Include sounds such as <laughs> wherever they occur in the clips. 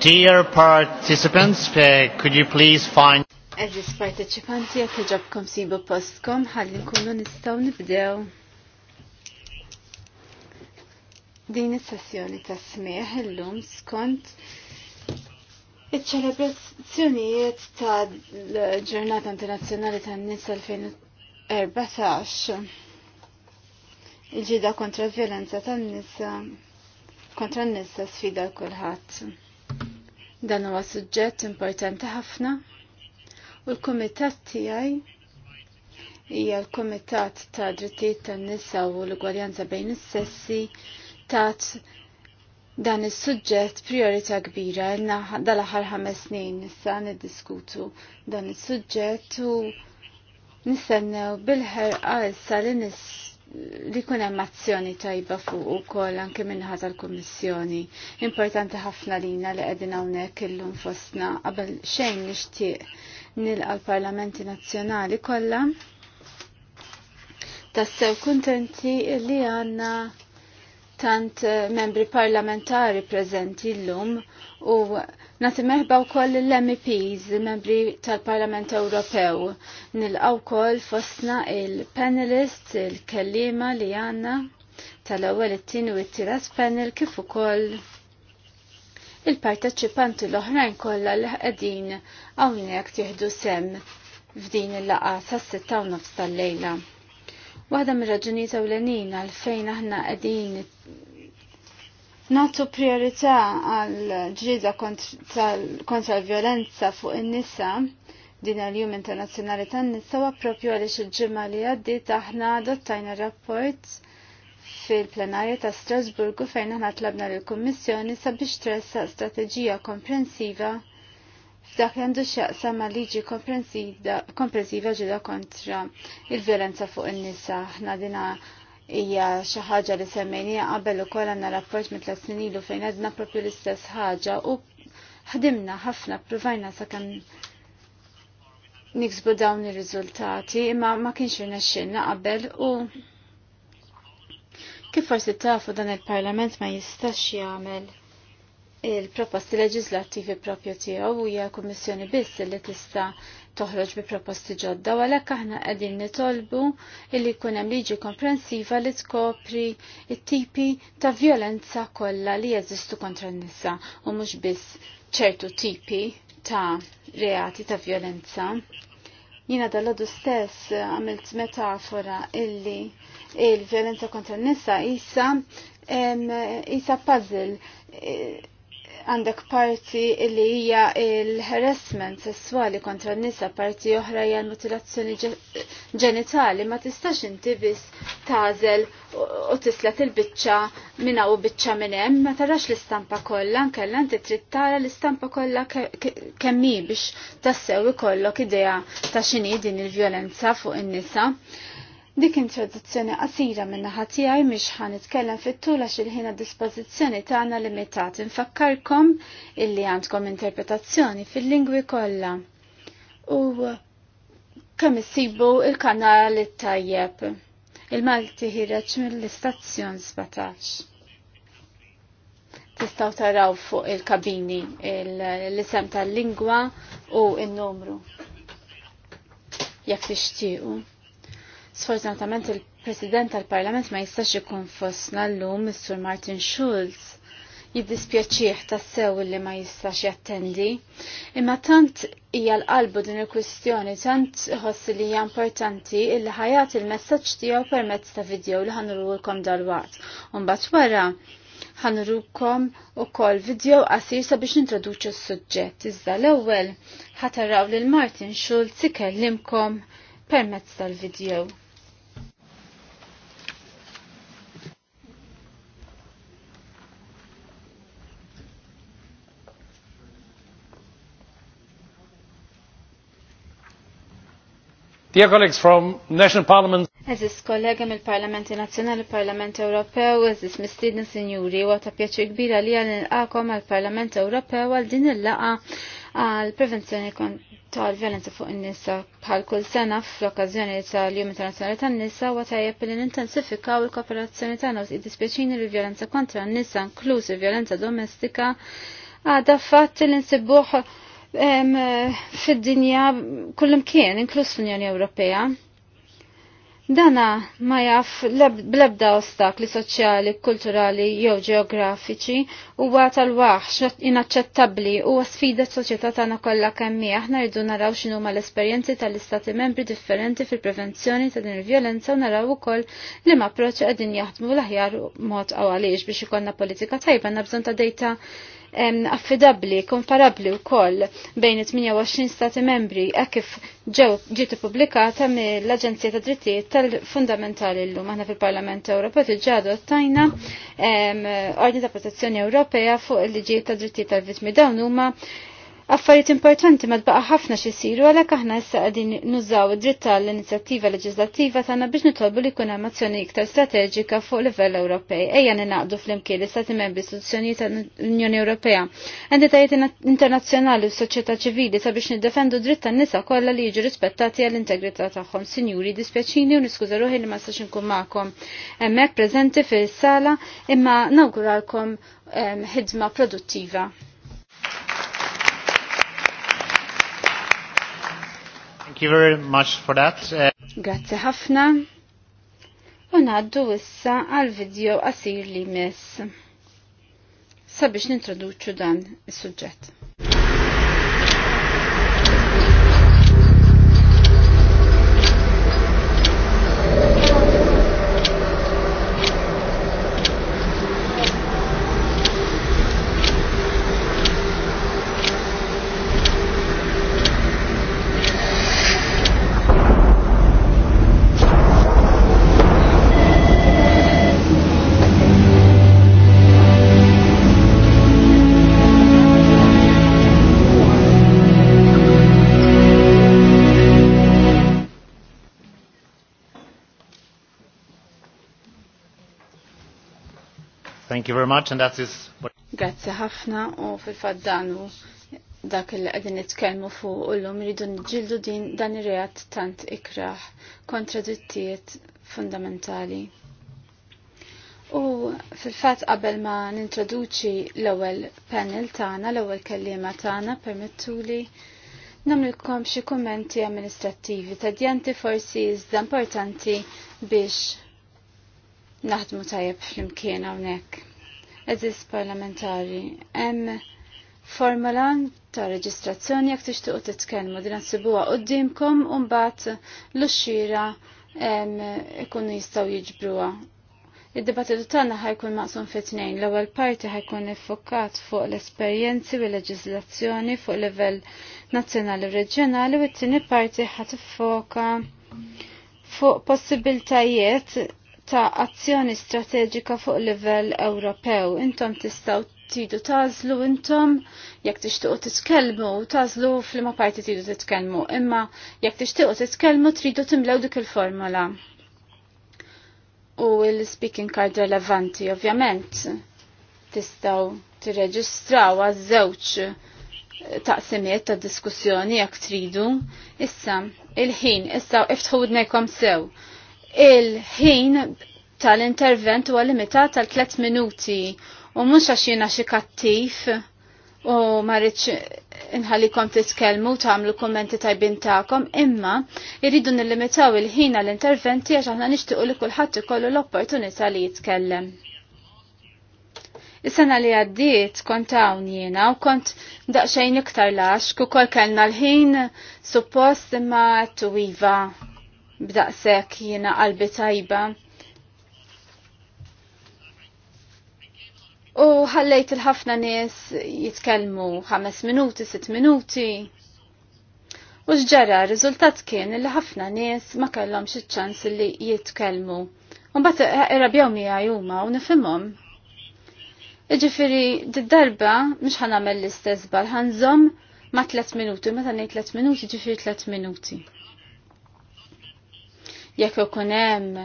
Dear participants, uh, could you please find... Eżis parteċipanti jek ġabkom sibu postkom, ħalli nkunu nistaw nibdew. Din is-sessjoni ta' smieħ illum skont iċ-ċelebrazzjonijiet ta' l-Ġurnata Internazzjonali tan-Nies 2014. Il-ġida kontra violenza tan-nisa kontra n-nisa sfida l-kulħadd Dan huwa suġġett importanti ħafna u l-kumitat tiegħi hija l-Kumitat ta' Drittijiet tan-Nisa u l-Ugwaljanza bejn is-sessi tat dan is-suġġett priorità kbira għandna dal-aħħar ħames snin issa niddiskutu dan is-suġġett u nistennew bil-ħerqa issa li nis li kun hemm azzjoni tajba fuq ukoll anke minħa tal-Kummissjoni. Importanti ħafna lina li qegħdin hawnhekk illum fostna qabel xejn nixtieq nilqa' l-Parlamenti Nazzjonali kollha. Tassew kuntenti li għandna tant eh, membri parlamentari prezenti l-lum u nati meħba u koll l-MEPs, membri tal-Parlament Ewropew. Nil-għaw koll fosna il-panelist, il-kellima li għanna tal-ewel it tin u it-tiras panel kif ukoll il-parteċipanti l-oħrajn kollha li ħedin hawnhekk tieħdu sem f'din il-laqgħa sas-sitta u nofs tal-lejla. Waħda mir-raġunijiet ewlenin għalfejn aħna qegħdin nagħtu priorità għal ġrida kontra l-vjolenza fuq in-nisa din għal-Jum Internazzjonali tan-Nisa wa propju għaliex il-ġimgħa li għaddiet aħna adottajna rapport fil-plenarja ta' Strasburgu fejn aħna tlabna lill-Kummissjoni sabiex tressa strateġija komprensiva f'dak għandu xaqsa ma liġi komprensiva ġida kontra il-violenza fuq in-nisa. Ħna dina hija xi ħaġa li semmejnija qabel ukoll għandna rapport mitla s-sinilu ilu fejn għadna propju l-istess ħaġa u ħdimna ħafna provajna sakemm niksbu dawn ir-riżultati imma ma kienx irnexxinna qabel u kif forsi tafu dan il-Parlament ma jistax jagħmel il-proposti leġislattivi propju tiegħu hija kummissjoni biss li tista' toħroġ bi proposti ġodda u għalhekk aħna qegħdin nitolbu li jkun hemm liġi komprensiva li tkopri t-tipi ta' violenza kollha li jeżistu kontra n-nisa u mhux biss ċertu tipi ta' reati ta' violenza. Jina dal-għadu stess għamilt metafora illi il-violenza kontra n-nisa isa jisa puzzle eh, għandek parti li hija il-harassment sessuali kontra n-nisa, parti oħra hija l-mutilazzjoni ġenitali, ma tistax inti biss tażel u tislet il-biċċa minna u biċċa minn hemm, ma tarax l-istampa kollha, nkella inti trid tara l-istampa kollha kemmi biex tassew ikollok idea ta' x'inhi din il-vjolenza fuq in-nisa. Dik introduzzjoni qasira minn naħa tiegħi miex ħan itkellem fit tula xilħina il-ħin dispożizzjoni tagħna limitat. Infakkarkom illi għandkom interpretazzjoni fil-lingwi kollha. U kemm issibu il-kanal it-tajjeb. Il-Malti ħireġ mill-istazzjon 17. Tistgħu taraw fuq il-kabini l-isem tal-lingwa u n-numru. Jekk tixtiequ. Sfortunatament il-President tal-Parlament ma jistax ikun fosna l-lum Mr. Martin Schulz ta' sew li ma jistax jattendi. Imma tant hija l-qalbu din il-kwistjoni, tant ħoss li hija importanti illi ħajat il-messaġġ tiegħu permezz ta' video li ħanurulkom dalwaqt. waqt Imbagħad wara ħanurulkom ukoll video qasir sabiex nintroduċu s-suġġett. Iżda l-ewwel ħataraw lil Martin Schulz ikellimkom permezz tal-video. Dear colleagues from National Parliament. Eżis kollega mill-Parlamenti Nazzjonali Parlament Ewropew, eżis mistidna sinjuri, u ta' pjaċi kbira li għal nilqakom għal-Parlament Ewropew għal din il-laqa għal-prevenzjoni tal-violenza fuq in-nisa bħal kull sena fl-okkażjoni tal-Jum Internazzjonali tan-Nisa u tajjeb li nintensifikaw il-kooperazzjoni tagħna u id-dispjaċini l-vjolenza kontra n-nisa, inklużi violenza domestika, għadha fatt li nsibbuħ fid-dinja kullim kien, inkluż fl-Unjoni Ewropea. Dana ma jaf blebda ostakli soċjali, kulturali jew u huwa tal wax inaċċettabbli u sfida soċjetà tagħna kollha kemm aħna rridu naraw x'inhu ma l-esperjenzi tal-istati membri differenti fil-prevenzjoni ta' din il-vjolenza u naraw ukoll li ma approċċ qegħdin jaħdmu l-aħjar mod għaliex biex ikollna politika tajba nabżon ta' dejta affidabli, komparabli u koll bejn 28 stati membri e kif ġew ġiet publikata mill-Aġenzija ta' Drittijiet tal-Fundamentali llum aħna fil-Parlament Ewropew diġà tajna ordni ta' protezzjoni Ewropea fuq il-liġijiet ta' drittijiet tal-vittmi dawn huma affarijiet importanti ma tbaqa' ħafna xi jsiru għalhekk aħna issa qegħdin nużaw id dritta għall inizjattiva leġislattiva tagħna biex nitolbu li jkun hemm azzjoni iktar strateġika fuq livell Ewropej. Ejja ninaqdu flimkien l-Istati Membri istituzzjonijiet tal-Unjoni Ewropea, entitajiet internazzjonali u soċjetà ċivili sabiex niddefendu dritt tan-nisa kollha li jiġu rispettati għall-integrità tagħhom. Sinjuri, dispjaċini u niskuża ruħi li ma stax inkun magħkom hemmhekk preżenti fis-sala imma nawguralkom ehm, ħidma produttiva. Thank you very much for that. Eh, Grazzi ħafna. U naddu issa għal video qasir li mis. sabiex nintroduċu dan is-suġġett. you very much and that is Grazzi ħafna u fil-fatt dan u dak li qegħdin nitkellmu fuq lum rridu nġildu din dan ir-reat tant ikraħ kontradittijiet fundamentali. U fil-fatt qabel ma nintroduċi l-ewwel panel tagħna, l-ewwel kelliema tagħna permettuli xie xi kummenti amministrattivi tadjanti forsi iżda importanti biex naħdmu tajjeb fl-imkien hawnhekk eżis parlamentari. Hemm formulan ta' reġistrazzjoni jekk tixtiequ titkellmu din nsibuha qudiemkom u mbagħad l-uxxira ikunu jistgħu jiġbruha. Id-dibattitu tagħna ħajkun maqsum fi tnejn. L-ewwel parti ħajkun iffokat fuq l-esperjenzi u l-leġiżlazzjoni fuq livell nazzjonali u reġjonali u t-tieni parti ħatiffoka fuq possibiltajiet ta' azzjoni strateġika fuq livell Ewropew. Intom tistaw tidu tażlu intom jekk tixtiequ titkellmu tażlu f'liema parti tidu titkellmu, imma jekk tixtiequ titkellmu tridu timlew dik il-formola. U l-speaking card relevanti ovvjament tistaw tirreġistraw għaż-żewġ eh, taqsimiet ta' diskussjoni jekk tridu. Issa, il-ħin, issa iftħu sew il-ħin tal-intervent huwa limitat tal 3 minuti u mhux għax jiena xi kattif u ma rridx inħallikom titkellmu tagħmlu kummenti tajbin tagħkom, imma jridu nillimitaw il-ħin għall-interventi għax aħna nixtiequ li kulħadd ikollu l-opportunità li jitkellem. Is-sena li għaddiet kont hawn jiena u kont daqsxejn iktar lax kukol kellna l-ħin suppost imma tu iva b'daqsek jiena qalbi tajba. U ħallejt il-ħafna nies jitkellmu 5 minuti, 6 minuti. U xġara, riżultat kien li ħafna nies ma kellhomx iċ-ċans li jitkellmu. Mbagħad irabjaw miegħi huma u nifhimhom. Iġifieri d-darba mhux ħanamel l-istess bal ħanżom ma' 3 minuti, meta ngħid 3 minuti ġifieri 3 minuti jekk ikun hemm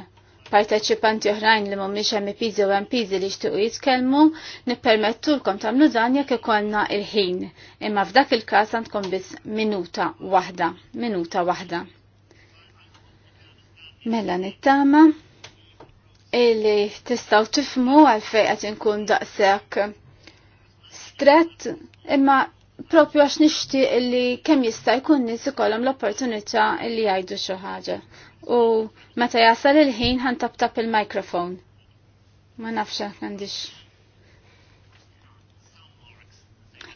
parteċipanti oħrajn li mhumiex MPs u MPs li jixtiequ jitkellmu, nippermettulkom tagħmlu dan jekk ikollna il-ħin. Imma f'dak il-każ għandkom biss minuta waħda, minuta waħda. Mela nittama illi tistgħu tifmu għalfejn qed inkun daqshekk strett imma propju għax nishti li kemm jista' jkun nies ikollhom l-opportunità li jgħidu xi ħaġa. U meta jasal il-ħin ħantabtab il-mikrofon. Ma nafx għandix.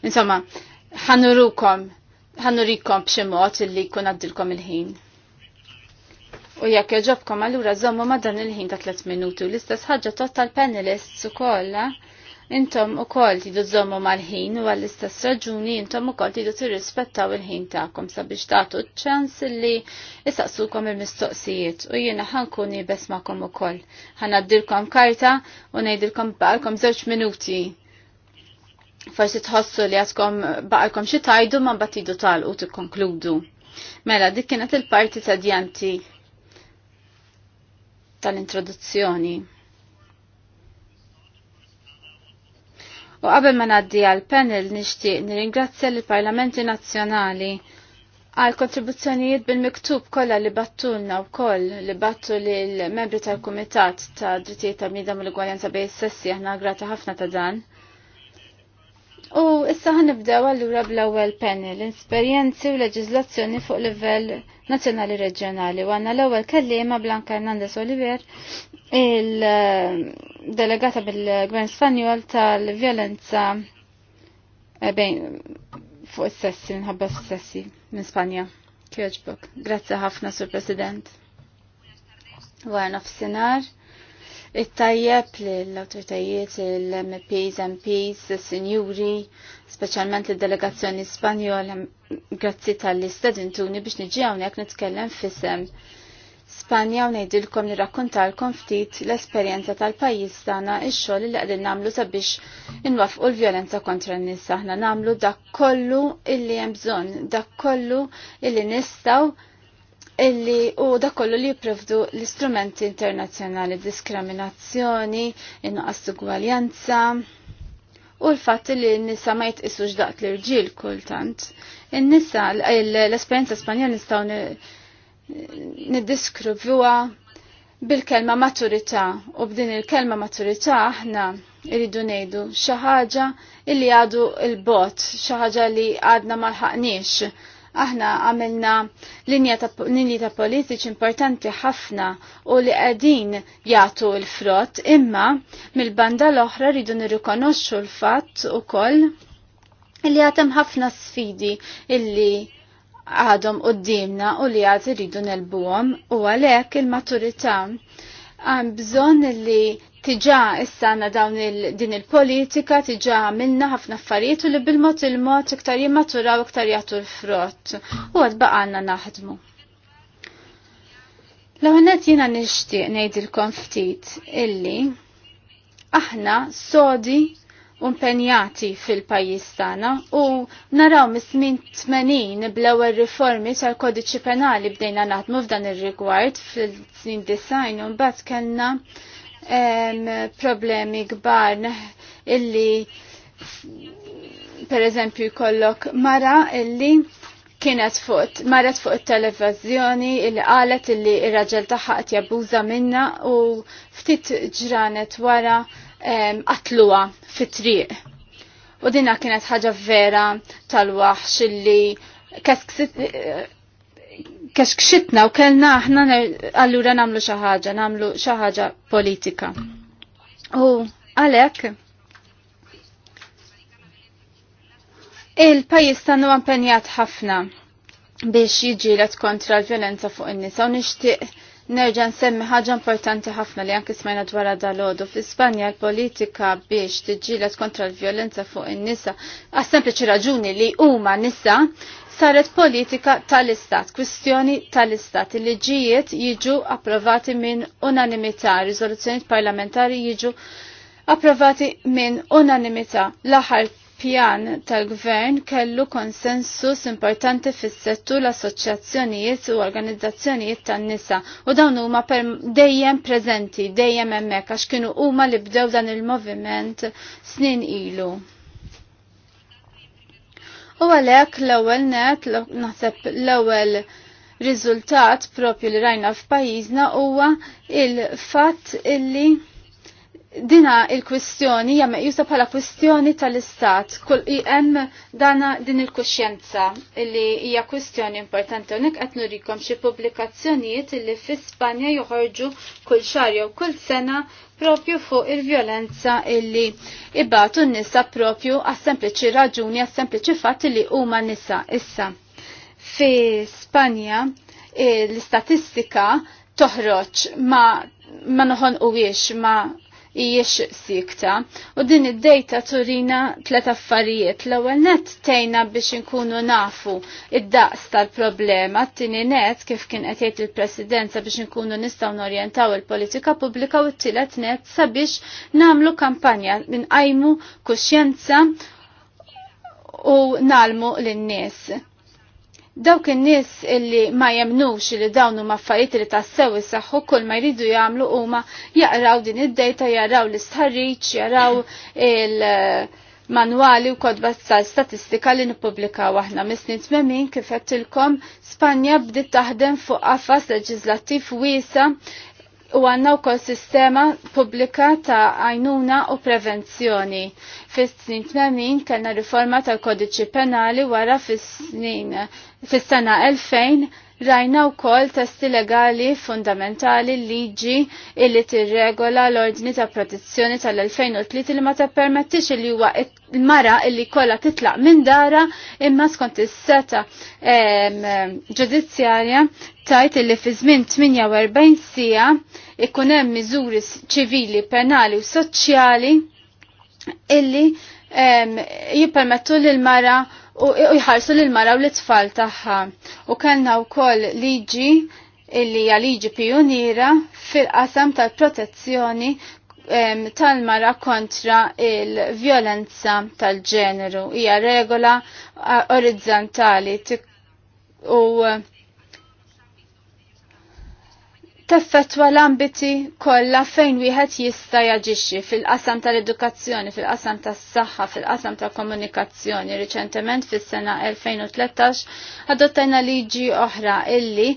Insomma, ħanurukom, ħanurikom b'xi mod illi jkun għaddilkom il-ħin. U jekk joġobkom allura zommu ma' dan il-ħin ta' 3 minuti u l-istess ħaġa tot tal-panelists ukoll. kollha eh? intom u kol tidu zommu mal-ħin u għall-istess raġuni intom u kol tidu tirrispettaw il-ħin ta'kom sabiex tagħtu ċans li jistaqsukom il-mistoqsijiet u jiena ħankuni jibes ma'kom u kol. Ħanaddilkom karta u ngħidilkom baqalkom żewġ minuti. Forsi tħossu li għadkom baqalkom xi tajdu ma mbagħad u talqu tikkonkludu. Mela dik kienet il-parti tadjanti tal-introduzzjoni. U qabel ma naddi għal panel nixtieq nirringrazzja l-Parlamenti Nazzjonali għal kontribuzzjonijiet bil-miktub kollha li battulna wkoll li battu l membri tal-Kumitat ta' Drittijiet ta' midam u l-Igwaljanza bejn sessi aħna grati ħafna ta' dan. U issa ħanibdew allura bl-ewwel panel, esperjenzi u leġiżlazzjoni fuq livell nazzjonali reġjonali. U għandna l-ewwel kelliema Blanca Hernandez Oliver, il-delegata bil-Gvern Spanjol tal-vjolenza eh, fuq is-sessi, nħabba s-sessi minn Spanja. Kjoġbok. Grazzi ħafna, Sur President. Għan of sinar it-tajjeb l-autoritajiet, l-MPs, MPs, s-senjuri, specialment l-delegazzjoni spanjola, grazzi tal-istadintuni biex nġi għawnek nitkellem fissem. Spanja u nejdilkom li rakkontalkom ftit l-esperienza tal-pajis tagħna ix-xogħol li għadin nagħmlu sabiex inwafqu l-vjolenza kontra n-nisa. Aħna nagħmlu dak kollu illi hemm bżonn, dak kollu illi nistgħu illi u da kollu li jipprovdu l-istrumenti internazzjonali diskriminazzjoni, inqas ugwaljanza u l-fatt li n-nisa ma jitqisux daqt l-irġiel kultant. In-nisa l-esperjenza Spanjol n niddiskrivuha bil-kelma maturità u b'din il-kelma maturità aħna irridu ngħidu xi ħaġa illi għadu l-bot, xi ħaġa li għadna malħaqniex aħna għamilna linja ta', linja ta politiċ importanti ħafna u li qegħdin jagħtu l-frott, imma mill-banda l-oħra rridu nirrikonoxxu l-fatt ukoll li għatem ħafna sfidi illi għadhom qoddimna u li għad irridu nelbuhom u għalhekk il-maturità għam bżonn li Tiġa issa għanna dawn il din il-politika, tiġa minna ħafna affarijiet u li bil-mod il-mod iktar u iktar jgħatu l-frott. U għad għanna naħdmu. L-għanet jina nishtiq nejdilkom ftit illi aħna sodi impenjati fil-pajis tagħna u naraw mis-smin 80 bl-ewwel riformi tal-kodiċi penali bdejna naħdmu f'dan ir-rigward fil-snin design u mbagħad kellna problemi kbar illi per eżempju kollok mara illi kienet fuq marret fuq it-televizzjoni illi qalet illi ir-raġel tagħha qed jabbuża minna u ftit ġranet wara qatluha fit-triq. U dinha kienet ħaġa vera tal-waħx illi kex kxitna u kellna aħna allura namlu xaħġa, namlu xaħġa politika. U għalek, il-pajis tannu għampenjat ħafna biex jiġilet kontra l-violenza fuq in-nisa u nixtieq Nerġa' nsemmi ħaġa importanti ħafna li anke smajna dwar dalodu. F'Ispanja l-politika biex tiġġieled kontra l-vjolenza fuq in-nisa għas sempliċi raġuni li huma nisa saret politika tal-istat, kwistjoni tal-istat, il-liġijiet jiġu approvati minn unanimità, rizoluzzjoni parlamentari jiġu approvati minn unanimità. L-aħħar pjan tal-gvern kellu konsensus importanti fis-settur l-assoċjazzjonijiet u organizzazzjonijiet tan-nisa u dawn huma dejjem prezenti dejjem hemmhekk għax kienu huma li bdew dan il-moviment snin ilu. U għalhekk l-ewwel net naħseb l-ewwel riżultat propju li rajna f'pajjiżna huwa il-fatt illi dina il-kwistjoni hija meqjusa bħala kwistjoni tal-istat. Kull hemm dana din il-kuxjenza li hija kwistjoni importanti hawnhekk qed nurikom xi pubblikazzjonijiet li fi Spanja joħorġu kull xahar jew kull sena propju fuq il-violenza illi ibatu n-nisa propju għas-sempliċi raġuni għas-sempliċi fatt li huma nisa issa. Fi Spanja eh, l-istatistika toħroġ ma ma noħon uwiex ma ijiex sikta. U din id-dejta turina tlet affarijiet. L-ewwel net tejna biex inkunu nafu id-daqs tal-problema, t-tieni net kif kien qed jgħid il-Presidenza biex inkunu nistgħu norjentaw il-politika pubblika u t-tielet net sabiex namlu kampanja minn għajmu kuxjenza u nalmu l-nies Dawk in-nies illi ma jemnux li dawn huma affarijiet li tassew isaħħu kull ma jridu jagħmlu huma jaqraw din id-dejta, jaraw l istħarriċ jaraw il- manwali u kodba tal statistika li nippubblikaw aħna misnit tmemmin kif għettilkom Spanja bdiet taħdem fuq qafas leġislattiv wiesa u għanna u kol sistema publika ta' għajnuna u prevenzjoni. Fis-snin 80 kellna riforma tal-kodiċi penali wara fis-snin Fis-sena 2000 rajna wkoll testi legali fundamentali liġi illi tirregola l-ordni ta' protezzjoni tal-2003 li ma tappermettix li huwa mara illi kolla titlaq minn dara imma skont is-seta ġudizzjarja tajt illi fi żmien 48 sija ikun hemm miżuri ċivili, penali u soċjali illi jippermettu lil mara u jħarsu l mara u l-tfal tagħha. U kellna wkoll liġi illi hija liġi pionira fil-qasam tal-protezzjoni tal-mara kontra il-vjolenza tal-ġeneru. Hija regola orizzontali u uh, teffettwa l-ambiti kollha fejn wieħed jista' jaġixxi fil-qasam tal-edukazzjoni, fil-qasam tas-saħħa, fil-qasam tal-komunikazzjoni. Riċentement fis-sena 2013 adottajna liġi oħra illi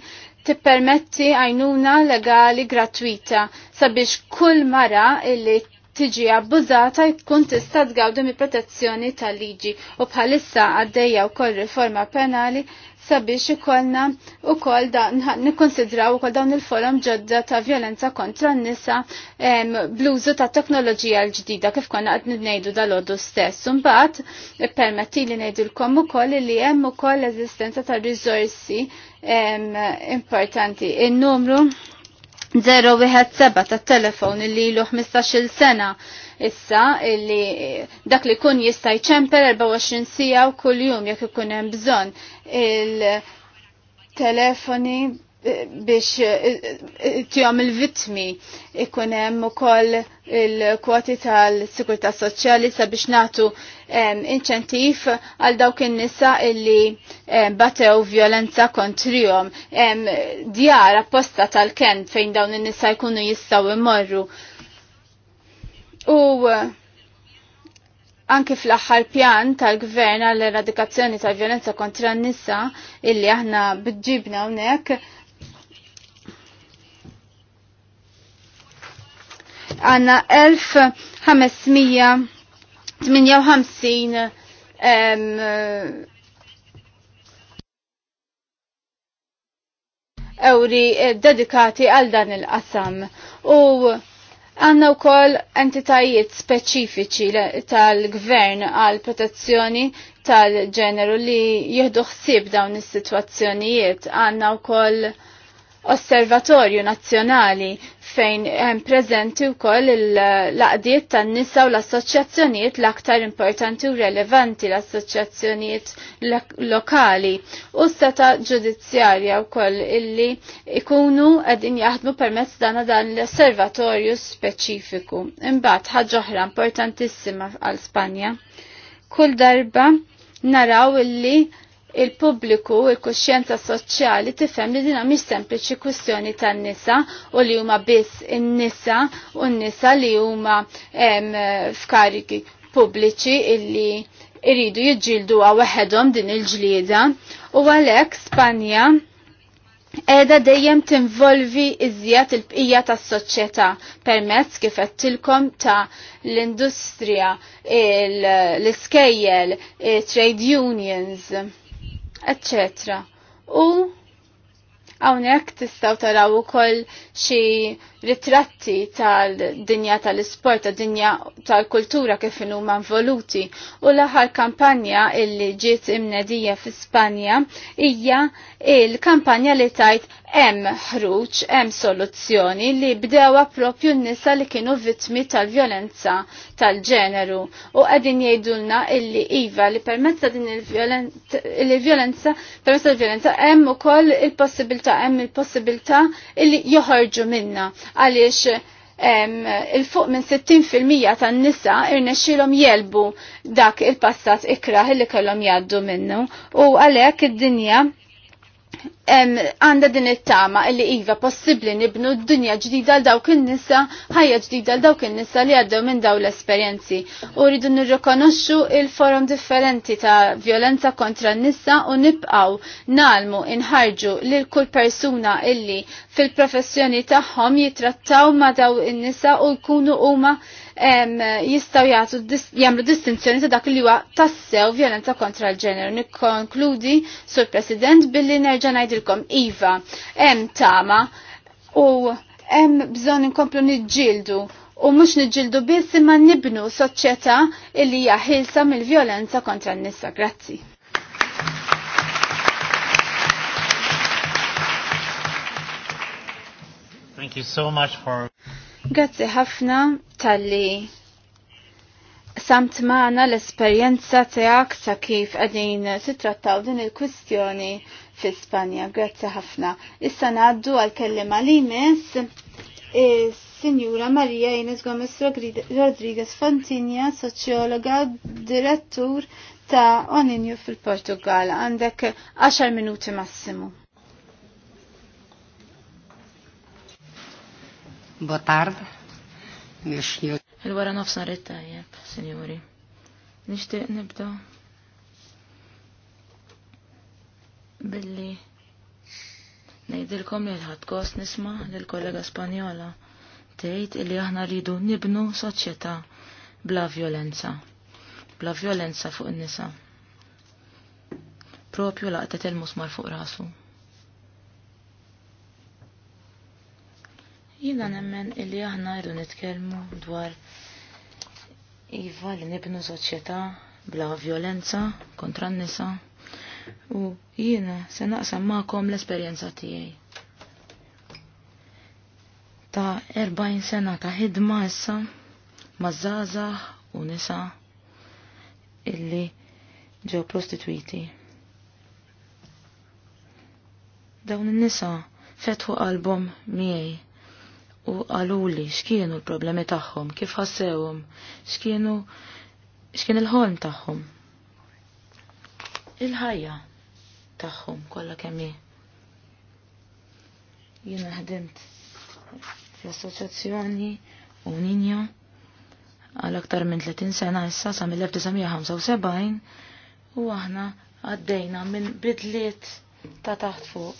tippermetti għajnuna legali gratwita sabiex kull mara illi tiġi abbużata jkun tista' tgawdu mill protezzjoni tal-liġi u bħalissa għaddejja wkoll riforma penali sabiex ikollna u koll nikkonsidraw u koll dawn il-forum ġodda ta' violenza kontra n-nisa bluzu ta' teknoloġija l-ġdida kif konna għad nejdu dal ordu stess. Mbagħad permetti li u ukoll li hemm ukoll l-eżistenza ta' rizorsi importanti. il numru 017 tat-telefon li ilu 15-il sena issa illi dak li kun jista' ċemper 24 sija u kull jum jekk ikun hemm bżonn il-telefoni eh, biex eh, eh, tjom il-vitmi ikun hemm ukoll il-kwoti tal-sigurtà soċjali sabiex nagħtu inċentiv għal dawk in-nisa illi batew violenza kontrihom. Djar apposta tal-kent fejn dawn in-nisa jkunu jistgħu imorru. U eh, anki fl-aħħar pjan tal-gvern għall eradikazzjoni tal vjolenza kontra n-nisa illi aħna bġibna hawnhekk għanna 1558 eh, ewri dedikati għal dan il-qasam. U Għanna u koll entitajiet speċifiċi tal-gvern għal protezzjoni tal-ġeneru li jihduħsib dawn is-sitwazzjonijiet. Għanna u koll osservatorju nazzjonali fejn hemm preżenti wkoll il-laqdiet tan-nisa u l-assoċjazzjonijiet l-aktar importanti u relevanti l-assoċjazzjonijiet lokali u seta ġudizzjarja wkoll illi ikunu qegħdin jaħdmu permezz dana dan l-osservatorju speċifiku. Imbagħad ħaġa oħra importantissima għal Spanja. Kull darba naraw illi il-pubbliku, il-kuxjenza soċjali tifhem li dina mhix sempliċi kwistjoni tan-nisa u li huma biss in-nisa u n-nisa li huma f'karigi pubbliċi illi iridu jiġġieldu għaweħedhom din il-ġlieda u għalhekk Spanja Eda dejjem tinvolvi iżjed il-bqija tas-soċjetà permezz kif tilkom ta' l-industrija, l-iskejjel, trade unions eccetera. U Hawnhekk tistaw taraw ukoll xi ritratti tal-dinja tal-isport, tal dinja tal-kultura kif huma voluti. U l-aħħar kampanja illi ġiet imnedija fi Spanja hija il-kampanja li tajt hemm ħruġ, hemm soluzzjoni li bdewa propju n-nisa li kienu vittmi tal-vjolenza tal-ġeneru u qegħdin jgħidulna illi iva li permezza din il-vjolenza il tal-vjolenza hemm ukoll il-possibilità ta' iva, hemm il-possibilità illi joħorġu minna għaliex il-fuq minn 60% tan-nisa irnexxilhom jelbu dak il-passat ikraħ illi kellhom jgħaddu minnu u għalhekk id-dinja għanda din it-tama illi iva possibli nibnu d dunja ġdida l dawk in-nisa, ħajja ġdida l dawk in-nisa li għaddew minn daw l-esperjenzi. U rridu nirrikonoxxu il-forum differenti ta' violenza kontra n-nisa u nibqaw nalmu inħarġu lil kull persuna illi fil-professjoni tagħhom jitrattaw ma' daw in-nisa u jkunu huma jistaw jagħtu jagħmlu distinzjoni ta' dak li huwa tassew violenza kontra l-ġeneru. Nikkonkludi sur President billi nerġa' ngħidilkom iva hemm tama u hemm bżonn inkomplu niġġieldu u mhux niġġieldu biss imma nibnu soċjetà illi hija ħilsa mill-vjolenza kontra n-nisa. Grazzi. Thank you so much for Grazzi ħafna tal-li samt maħna l-esperienza tijak sa' kif għadin titrattaw din il-kwistjoni fi Spanja. Grazzi ħafna. Issa naddu għal-kellima li mis Signora Maria Ines Gomez Rodriguez Fontinja, soċjologa, direttur ta' Oninju fil-Portugal. Għandek 10 minuti massimum. Botard. Il-wara nofsna jep, senjori. Nishtiq nibda billi nejdilkom li l-ħat kost nisma l-kollega Spanjola tgħid li aħna rridu nibnu soċjetà bla violenza. Bla violenza fuq in-nisa. Propju laqtet il-musmar fuq rasu. Jina nemmen illi aħna rridu nitkellmu dwar iva li nibnu soċjetà bla violenza kontra n-nisa u jiena se naqsam magħkom l-esperjenza tiegħi ta' 40 sena ta' ħidma issa mażaza u nisa illi ġew prostituiti. Dawn in-nisa fetħu qalbhom miegħi u għaluli x'kienu l-problemi tagħhom, kif ħassewhom, x'kienu x'kien il-ħolm tagħhom. Il-ħajja tagħhom kollha kemm hi. Jiena ħdimt fl u ninja għal aktar minn 30 sena issa sa mill-1975 u aħna għaddejna minn bidliet ta' taħt fuq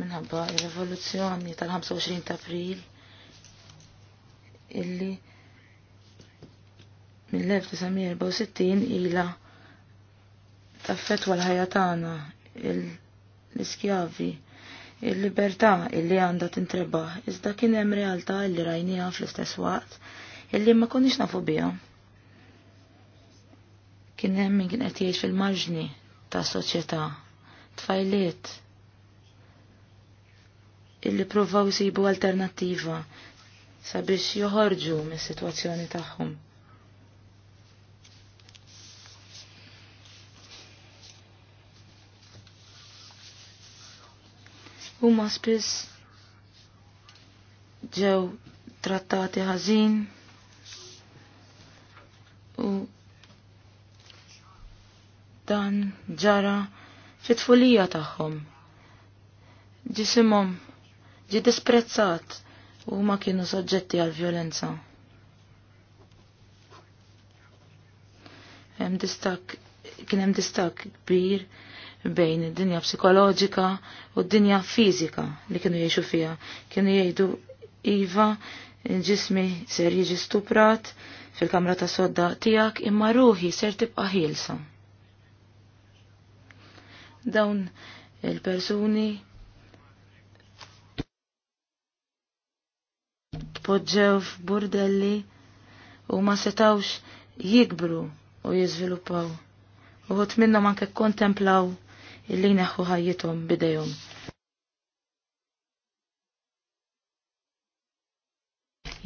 minħabba il revoluzzjoni tal-25 ta' april illi mill-1964 ila taffetwa l-ħajja tagħna l-iskjavi il-libertà illi għandha tintreba iżda kien hemm realtà illi rajniha fl-istess waqt illi ma konniex nafu biha. Kien hemm min kien qed jgħix fil-marġni tas-soċjetà, tfajliet, illi provaw jisibu alternativa sabiex joħorġu mis situazzjoni tagħhom. Huma spiss ġew trattati ħażin u dan ġara fit-tfulija tagħhom. Ġisimhom ġi disprezzat u ma kienu soġġetti għal violenza. Hemm distak kien hemm distak kbir bejn id-dinja psikoloġika u d-dinja fiżika li kienu jgħixu fiha. Kienu jgħidu iva ġismi ser jiġi stuprat fil-kamra ta' sodda tiegħek imma ruħi ser tibqa' ħielsa. Dawn il-persuni poġġew f'burdelli u ma setawx jikbru u jizviluppaw. Uħut minnom anke kontemplaw illi neħu ħajjithom bidejhom.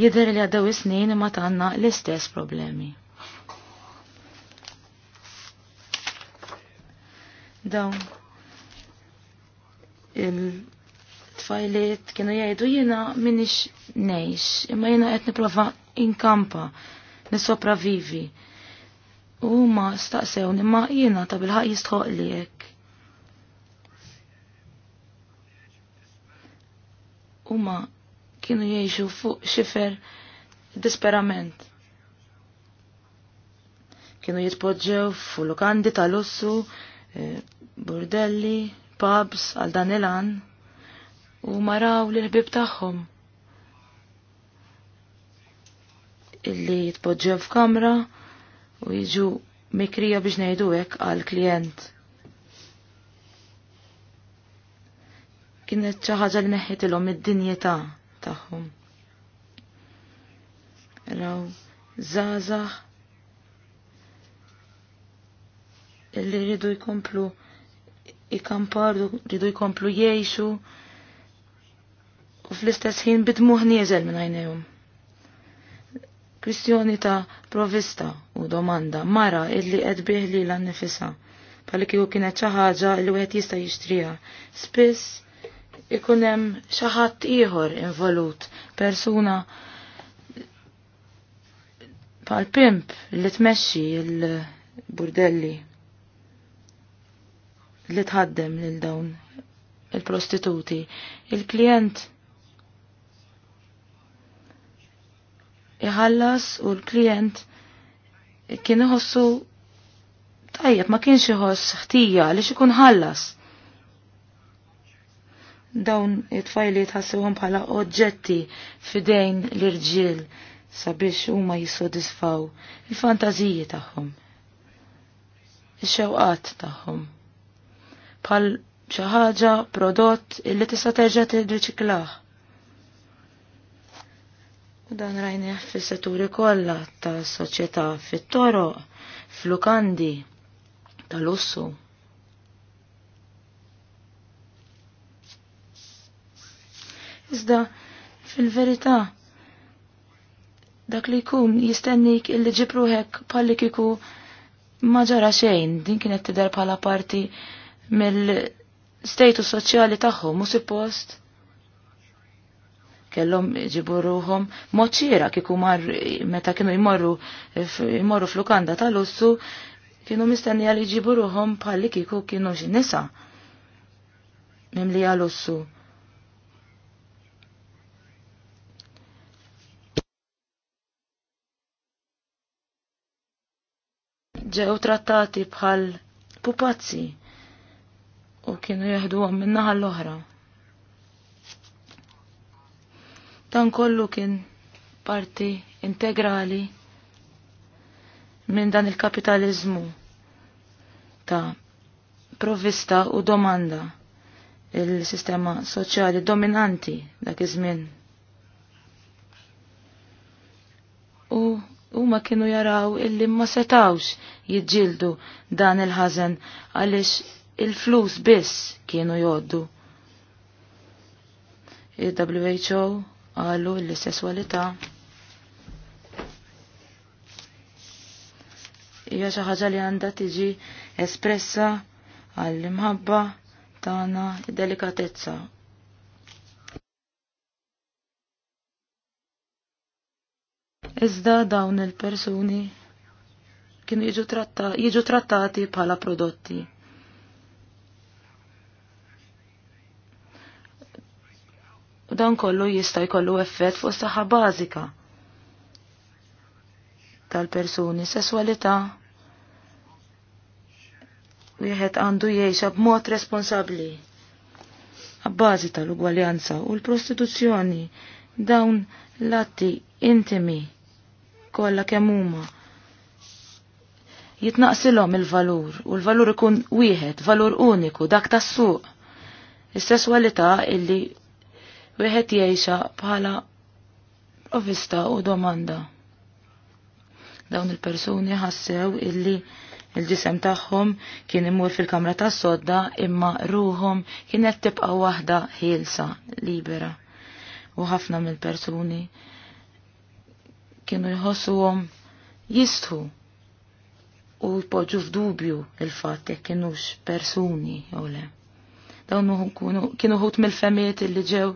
Jidher li għaddew is-snin imma tanna l-istess problemi. Dawn il tfajliet kienu jgħidu jiena minix nejx, imma jiena qed niprofa inkampa, nisopravivi. U ma staqsew, ma jiena ta' bilħaq jistħoq li U Huma kienu jgħixu fuq xifer disperament. Kienu jitpoġġew fuq lukandi tal-lussu, eh, burdelli, pubs għal dan il-an u maraw li l-ħbib tagħhom. Illi jitpoġġew f'kamra u jiġu mikrija biex ngħidu hekk għal klient. Kienet xi ħaġa li neħħitilhom id-dinjità tagħhom. Raw żgħażagħ illi rridu jkomplu ikamparu, rridu jkomplu jgħixu u fl-istess ħin bitmuħ nieżel minn għajnejhom. Kwistjoni ta' provista u domanda mara illi qed biħli l annifisa bħalli kieku kienet xi li wieħed jista' jixtriha. Spiss ikun hemm xi ħadd ieħor involut, persuna pal pimp li tmexxi l-burdelli li tħaddem lil dawn il-prostituti. Il-klient iħallas u l-klient kien iħossu tajjeb ma kienx iħoss ħtija li ikun ħallas. Dawn it-tfajliet ħassuhom bħala oġġetti fidejn l-irġiel sabiex huma jissodisfaw il-fantażiji tagħhom, ix-xewqat tagħhom. Bħal xi ħaġa prodott illi tista' terġa' tirriċiklaħ. Dan rajni fis-seturi kollha ta' soċjetà fit-toroq, fl-lukandi, tal-lussu. Iżda, fil-verità, dak li jkun jistennik illi ġipruħek palli kiku ma ġara xejn, din kienet tidher bħala parti mill-status soċjali tagħhom u suppost kellhom ġibu ruhom mod kieku mar meta kienu jmorru jmorru f'lukanda tal-ussu kienu mistennija li jġibu ruhom bħalli kieku kienu xi nisa mimli għal-ussu. ġew trattati bħal pupazzi u kienu jihdu għom minnaħa l-oħra. Dan kollu kien parti integrali minn dan il-kapitalizmu ta' provvista u domanda il-sistema soċjali dominanti dak iż-żmien. U huma kienu jaraw illi ma setawx jiġġieldu dan il-ħażen għaliex il-flus biss kienu joddu. Il-WHO qalu l sesswalità hija xi ħaġa li għandha tiġi espressa għall-imħabba tagħna delikatezza. Iżda dawn il-persuni kienu jiġu trattati bħala prodotti. dan kollu jista' jkollu effett fuq saħħa bażika tal-persuni, sesswalità. Wieħed għandu jgħixha b'mod responsabbli għabbażi tal-ugwaljanza u l-prostituzzjoni dawn l-atti intimi kollha kemm huma jitnaqsilhom il-valur u l-valur ikun wieħed, valur uniku dak tas-suq. Is-sesswalità illi wieħed jgħixha bħala provista u domanda. Dawn il-persuni ħassew illi il-ġisem tagħhom kien imur fil-kamra tas sodda imma ruhom kienet tibqa' waħda ħielsa libera. U ħafna mill-persuni kienu jħossuhom jistħu u jpoġġu f'dubju il-fatt jekk kienux persuni jew le dawn kienu ħut mill-femiet li ġew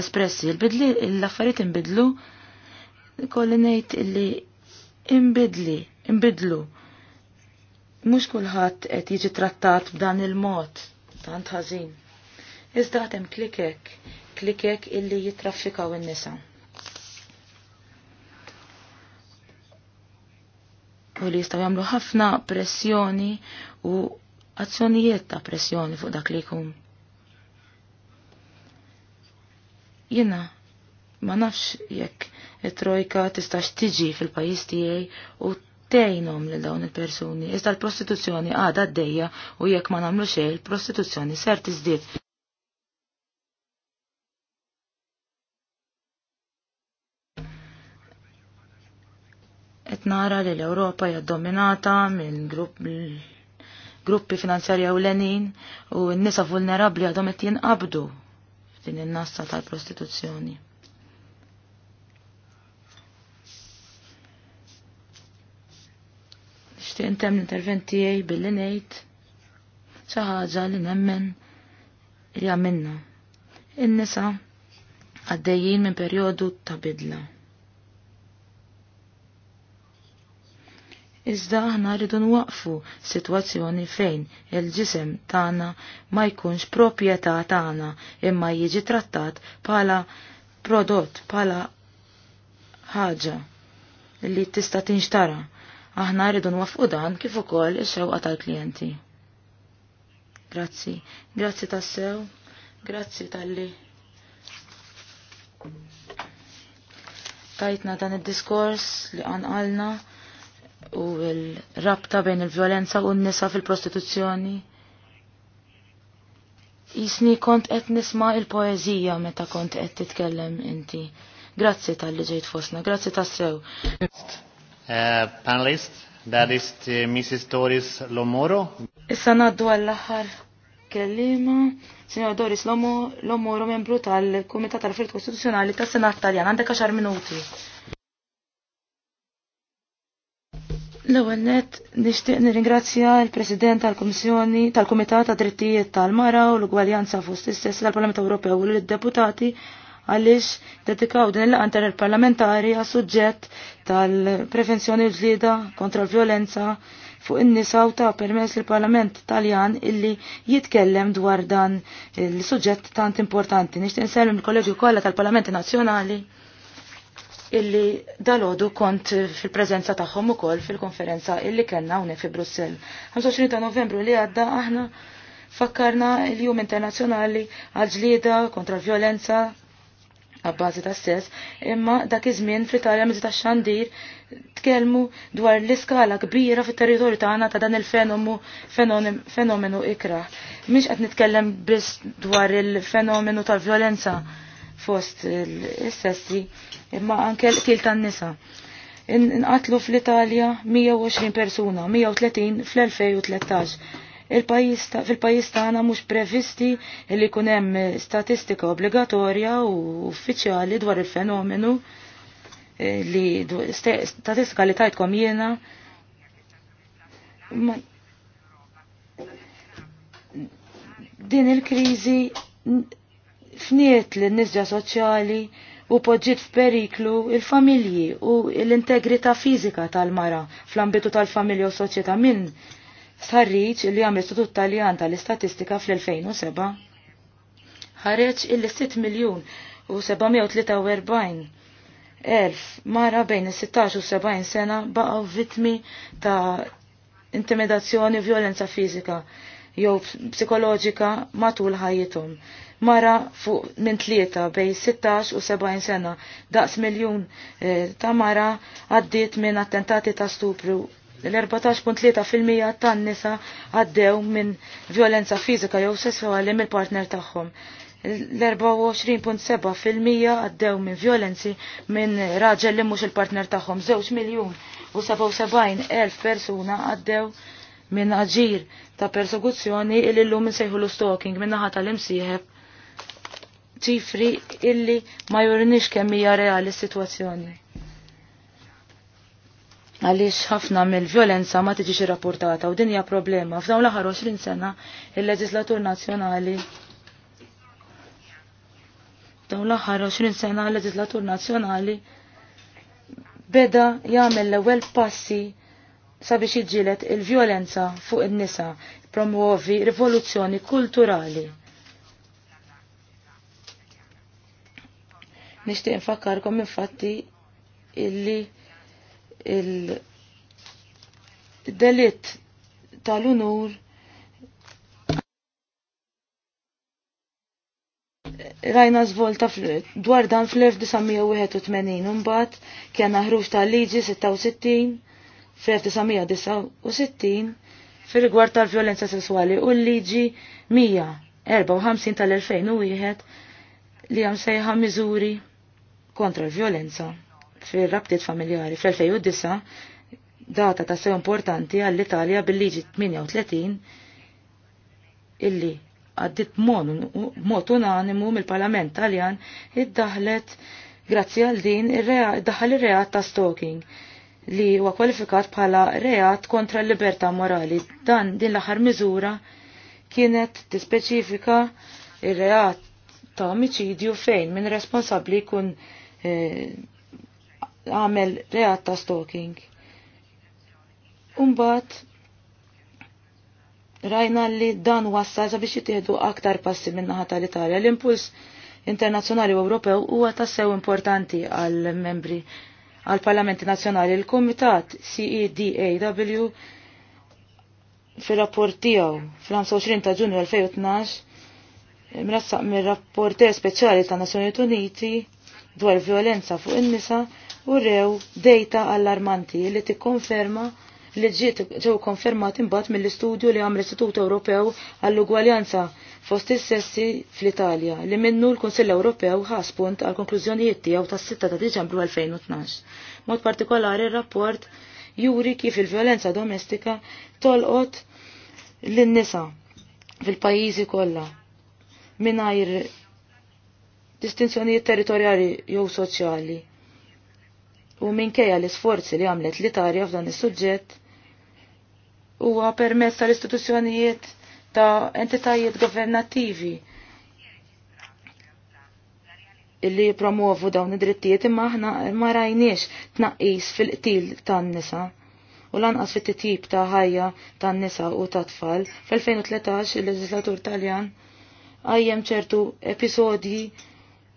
espressi. Il-bidli, l-affarijiet imbidlu, kolli ngħid li imbidli, imbidlu. Mhux kulħadd qed jiġi trattat b'dan il-mod tant ħażin. Iżda hemm klikek, klikek illi jitraffikaw in-nisa. U li jistgħu jagħmlu ħafna pressjoni u azzjonijiet ta' pressjoni fuq dak li jkun. Jena ma nafx jekk it-trojka tistax tiġi fil-pajis tiegħi u tgħinhom lil dawn il-persuni. Iżda l-prostituzzjoni għadha għaddejja u jekk ma nagħmlu xejn il-prostituzzjoni ser tiżdied. Qed nara li l-Ewropa hija dominata minn grupp gruppi finanzjarja u lenin u n-nisa vulnerabli għadhom qed jinqabdu din in-nassa tal-prostituzzjoni. Nixtieq intemm l interventi tiegħi billi ngħid xi ħaġa li nemmen li għamilna. In-nisa għaddejjin minn perjodu ta' bidla. Iżda aħna rridu nwaqfu sitwazzjoni fejn il-ġisem tagħna ma jkunx proprjetà tagħna imma jiġi trattat bħala prodott bħala ħaġa li tista' tinxtara. Aħna rridu nwaqfu dan kif ukoll ix-xewqa tal-klijenti. Grazzi, grazzi tassew, grazzi tal-li tajtna dan id-diskors li għanqalna u l-rabta bejn il-violenza u n-nisa fil-prostituzzjoni. Jisni kont qed nisma il-poezija meta kont qed titkellem inti. Grazzi tal-li ġejt fosna, grazzi tas-sew. Uh, panelist, that is uh, Mrs. Doris Lomoro. Issa naddu għall-aħħar kellima, Signor Doris Lomoro, membru tal-Kumitat tal-Affarijiet Kostituzzjonali tas-Senat Taljan, għandek għaxar minuti. L-ewwel nett nixtieq nirringrazzja l-President tal-Kummissjoni tal-Kumitat ta' Drittijiet tal-Mara u l-Ugwaljanza fost istess tal-Parlament Ewropew u l-deputati għaliex dedikaw din il-laqgħa tal-parlamentari għas suġġett tal-prevenzjoni ġlida kontra l-vjolenza fuq in-nisa u ta' permess l-Parlament Taljan illi jitkellem dwar dan il-suġġett tant importanti. Nixtieq nsellem il kollegju kollha tal-Parlamenti Nazzjonali illi dalodu kont fil-prezenza tagħhom ukoll fil-konferenza illi kellna hawnhekk fi Brussell. 25 ta' Novembru li għadda aħna fakkarna l-Jum Internazzjonali għal ġlieda kontra l-vjolenza għabbażi ta' stess, imma dak iż-żmien fl-Italja mizzi ta' xandir tkellmu dwar l-iskala kbira fit-territorju tagħna ta' dan il-fenomenu fenomenu ikra. Mhix qed nitkellem biss dwar il-fenomenu tal-vjolenza fost l-sessi imma anke l til tan-nisa. Inqatlu fl-Italja 120 persuna, 130 fl-2013. Fil-pajis tagħna mhux previsti li jkun hemm statistika obbligatorja u uffiċjali dwar il-fenomenu eh, li statistika li tajtkom jiena din il-kriżi fniet l nisġa soċjali u poġġiet f'periklu il-familji u l-integrità fiżika tal-mara fl-ambitu tal-familja u soċjetà minn sarriċ li għaml Istitut Taljan tal-Istatistika fl-2007 ħareġ il-6 miljun u 743 elf mara bejn is-16 u 70 sena baqgħu vittmi ta' intimidazzjoni u violenza fiżika jew psikoloġika matul ħajjithom mara fuq minn tlieta bej 16 u 70 sena daqs miljun eh, ta' mara għaddiet minn attentati ta' stupru l-14.3% tan-nisa għaddew minn violenza fizika jew sessuali mill-partner tagħhom l-24.7% għaddew minn violenzi minn raġel li mhux il-partner tagħhom. 2 miljun u 77,000 persuna għaddew minn aġir ta' persekuzzjoni il minn insejħu l-stalking minn naħa tal-imsieħeb ċifri illi ma jurinix kemm hija reali s-sitwazzjoni. Għaliex ħafna mill-vjolenza ma tiġix rapportata u din hija problema. F'dawn l-aħħar 20 sena il-Leġislatur Nazzjonali F'dawn l-aħħar 20 sena l-Leġislatur Nazzjonali beda jagħmel l-ewwel passi sabiex jiġġieled il-vjolenza fuq in-nisa, promuovi rivoluzzjoni kulturali Nixtieq infakkarkom infatti illi il-delitt tal-unur rajna zvolta dwar dan fl-1981 unbat kien ħruġ tal-liġi 66 fl-1969 fil-rigward tal vjolenza sesswali u l-liġi 154 tal-2001 li hemm sejħa miżuri kontra l-violenza fir-rabtiet familjari fl-2009 data ta' sew importanti għall-Italja bil-liġi 38 illi għaddit mod unanimu mill-Parlament Taljan iddaħlet grazzi għal din id-daħal ir-reat ta' stalking li huwa kwalifikat bħala reat kontra l-libertà morali. Dan din l-aħħar miżura kienet tispeċifika ir-reat ta' omicidju fejn min responsabbli jkun Eh, għamel reat ta' stalking. Umbat, rajna li dan wassal biex jitieħdu aktar passi minnaħa tal-Italja. L-impuls internazzjonali u Ewropew huwa tassew importanti għal membri għal parlamenti nazzjonali. Il-Komitat CEDAW fil-rapport tiegħu fl-25 ta' Ġunju 2012 mrassaq mir-rapporter speċjali ta' Nazzjonijiet Uniti dwar violenza fuq in-nisa u rew dejta allarmanti li tikkonferma li ġiet ġew konfermat imbagħad mill-istudju li għam l-Istitut Ewropew għall-Ugwaljanza fost is-sessi fl-Italja li minnu l-Kunsill Ewropew ħas punt għal konklużjonijiet tiegħu tas-6 ta' Diċembru 2012. Mod partikolari r-rapport juri kif il-violenza domestika tolqot lin-nisa fil-pajjiżi kollha mingħajr distinzjonijiet territorjali jew soċjali. U minkejja l-isforzi li għamlet l-Italja f'dan is-suġġett huwa permezz tal-istituzzjonijiet ta' entitajiet governattivi illi jipromuovu dawn id-drittijiet imma aħna ma rajniex tnaqqis fil-qtil tan-nisa u lanqas fit-titjib ta' ħajja tan-nisa u ta' tfal. Fl-2013 il-leġislatur Taljan għajjem ċertu episodji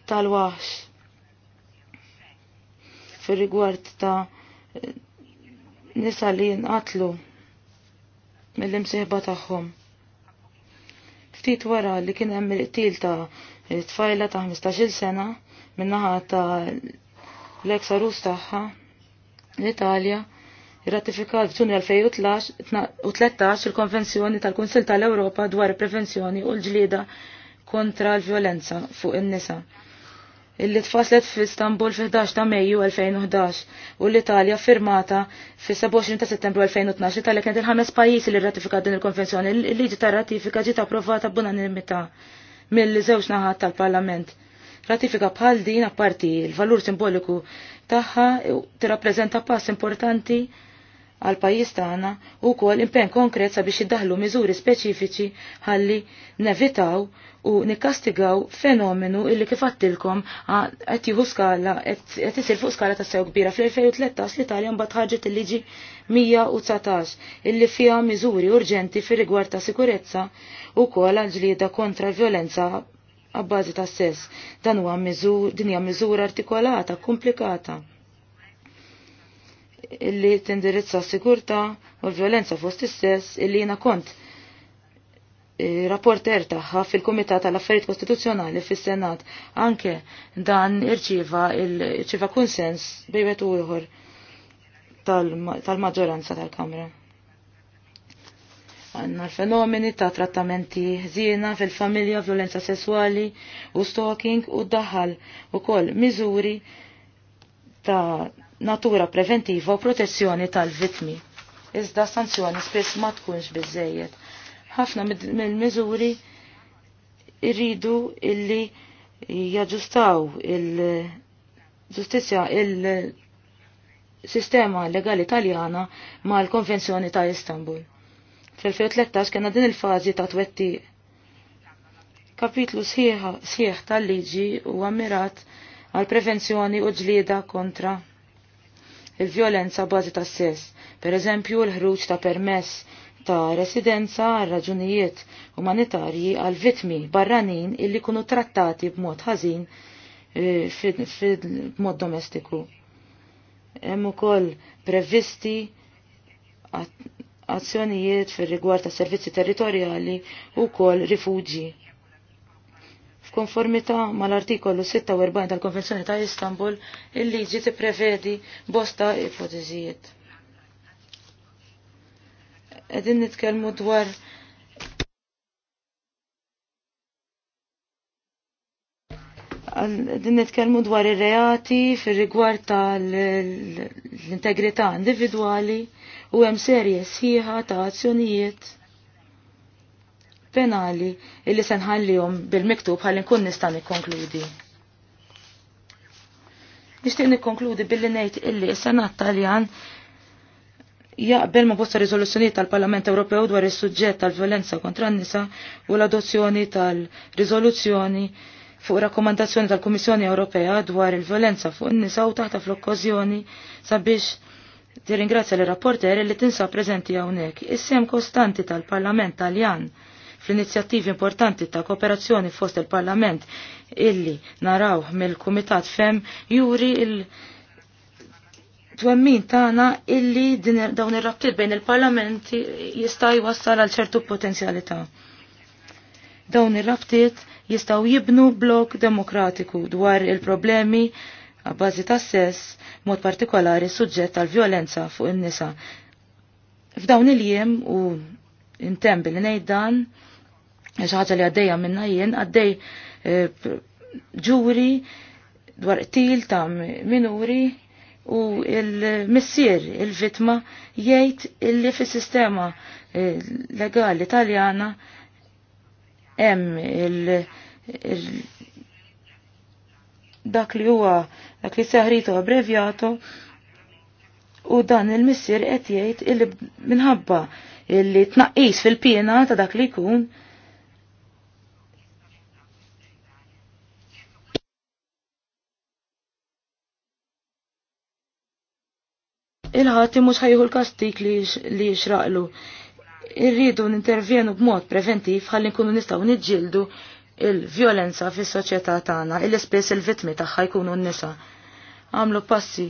tal waħs fir-rigward ta' nisa li jinqatlu mill-imsieħba tagħhom. Ftit wara li kien hemm il-qtil ta' tfajla ta' 15-il sena minnaħa ta' l-eks arus tagħha l-Italja rratifikat f'ġunju 2013 il-Konvenzjoni tal-Kunsil tal-Ewropa dwar il-Prevenzjoni u l-ġlieda kontra l-violenza fuq in-nisa illi tfaslet f'Istanbul fi-11 ta' Mejju 2011 u l-Italja firmata fi-27 ta' Settembru 2012. Italja kienet il-ħames pajjiż li rratifikat din il-konvenzjoni. Il-liġi ta' ratifika ġiet approvata b'unanimità mill-żewġ naħat tal-Parlament. Ratifika bħal din apparti l-valur simboliku tagħha tirrappreżenta pass importanti għal pajjiż tagħna u wkoll impenn konkret sabiex iddaħlu miżuri speċifiċi ħalli nevitaw u nikkastigaw fenomenu illi kif għattilkom qed jieħu skala qed isir fuq skala ta' sew kbira fl-2013 l-Italja mbagħad ħarġet il-liġi 119 illi fiha miżuri urġenti fir-rigward ta' sikurezza wkoll għal ġlieda kontra l violenza għabbażi ta' sess. Dan huwa miżur din hija miżura artikolata, komplikata illi tindirizza s-sigurta u l-violenza fost istess illi jina kont rapporter taħħa fil-Komitat tal-Affarijiet Kostituzzjonali fis-Senat anke dan irċiva ċiva konsens bejwet u ieħor tal-maġġoranza tal-Kamra. Għanna l-fenomeni ta' trattamenti ħżiena fil-familja, violenza sessuali u stalking u daħal u koll miżuri ta' natura preventiva u protezzjoni tal-vitmi. Iżda sanzjoni spiss ma tkunx biżejjed. Ħafna mill-miżuri irridu illi jaġustaw il-ġustizja il-sistema legali Italjana ma' l-Konvenzjoni ta' Istanbul. fil 2013 kena din il-fazi ta' twetti kapitlu sħiħ tal-liġi u ammirat għal prevenzjoni u ġlieda kontra il-vjolenza bażi ta' sess, per eżempju l-ħruġ ta' permess ta' residenza għal raġunijiet umanitarji għal vitmi barranin illi kunu trattati b'mod ħażin b'mod eh, domestiku. Hemm ukoll previsti azzjonijiet fir rigward ta' servizzi territorjali u kol rifugi f'konformità mal-artikolu 46 tal-Konvenzjoni ta' Istanbul, il-liġi tipprevedi bosta ipoteżijiet. Qegħdin nitkellmu dwar din nitkelmu dwar ir-reati fir-rigward tal-integrità individwali u hemm serje sħiħa ta' azzjonijiet penali illi se nħallihom bil-miktub ħalli nkun nista' nikkonkludi. Nixtieq nikkonkludi billi ngħid illi s-Senat Taljan jaqbel ma bosta riżoluzzjoni tal-Parlament Ewropew dwar is-suġġett tal-violenza kontra n-nisa u l-adozzjoni tal-riżoluzzjoni fuq rakkomandazzjoni tal-Kummissjoni Ewropea dwar il-violenza fuq n-nisa u taħta fl-okkożjoni sabiex tirringrazzja l-rapporter li tinsa preżenti hawnhekk. Is-sem kostanti tal-Parlament Taljan fl-inizjattivi importanti ta' kooperazzjoni fost il-Parlament illi naraw mill-Kumitat FEM juri il- twemmin tagħna illi dawn ir-rabtiet bejn il parlament jista' jwassal għal ċertu potenzjalità. Dawn ir-rabtiet jistgħu jibnu blok demokratiku dwar il-problemi għabbażi ta' sess, mod partikolari suġġett tal-vjolenza fuq in-nisa. F'dawn il-jiem u intemm billi ngħid dan, xaħġa li għaddejja minna jien għaddej e, ġuri dwar qtil ta' minuri u il-missier, il-vitma, jgħid illi fis sistema e, legali Italjana hemm il-, dak li huwa dak li seħritu abbrevjato u dan il-missier qed jgħid illi minħabba illi tnaqqis fil-pjena ta' dak li jkun il-ħati mux ħajju l-kastik li xraqlu. Irridu n-intervjenu b'mod preventiv ħalli nkunu nistaw nġildu il-violenza fis soċjetà tagħna, il espess il-vitmi tagħha jkunu n-nisa. Għamlu passi,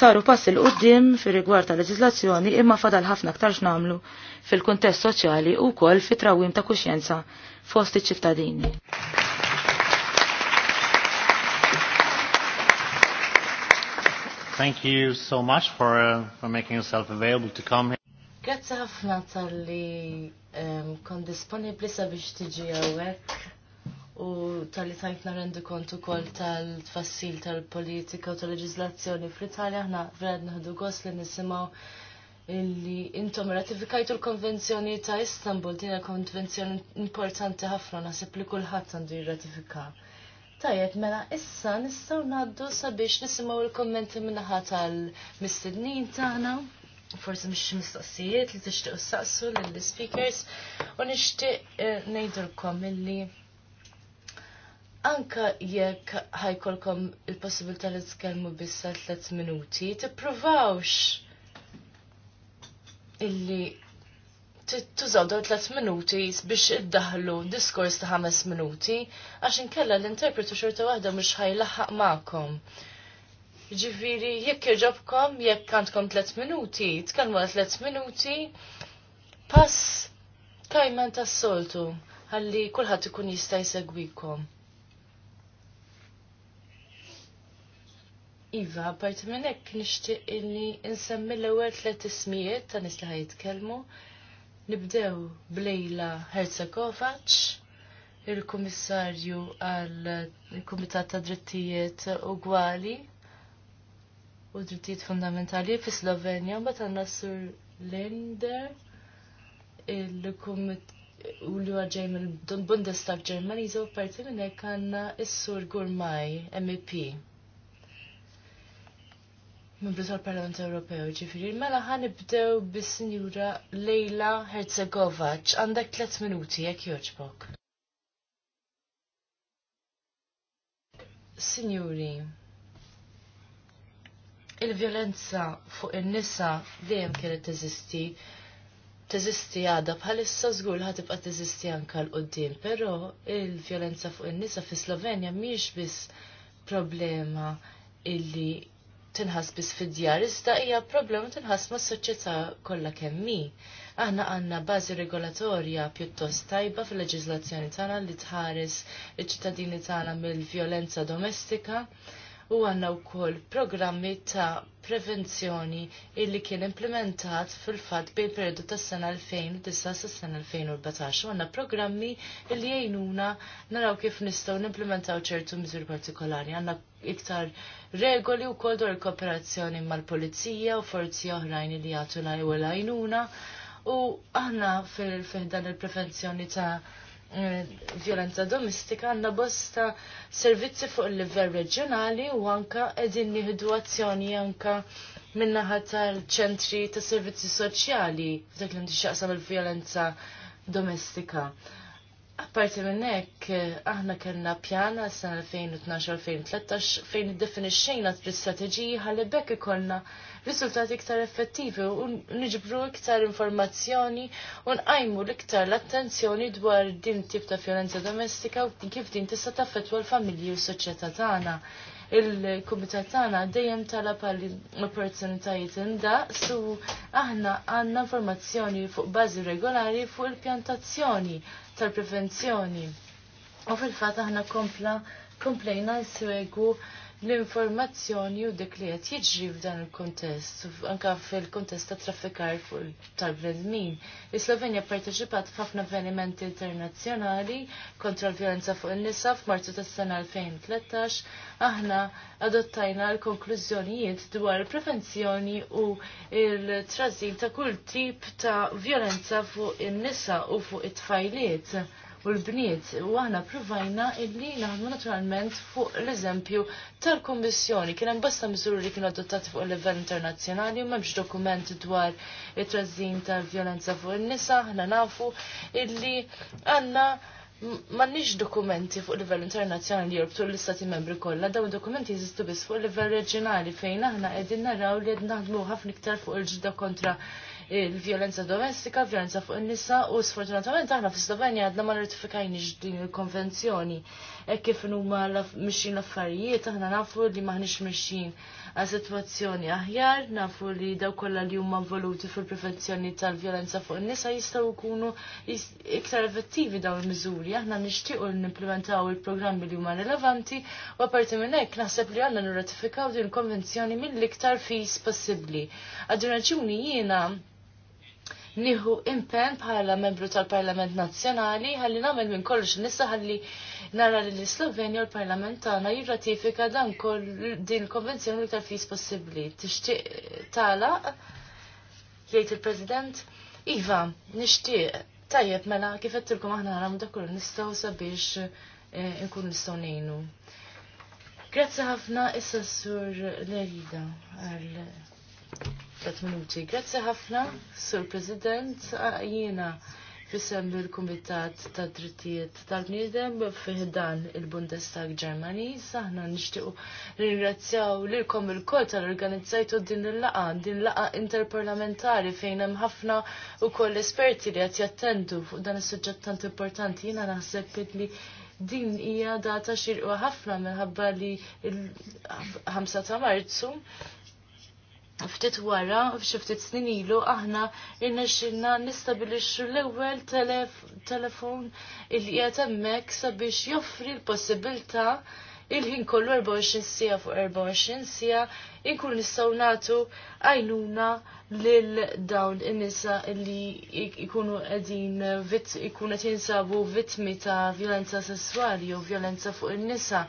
saru passi l-qoddim fir rigward ta' leġislazzjoni imma fadal ħafna aktar x'namlu fil-kuntest soċjali u kol fit-trawim ta' kuxjenza fost iċ-ċittadini. Thank you so much for, uh, for making yourself available to come here. Grazzi ħafna tal-li ehm, kon disponibli sabiex tiġi għawek u tal-li tajtna rendu kontu kol tal-tfassil tal-politika u tal-leġizlazzjoni fl-Italja ħna vred nħdu gos li nisimaw illi intom ratifikajtu l-konvenzjoni ta' Istanbul, dina konvenzjoni importanti ħafna, nasib li kullħat għandu jirratifika. ratifika Tajet mela issa nistgħu ngħaddu sabiex nisimgħu l-kommenti min tal-mistednin tagħna. Forsi mhix mistoqsijiet li s saqsu lill-speakers u nixtieq eh, ngħidulkom illi anka jekk ħajkolkom il-possibilità li tkellmu biss tliet minuti, tippruvawx illi tużaw daw tlet minuti biex iddaħlu diskors ta' ħames minuti, għax inkella l-interpretu xorta waħda mhux ħajlaħħaq ma'kom. Ġifiri, jekk irġobkom, jekk għandkom tlet minuti, tkellmu tlet minuti, pass kajman tas-soltu, għalli kulħadd ikun jista' segwikom. Iva, parti minn hekk nixtieq illi insemmi l-ewwel tliet ismijiet ta' nies li Nibdew blejla Herzegovac, il-Kummissarju għal Komitat kumitat ta' Drittijiet Ugwali u Drittijiet Fundamentali fi Slovenja, mbagħad għandna Sur Linder, il-Kumitat u li għagġej mill-Bundestag ġermani, u parti minn hekk għandna s-Sur Gurmaj, MEP membru tal-Parlament Ewropew, ġifiri, mela ibdew bis-Sinjura Lejla Herzegovac, għandek tliet minuti, jekk joċbok. Sinjuri, il-violenza fuq in-nisa dejjem kienet teżisti, teżisti għada bħalissa żgur ħatibqa' teżisti anke l qoddim però il-violenza fuq in-nisa fi Slovenja mhijiex biss problema illi tinħas biss fid-djar, iżda hija problema tinħas ma' soċjetà kollha kemm hi. Aħna għandna bażi regolatorja pjuttost tajba fil-leġiżlazzjoni tagħna li tħares iċ-ċittadini tagħna mill-vjolenza domestika u għanna wkoll programmi ta' prevenzjoni illi kien implementat fil-fatt bejn periodu tas sena 2009 sa' sena 2014 u għanna programmi illi jgħinuna naraw kif nistgħu implementaw ċertu miżur partikolari għanna iktar regoli u koll dwar kooperazzjoni mal-polizija u forzi oħrajn li jagħtu l-għajnuna u aħna fil-fihdan il-prevenzjoni ta' Eh, violenza domestika għanna bosta servizzi fuq il-livell reġjonali u anka edin nieħdu azzjoni anka minnaħa tal-ċentri ta' servizzi soċjali f'dak li xaqsam il-violenza domestika. Apparti minn hekk aħna kellna pjana s-sena 2012-2013 fejn iddefinixxejna l-istrateġiji ħalli bekk ikollna riżultati iktar effettivi u nġibru iktar informazzjoni u nqajmu l-iktar l-attenzjoni dwar din tip ta' violenza domestika u kif din tista' taffettwa l-familji u s-soċjetà tagħna il-kumitat tagħna dejjem talab għal opportunitajiet da su aħna għandna informazzjoni fuq bażi regolari fuq il-pjantazzjoni tal-prevenzjoni. U fil-fatt aħna kompla komplejna s-segu l-informazzjoni u dik li qed jiġri f'dan il-kuntest, anke fil-kuntest ta' traffikar fuq tal-bnedmin. Is-Slovenja parteċipat f'ħafna avvenimenti internazzjonali kontra l-vjolenza fuq in-nisa f'Marzu tas-sena 2013, aħna adottajna l-konklużjonijiet dwar prevenzjoni u il-trażin ta' kull tip ta' vjolenza fuq in-nisa u fuq it-tfajliet u l-bniet. U aħna provajna illi naħdmu naturalment fuq l-eżempju tal-Kommissjoni. Kien hemm bosta miżuri li kienu adottati fuq il-livell internazzjonali u m'hemmx dokumenti dwar it-trażin tal-vjolenza fuq in-nisa, aħna nafu illi għandna m'għandniex dokumenti fuq livell internazzjonali jew tul l-istati membri kollha, dawn dokumenti jeżistu biss fuq livell reġjonali fejn aħna qegħdin naraw li qed naħdmu ħafna iktar fuq il-ġidda kontra il-violenza domestika, violenza fuq n nisa u sfortunatament aħna fi Slovenja għadna ma nirratifikajniex din il-konvenzjoni. E kif huma mixin l-affarijiet aħna nafu li maħniex mixin għal sitwazzjoni aħjar, nafu li daw kollha li huma voluti fil-prevenzjoni tal-violenza fuq n nisa jistgħu jkunu iktar effettivi dawn il-miżuri. Aħna nixtiequ nimplementaw il-programmi li huma rilevanti u apparti minn hekk naħseb li għandna nirratifikaw din il-konvenzjoni mill-iktar fis possibbli. Għad raġuni jiena nieħu impenn bħala membru tal-Parlament Nazzjonali ħalli nagħmel minn kollox nissa ħalli nara li l-Slovenja u l-Parlament tagħna jirratifika dan koll din il-konvenzjoni l-iktar fis possibbli. Tixtieq tagħlaq jgħid il-President Iva, nixtieq tajjeb mela kif qedtilkom aħna nagħmlu dak kull nistgħu sabiex eh, nkun nistgħu ngħinu. Grazzi ħafna issa sur Lerida 3 minuti. Grazzi ħafna, Sur President, jiena fissem l-Kumitat ta' Drittijiet tal-Bniedem fih dan il-Bundestag Ġermani. Saħna nixtiequ ringrazzjaw lilkom il-kol tal-organizzajtu din il-laqa, din laqa interparlamentari fejn hemm ħafna ukoll esperti li qed jattendu fuq dan is-suġġett tant importanti. Jiena naħseb li din hija data xirqwa ħafna minħabba li 5 ta' Marzu ftit wara, f'xi ftit snin ilu, aħna xinna nistabilixxu l-ewwel telefon il qiegħed hemmhekk sabiex joffri l-possibilità il-ħin kollu 24 sija fuq 24 sija inkun nistgħu nagħtu għajnuna lil dawn in-nisa li jkunu qegħdin ikunu qed jinsabu vittmi ta' violenza sesswali u violenza fuq in-nisa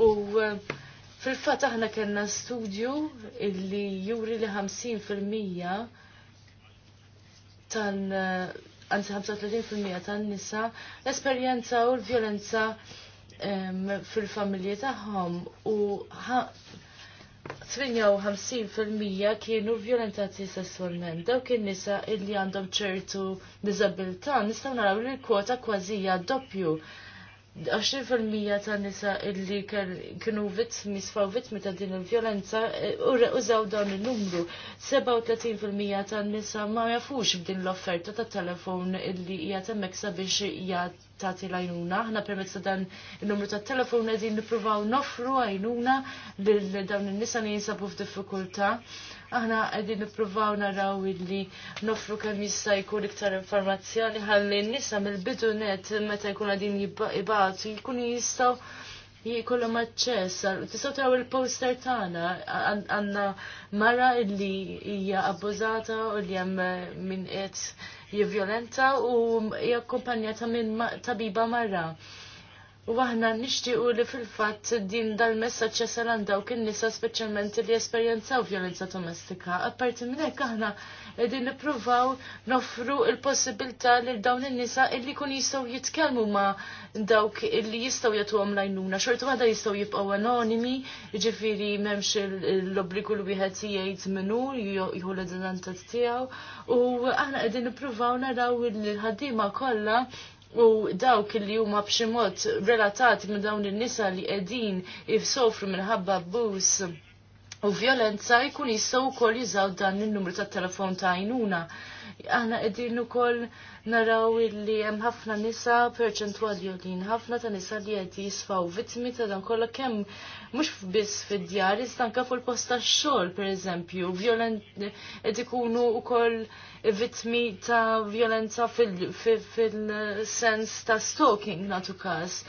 u uh, Fil-fatt aħna kellna studju illi juri li 50% tan anzi 35% tan-nisa esperjenzaw l vjolenza fil-familji tagħhom u 58% kienu violentati sessualment. Dawk in-nisa illi għandhom ċertu diżabilità nistgħu naraw li l-kwota kważi doppju 20% ta' nisa illi kienu misfaw vitt vittmi ta' din il-violenza, e, użaw dan il-numru. 37% ta' nisa ma' jafux b'din l-offerta ta' telefon illi hija meksa biex jgħat l-għajnuna. Ħna ta' dan il-numru ta' telefon edin nipruvaw nofru għajnuna lil dawn il-nisa li jinsabu f'diffikulta aħna qegħdin nippruvaw naraw illi nofru kemm jista' jkun iktar informazzjoni ħalli n-nisa mill-bidu net meta jkun għedin jibbaħtu jkunu jistgħu jikollu aċċess. Tistgħu taw il-poster tagħna għandna mara li hija abbużata u li hemm min qed jivjolenta u hija akkumpanjata minn tabiba marra. U aħna nixtiequ li fil-fatt din dal-messaġġ jasal u dawk in-nisa speċjalment li esperjenzaw vjolenza domestika. Apparti minn hekk aħna qegħdin nippruvaw noffru l-possibilità li dawn in-nisa illi jkun jistgħu jitkellmu ma' dawk illi jistgħu jagħtuhom lajnuna. Xorta waħda jistgħu jibqgħu anonimi, jiġifieri m'hemmx l-obbligu li wieħed jgħid minnu jieħu l-identità tiegħu. U aħna qegħdin nippruvaw naraw il-ħaddiema kollha u dawk li huma b'xi mod relatati minn dawn in-nisa li qegħdin ifsofru minħabba abbuż u violenza jkun jistgħu wkoll jużaw dan il-numru tat-telefon ta' għajnuna. Aħna qegħdin ukoll naraw li hemm ħafna nisa u din ħafna ta' nisa li qed jisfaw vittmi ta' dan kolla kem mhux biss fid-djar, iżda anke fuq il-post tax-xogħol pereżempju, violent vittmi ta' violenza fil-sens ta' stalking natu kas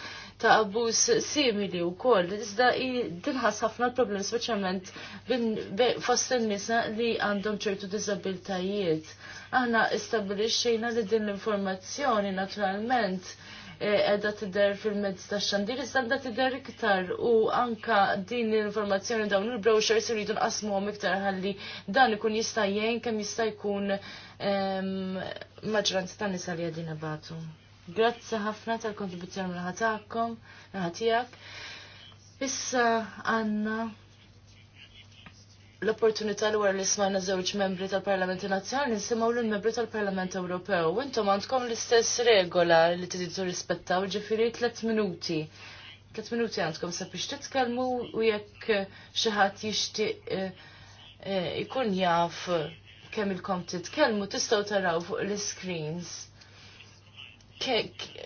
ta' abbuż simili u koll. Iżda dinħas ħafna l-problem speċjalment fost nisa li għandhom ċertu dizabiltajiet. Aħna istabilixxejna li din l-informazzjoni naturalment edha eh, tidher fil medz ta' xandir, iżda edha tidher iktar u anka din l-informazzjoni dawn il-brochures iridu nqasmuhom iktar ħalli dan ikun jista' jgħin kemm jista' jkun ehm, maġranza ta' nisa li għadin batu. Grazzi ħafna tal-kontribuzzjoni l-ħatakom, l-ħatijak. Issa għanna l-opportunità li għar li smajna żewġ membri tal-Parlamenti Nazzjonali nisimaw l membri tal-Parlament Ewropew. Intom għandkom l-istess regola li tidu rispettaw ġifieri tliet minuti. Tliet minuti għandkom sabiex titkellmu u jekk xi ħadd jixtieq eh, eh, ikun jaf kemm ilkom titkellmu tistgħu taraw fuq l-screens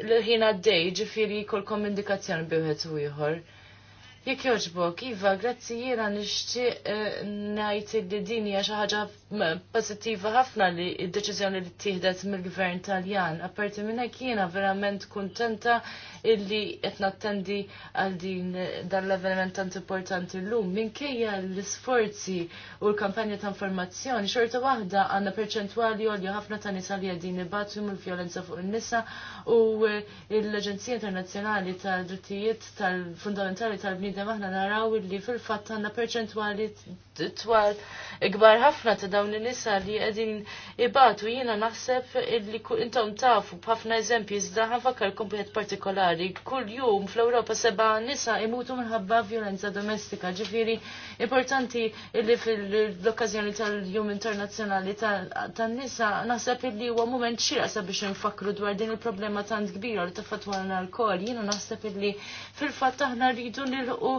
l-ħin għaddej ġifiri jkollkom indikazzjoni biħet u jħor. Jek joġbok, Iva, grazzi jena nixtieq eh, ngħid li din hija xi ħaġa pożittiva ħafna li d-deċiżjoni li ttieħdet mill-Gvern Taljan. Apparti minn hekk jiena verament kuntenta illi qed nattendi għal din dan l-avveniment tant importanti llum. Minkejja l-isforzi u l-kampanja ta' informazzjoni xorta waħda għandna perċentwali għolju ħafna ta' nisa li għaddin ibatu mill-vjolenza fuq in-nisa u eh, l-Aġenzija Internazzjonali tal-Drittijiet tal-Fundamentali tal-Bnid bniedem aħna naraw li fil-fatt għanna perċentwali twal ikbar ħafna ta' dawn in-nisa li qegħdin ibatu jiena naħseb illi intom tafu b'ħafna eżempji iżda ħafakar kumpiet partikolari. Kull jum fl-Ewropa seba' nisa imutu minħabba violenza domestika. Ġifieri importanti illi fil-okkażjoni tal-Jum Internazzjonali tan-nisa naħseb illi huwa mument xira sabiex nfakru dwar din il-problema tant kbira li ta' wara l-alkohol. Jiena naħseb illi fil-fatt aħna rridu nilqu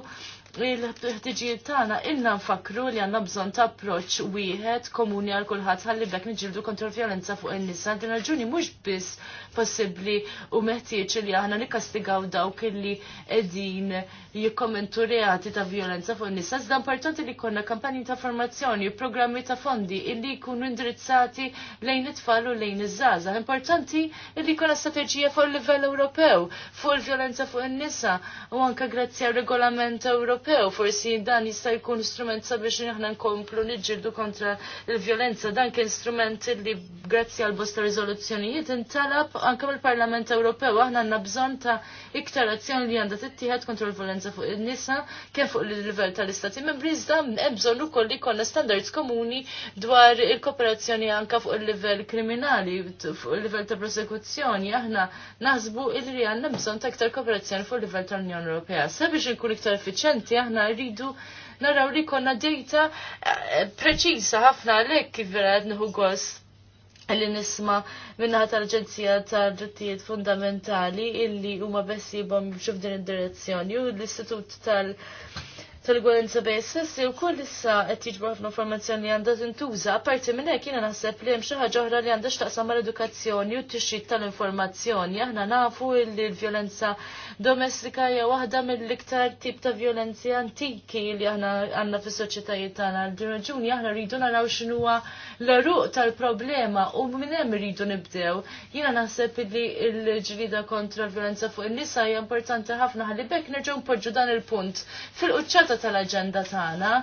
il-ħtiġijiet tagħna ilna nfakru li għandna bżonn ta' approċċ wieħed komuni għal kulħadd ħalli bekk niġġieldu kontra violenza fuq in-nisa. Din raġuni mhux biss possibbli u meħtieġ li aħna nikkastigaw dawk illi qegħdin jikkommentu reati ta' violenza fuq in-nisa. Iżda importanti li jkollna kampanji ta' formazzjoni, programmi ta' fondi illi jkunu indirizzati lejn it-tfal u lejn iż-żgħażagħ. Importanti li jkollna strateġija fuq il-livell Ewropew fuq il-vjolenza fuq in-nisa u anke grazzi għal regolament Ewropew Ewropew, forsi dan jista' jkun strument sabiex aħna nkomplu niġġieldu kontra l-vjolenza. Dan kien strument li grazzi għal bosta riżoluzzjonijiet intalab anke mill-Parlament Ewropew aħna għandna bżonn ta' iktar azzjoni li għandha tittieħed kontra l-violenza fuq in-nisa kemm fuq il-livell tal-istati membri iżda hemm bżonn ukoll li jkollna standards komuni dwar il-kooperazzjoni anke fuq il-livell kriminali, fuq il-livell ta' prosekuzzjoni. Aħna naħsbu illi għandna bżonn ta' iktar kooperazzjoni fuq il-livell tal-Unjoni Ewropea. Sabiex inkun iktar effiċjenti Uniti aħna rridu naraw li konna data eh, preċisa ħafna għalhekk kif vera qed nieħu gost li nisma minnaħa tal-Aġenzija tal-Drittijiet Fundamentali illi huma bessibhom jimxu f'din id-direzzjoni u l-Istitut tal- tal-gwerenza bejsess u koll issa qed jiġbu ħafna informazzjoni li għandha tintuża, apparti minn hekk jiena naħseb li hemm xi ħaġa oħra li għandha x'taqsam mal-edukazzjoni u t-tixrid tal-informazzjoni. Aħna nafu li l-vjolenza domestika hija waħda mill-iktar tip ta' violenzi antiki li aħna għandna fis-soċjetajiet tagħna. Raġuni aħna rridu naraw x'inhuwa l-eruq tal-problema u minn hemm iridu nibdew. Jiena naħseb li l-ġrida kontra l-violenza fuq in-nisa hija importanti ħafna ħalli bekk nerġgħu npoġġu dan il-punt fil-quċċata tal-aġenda tagħna.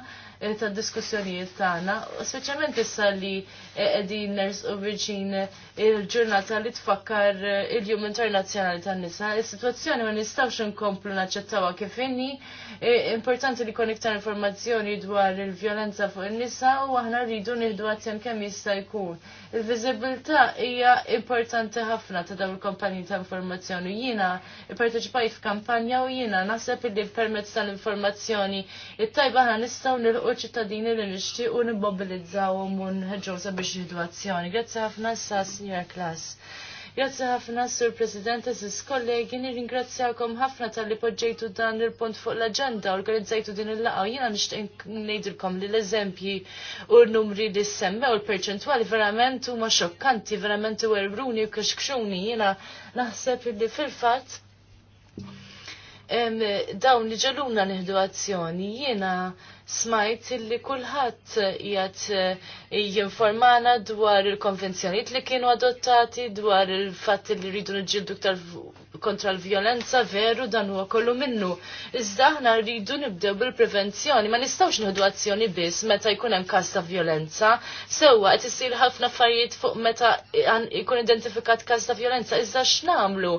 Eh, ta' diskussjonijiet tagħna, speċjalment issa li eh, qegħdin u viċin eh, il-ġurnata li tfakkar il-Jum Internazzjonali tan-nisa, is-sitwazzjoni ma nistgħux nkomplu naċċettawha kif inni, importanti li kon iktar informazzjoni dwar il-vjolenza fuq in-nisa u aħna rridu nieħdu azzjon kemm jista' jkun. Il-viżibilità hija importanti ħafna ta' dawn il-kompanji ta' informazzjoni. Jiena ipparteċipajt f'kampanja u jiena naħseb li permezz tal-informazzjoni it-tajba ħana nistgħu nilqu u ċittadini li nixtiequ nibmobilizzawhom u nħeġġhom sabiex jieħdu azzjoni. Grazzi ħafna sa Sinjor Klas. Grazzi ħafna Sur President Aziz kollegi, nirringrazzjakom ħafna tal-li poġġejtu dan il-punt fuq l-aġenda, organizzajtu din il-laqgħa. Jiena nixtieq ngħidilkom li l-eżempji u l numri li semmew l perċentwali verament huma xokkanti, verament u erbruni u kxkxuni, Jiena naħseb li fil-fatt dawn li ġaluna nieħdu azzjoni jiena smajt li kulħadd jgħat eh, jinformana dwar il-konvenzjonijiet li kienu adottati dwar il fat li rridu niġġieldu ktar kontra l-vjolenza veru dan huwa kollu minnu. Iżda aħna rridu nibdew bil-prevenzjoni, ma nistgħux nieħdu azzjoni biss meta jkun hemm każ ta' vjolenza. Sewwa qed isir ħafna affarijiet fuq meta jkun identifikat każ ta' violenza iżda x'namlu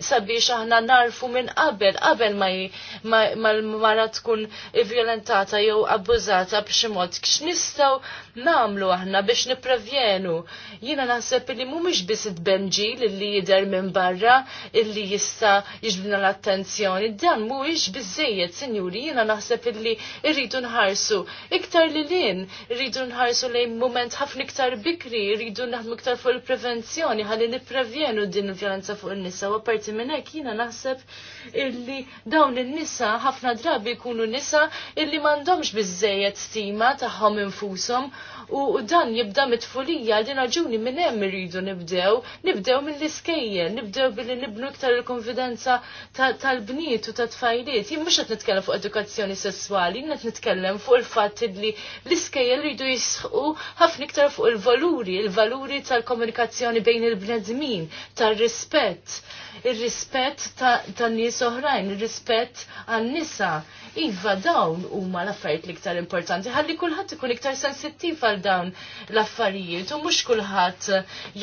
sabiex aħna narfu minn qabel qabel ma l-mara tkun vjolentata jew abbużata b'xi mod x'nistgħu namlu aħna biex niprevjenu. Jiena naħseb li mhumiex biss it-benġi li jidher minn barra, il illi jista jiġbna l-attenzjoni. Dan mhuwiex biżejjed, sinjuri, jiena naħseb illi rridu nħarsu. Iktar li lin, rridu nħarsu lejn moment ħafna iktar bikri, rridu naħdmu iktar fuq il-prevenzjoni ħalli nipprevjenu din il-vjolenza fuq in-nisa u apparti minn hekk jiena naħseb illi dawn il nisa ħafna drabi jkunu nisa illi m'għandhomx bizzejet stima tagħhom infushom u dan jibda mitfulija din raġuni minn hemm irridu nibdew, nibdew mill iskejjer nibdew billi nibnu iktar il-konfidenza tal-bniet u tat-tfajliet. Jien mhux qed nitkellem fuq edukazzjoni sesswali, jien qed nitkellem fuq il-fatt li l iskejjer rridu jisħu ħafna iktar fuq il-valuri, il-valuri tal-komunikazzjoni bejn il-bnedmin, tal-rispett ir-rispett ta' tan nies oħrajn, ir-rispett għan-nisa. Iva dawn huma l-affarijiet l-iktar importanti. Ħalli kulħadd ikun iktar sensittiv għal dawn l-affarijiet u mhux kulħadd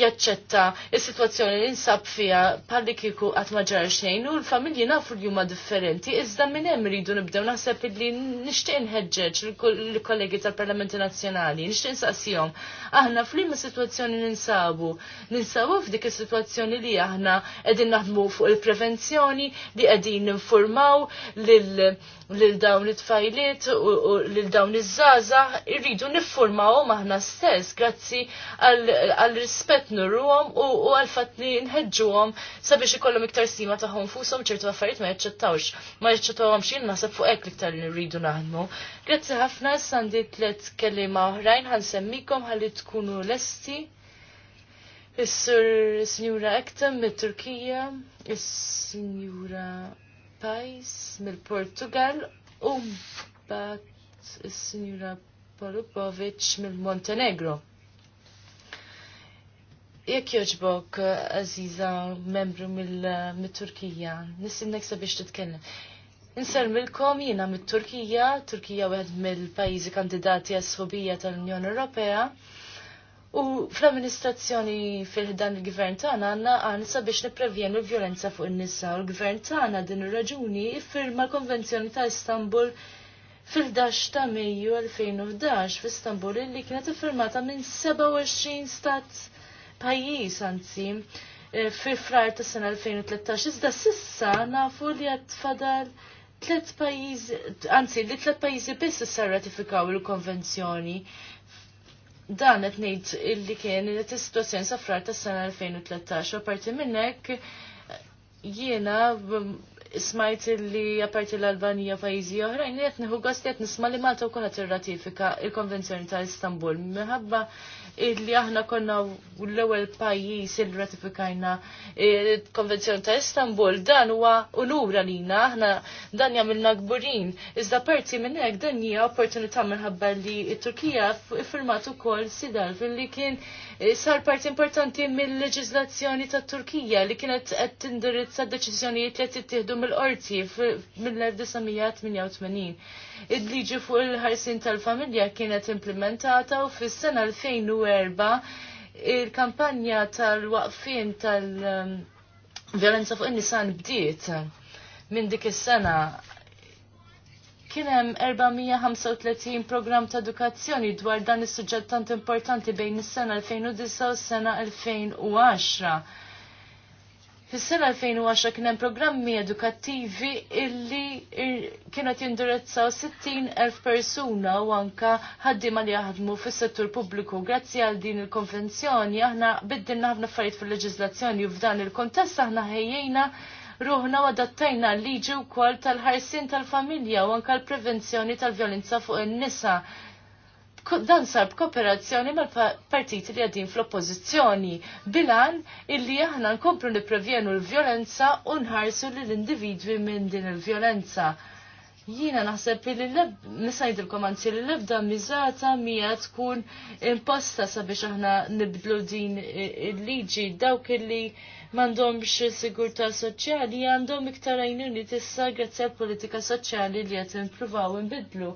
jaċċetta s sitwazzjoni li nsab fiha bħalli kieku qatt ma ġara xejn u l-familji nafu li huma differenti iżda minn hemm iridu nibdew naħseb li nixtieq nħeġġeġ l-kollegi tal-Parlamenti Nazzjonali, nixtieq nsaqsihom. Aħna f'liema sitwazzjoni ninsabu, ninsabu f'dik is-sitwazzjoni li aħna qegħdin naħdmu fuq il-prevenzjoni, li qegħdin ninformaw lil lil dawn it-tfajliet u lil dawn iż-żaza irridu niffurmawhom aħna stess grazzi għall rispett nurruhom u għal fatt li nħeġġuhom sabiex ikollhom iktar sima tagħhom fushom ċertu affarijiet ma jaċċettawx. Ma jaċċettawhomx jien naħseb fuq hekk iktar li naħdmu. Grazzi ħafna sandi tliet kelliema oħrajn ħansemmikom ħalli tkunu lesti. Is-sur Sinjura Ektem mit-Turkija, is-Sinjura pajis mill-Portugal u mbagħad is-Sinjura Polubovic mill-Montenegro. Jekk joġbok, Aziza, membru mill-Turkija, nisimnek sabiex titkellem. milkom jina mit-Turkija, Turkija wieħed mill-pajjiżi kandidati għas-sfobija tal-Unjoni Ewropea, U fl-amministrazzjoni fil-dan il-gvern tagħna għandna għansa biex neprevjenu l violenza fuq in-nisa u l-gvern tagħna din ir-raġuni firma l-Konvenzjoni ta' Istanbul fil-11 ta' Mejju 2011 f'Istanbul illi kienet iffirmata minn 27 stat pajjiż anzi eh, fil frar ta' sena 2013 iżda sissa nafu li għat fadal tliet pajjiżi anzi li tliet pajjiżi biss issa rratifikaw il-konvenzjoni. il konvenzjoni dan qed ngħid illi kien is-sitwazzjoni safrar tas-sena 2013 u apparti minn hekk jiena smajt illi apparti l-Albanija pajjiżi oħrajn qed nieħu gost qed nisma' li Malta wkoll qed tirratifika il-Konvenzjoni ta' Istanbul minħabba illi aħna konna l-ewwel pajjiż il ratifikajna il-Konvenzjoni e, ta' Istanbul dan huwa unura lina aħna dan jagħmilna gburin. Iżda parti minn hekk dan hija opportunità minħabba li t-Turkija iffirmat ukoll sidal fil-li kien sar parti importanti mill-leġizlazzjoni ta' Turkija li kienet qed tindirizza deċiżjonijiet li qed jittieħdu mill-qorti mill-1988. Id-liġi fuq il-ħarsin tal-familja kienet implementata u fis-sena 2004 il-kampanja tal-waqfin tal-violenza um, fuq in-nisan bdiet minn dik is-sena Kien hemm 435 programm ta' edukazzjoni dwar dan is-suġġett tant importanti bejn is-sena 2009 u s-sena 2010. Fis-sena 2010 kien hemm programmi edukattivi illi kienu jindirizzaw jindirizzaw 60,000 persuna u anka ħaddiema li jaħdmu fis-settur pubbliku. Grazzi għal din il-konvenzjoni aħna biddilna ħafna affarijiet fil-leġiżlazzjoni u f'dan il-kontest aħna ħejjejna ruħna u adattajna l-liġi wkoll tal-ħarsin tal-familja u anka l-prevenzjoni tal-vjolenza fuq in-nisa. Dan sar b'kooperazzjoni mal-partiti li għadin fl-oppożizzjoni bilan illi aħna nkomplu nipprevjenu l-vjolenza u nħarsu lill-individwi minn din il-vjolenza. Jina naħseb li l-leb, nisajdilkom għanzi li l-lebda mizata mija tkun imposta sabiex aħna nibdlu din il-liġi dawk li m'għandhomx sigurtà soċjali għandhom iktar għajnuni tissa grazzi għall politika soċjali li qed nippruvaw inbidlu.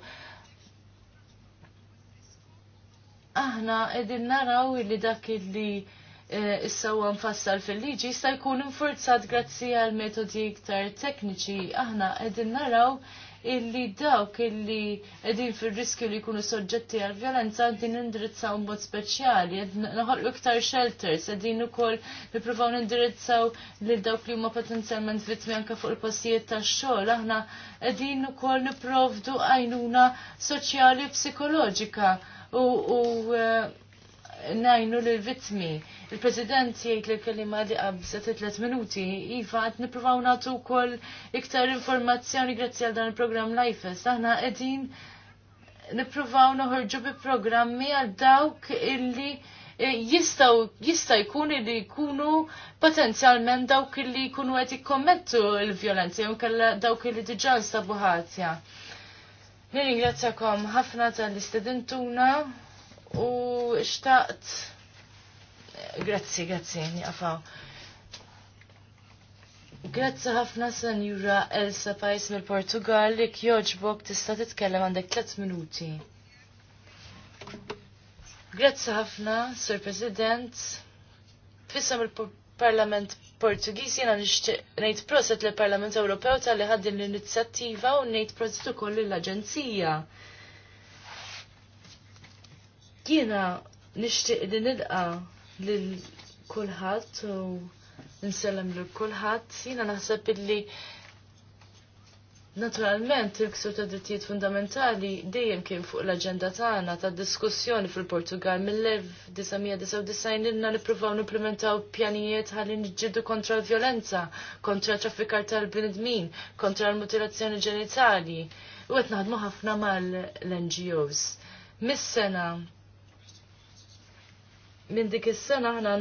Aħna qegħdin naraw li dak li e, issa u mfassal fil-liġi jista' jkun infurzat grazzi għal metodi iktar tekniċi. Aħna qegħdin naraw illi dawk illi qegħdin fir-riskju li jkunu soġġetti għal violenza qegħdin indirizzaw mod speċjali, naħolqu iktar shelters, qegħdin ukoll nippruvaw nindirizzaw lil dawk li huma potenzjalment vittmi anke fuq il-postijiet tax-xogħol, aħna qegħdin ukoll nipprovdu għajnuna soċjali psikoloġika u, u eh, najnu l-vitmi. Il-President jgħid li kelima li qabsa ta' 3 minuti, iva qed nippruvaw natu kol iktar informazzjoni grazzi għal dan il-program Lifes. Aħna qegħdin nippruvaw noħorġu bi programmi għal dawk illi eh, jistaw jista' jkun illi jkunu potenzjalment dawk illi jkunu qed jikkommettu l-vjolenza jew kellha dawk illi diġà nsabu ħatja. Nirringrazzjakom ħafna tal-istedentuna u xtaqt. Grazzi, grazzi, njafaw. Grazzi ħafna senjura Elsa Pajs mill-Portugal li kjoġbok tista' titkellem għandek 3 minuti. Grazzi ħafna, Sir President. fissa il-Parlament Portugis jena nixtieq ngħid proset lill parlament Ewropew tal-li ħaddi l-inizjattiva u ngħid proset ukoll l-Aġenzija. l aġenzija Jiena nixtieq li nilqa lil kulħadd u nsellem lil kulħadd. Jiena naħseb illi Naturalment, il-ksur ta' drittijiet fundamentali dejjem kien fuq l-agenda tagħna ta' diskussjoni fil-Portugal mill-1999 ilna nippruvaw nimplementaw pjanijiet ħalli niġġieldu kontra l-vjolenza, kontra traffikar tal-bnedmin, kontra l-mutilazzjoni ġenitali. U qed naħdmu ħafna mal-NGOs. Mis-sena minn dik is-sena aħna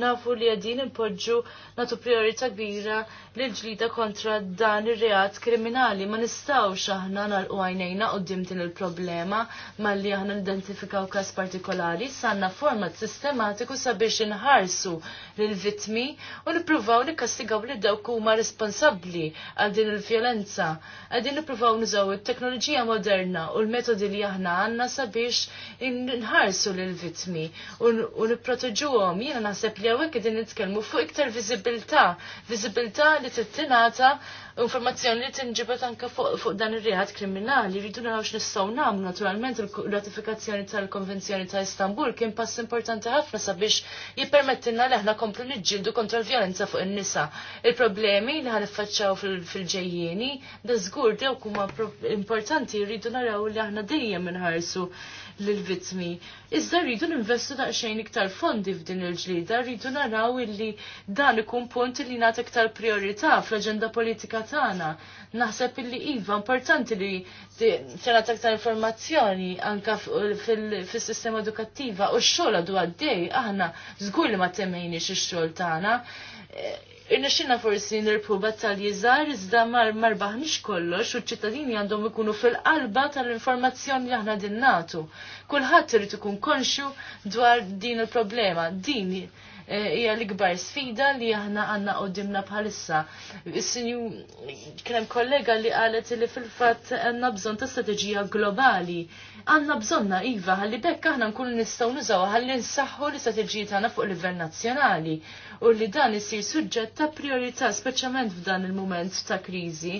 nafu li qegħdin impoġġu nagħtu priorità kbira lil ġlida kontra dan ir-reat kriminali. Ma nistgħux aħna nagħlqu għajnejna qudiem din il-problema malli aħna nidentifikaw każ partikolari sanna format sistematiku sabiex inħarsu lill-vittmi u nippruvaw nikastigaw li dawk huma responsabbli għal din il-vjolenza. Qegħdin nippruvaw nużaw it-teknoloġija moderna u l-metodi li aħna għandna sabiex nħarsu lill-vittmi u nipproteġuhom. Jiena naħseb li hawnhekk qegħdin nitkellmu fuq iktar viżibilità, viżibilità li tittinata informazzjoni li tinġibet anke fuq dan ir-reħat kriminali. Rridu narawx nistgħu nagħmlu naturalment il-ratifikazzjoni tal-Konvenzjoni ta' Istanbul kien pass importanti ħafna sabiex jippermettilna li aħna komplu niġġieldu kontra l-vjolenza fuq in-nisa. Il-problemi li ħaniffaċċaw fil-ġejjieni da żgur dewk huma importanti rridu naraw li aħna dejjem inħarsu lill-vittmi. Iżda rridu ninvestu daqsxejn iktar fondi f'din il-ġlida, rridu naraw illi dan ikun punt li nagħti iktar priorità fl-aġenda politika tagħna. Naħseb illi iva importanti li sena aktar informazzjoni anka fil-sistema edukattiva u x-xogħol għadu għaddej aħna żgur li ma temmejniex ix-xogħol tagħna Irnexxina forsi nirpu battalji żgħar iżda mar marbaħ mhix kollox u ċittadini għandhom ikunu fil-qalba tal-informazzjoni li aħna din nagħtu. Kulħadd irid ikun konxju dwar din il-problema. Din Eh, hija l-ikbar sfida li aħna għandna qoddimna bħalissa. Is-sinju kien kollega li qalet li fil-fatt għanna bżonn ta' strateġija globali. Għanna bżonna iva ħalli bekk aħna nkunu nistgħu nużaw ħalli nsaħħu l-istrateġiji tagħna fuq livell nazzjonali u li dan isir suġġett ta' priorità speċjalment f'dan il-mument ta' kriżi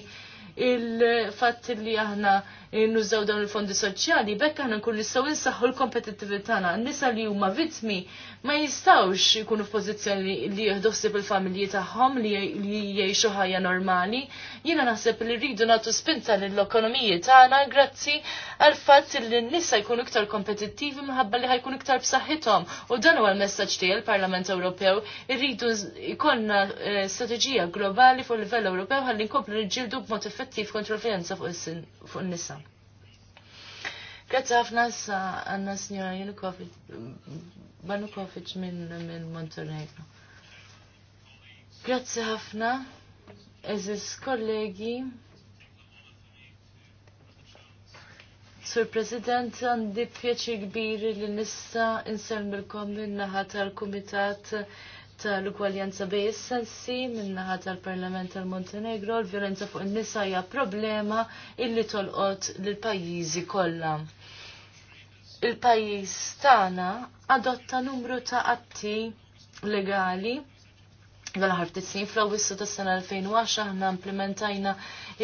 il-fatt li aħna nużaw dawn il-fondi soċjali, bekk aħna nkun nistgħu nsaħħu l-kompetittività n Nisa li huma vittmi ma jistawx jkunu f'pożizzjoni li jħdossib il-familji tagħhom li jiexu ħajja normali. Jiena naħseb li rridu nagħtu spinta lill-ekonomiji tagħna grazzi għal fatt li n-nisa jkunu iktar kompetittivi minħabba li ħajkun iktar b'saħħithom. U dan huwa l-messaġġ tiegħi l-Parlament Ewropew irridu jkollna eh, strateġija globali fuq livell Ewropew ħalli nkomplu niġġieldu b'mod effettiv kontra l fuq n nisa Grazzi ħafna sa għanna signora Janukovic minn Montenegro. Grazzi ħafna, eżis kollegi. Sur President, għandi pjaċi kbir li nista' insemmilkom minnaħa tal-Kumitat tal-ugwaljanza bej is-sensi minnaħa tal-Parlament tal-Montenegro, l-violenza fuq in-nisa hija problema illi tolqot lill pajjiżi kollha. Il-pajjiż tagħna adotta numru ta' atti legali dal-ħar ftit fl-Awwissu tas-sena 2010 aħna implementajna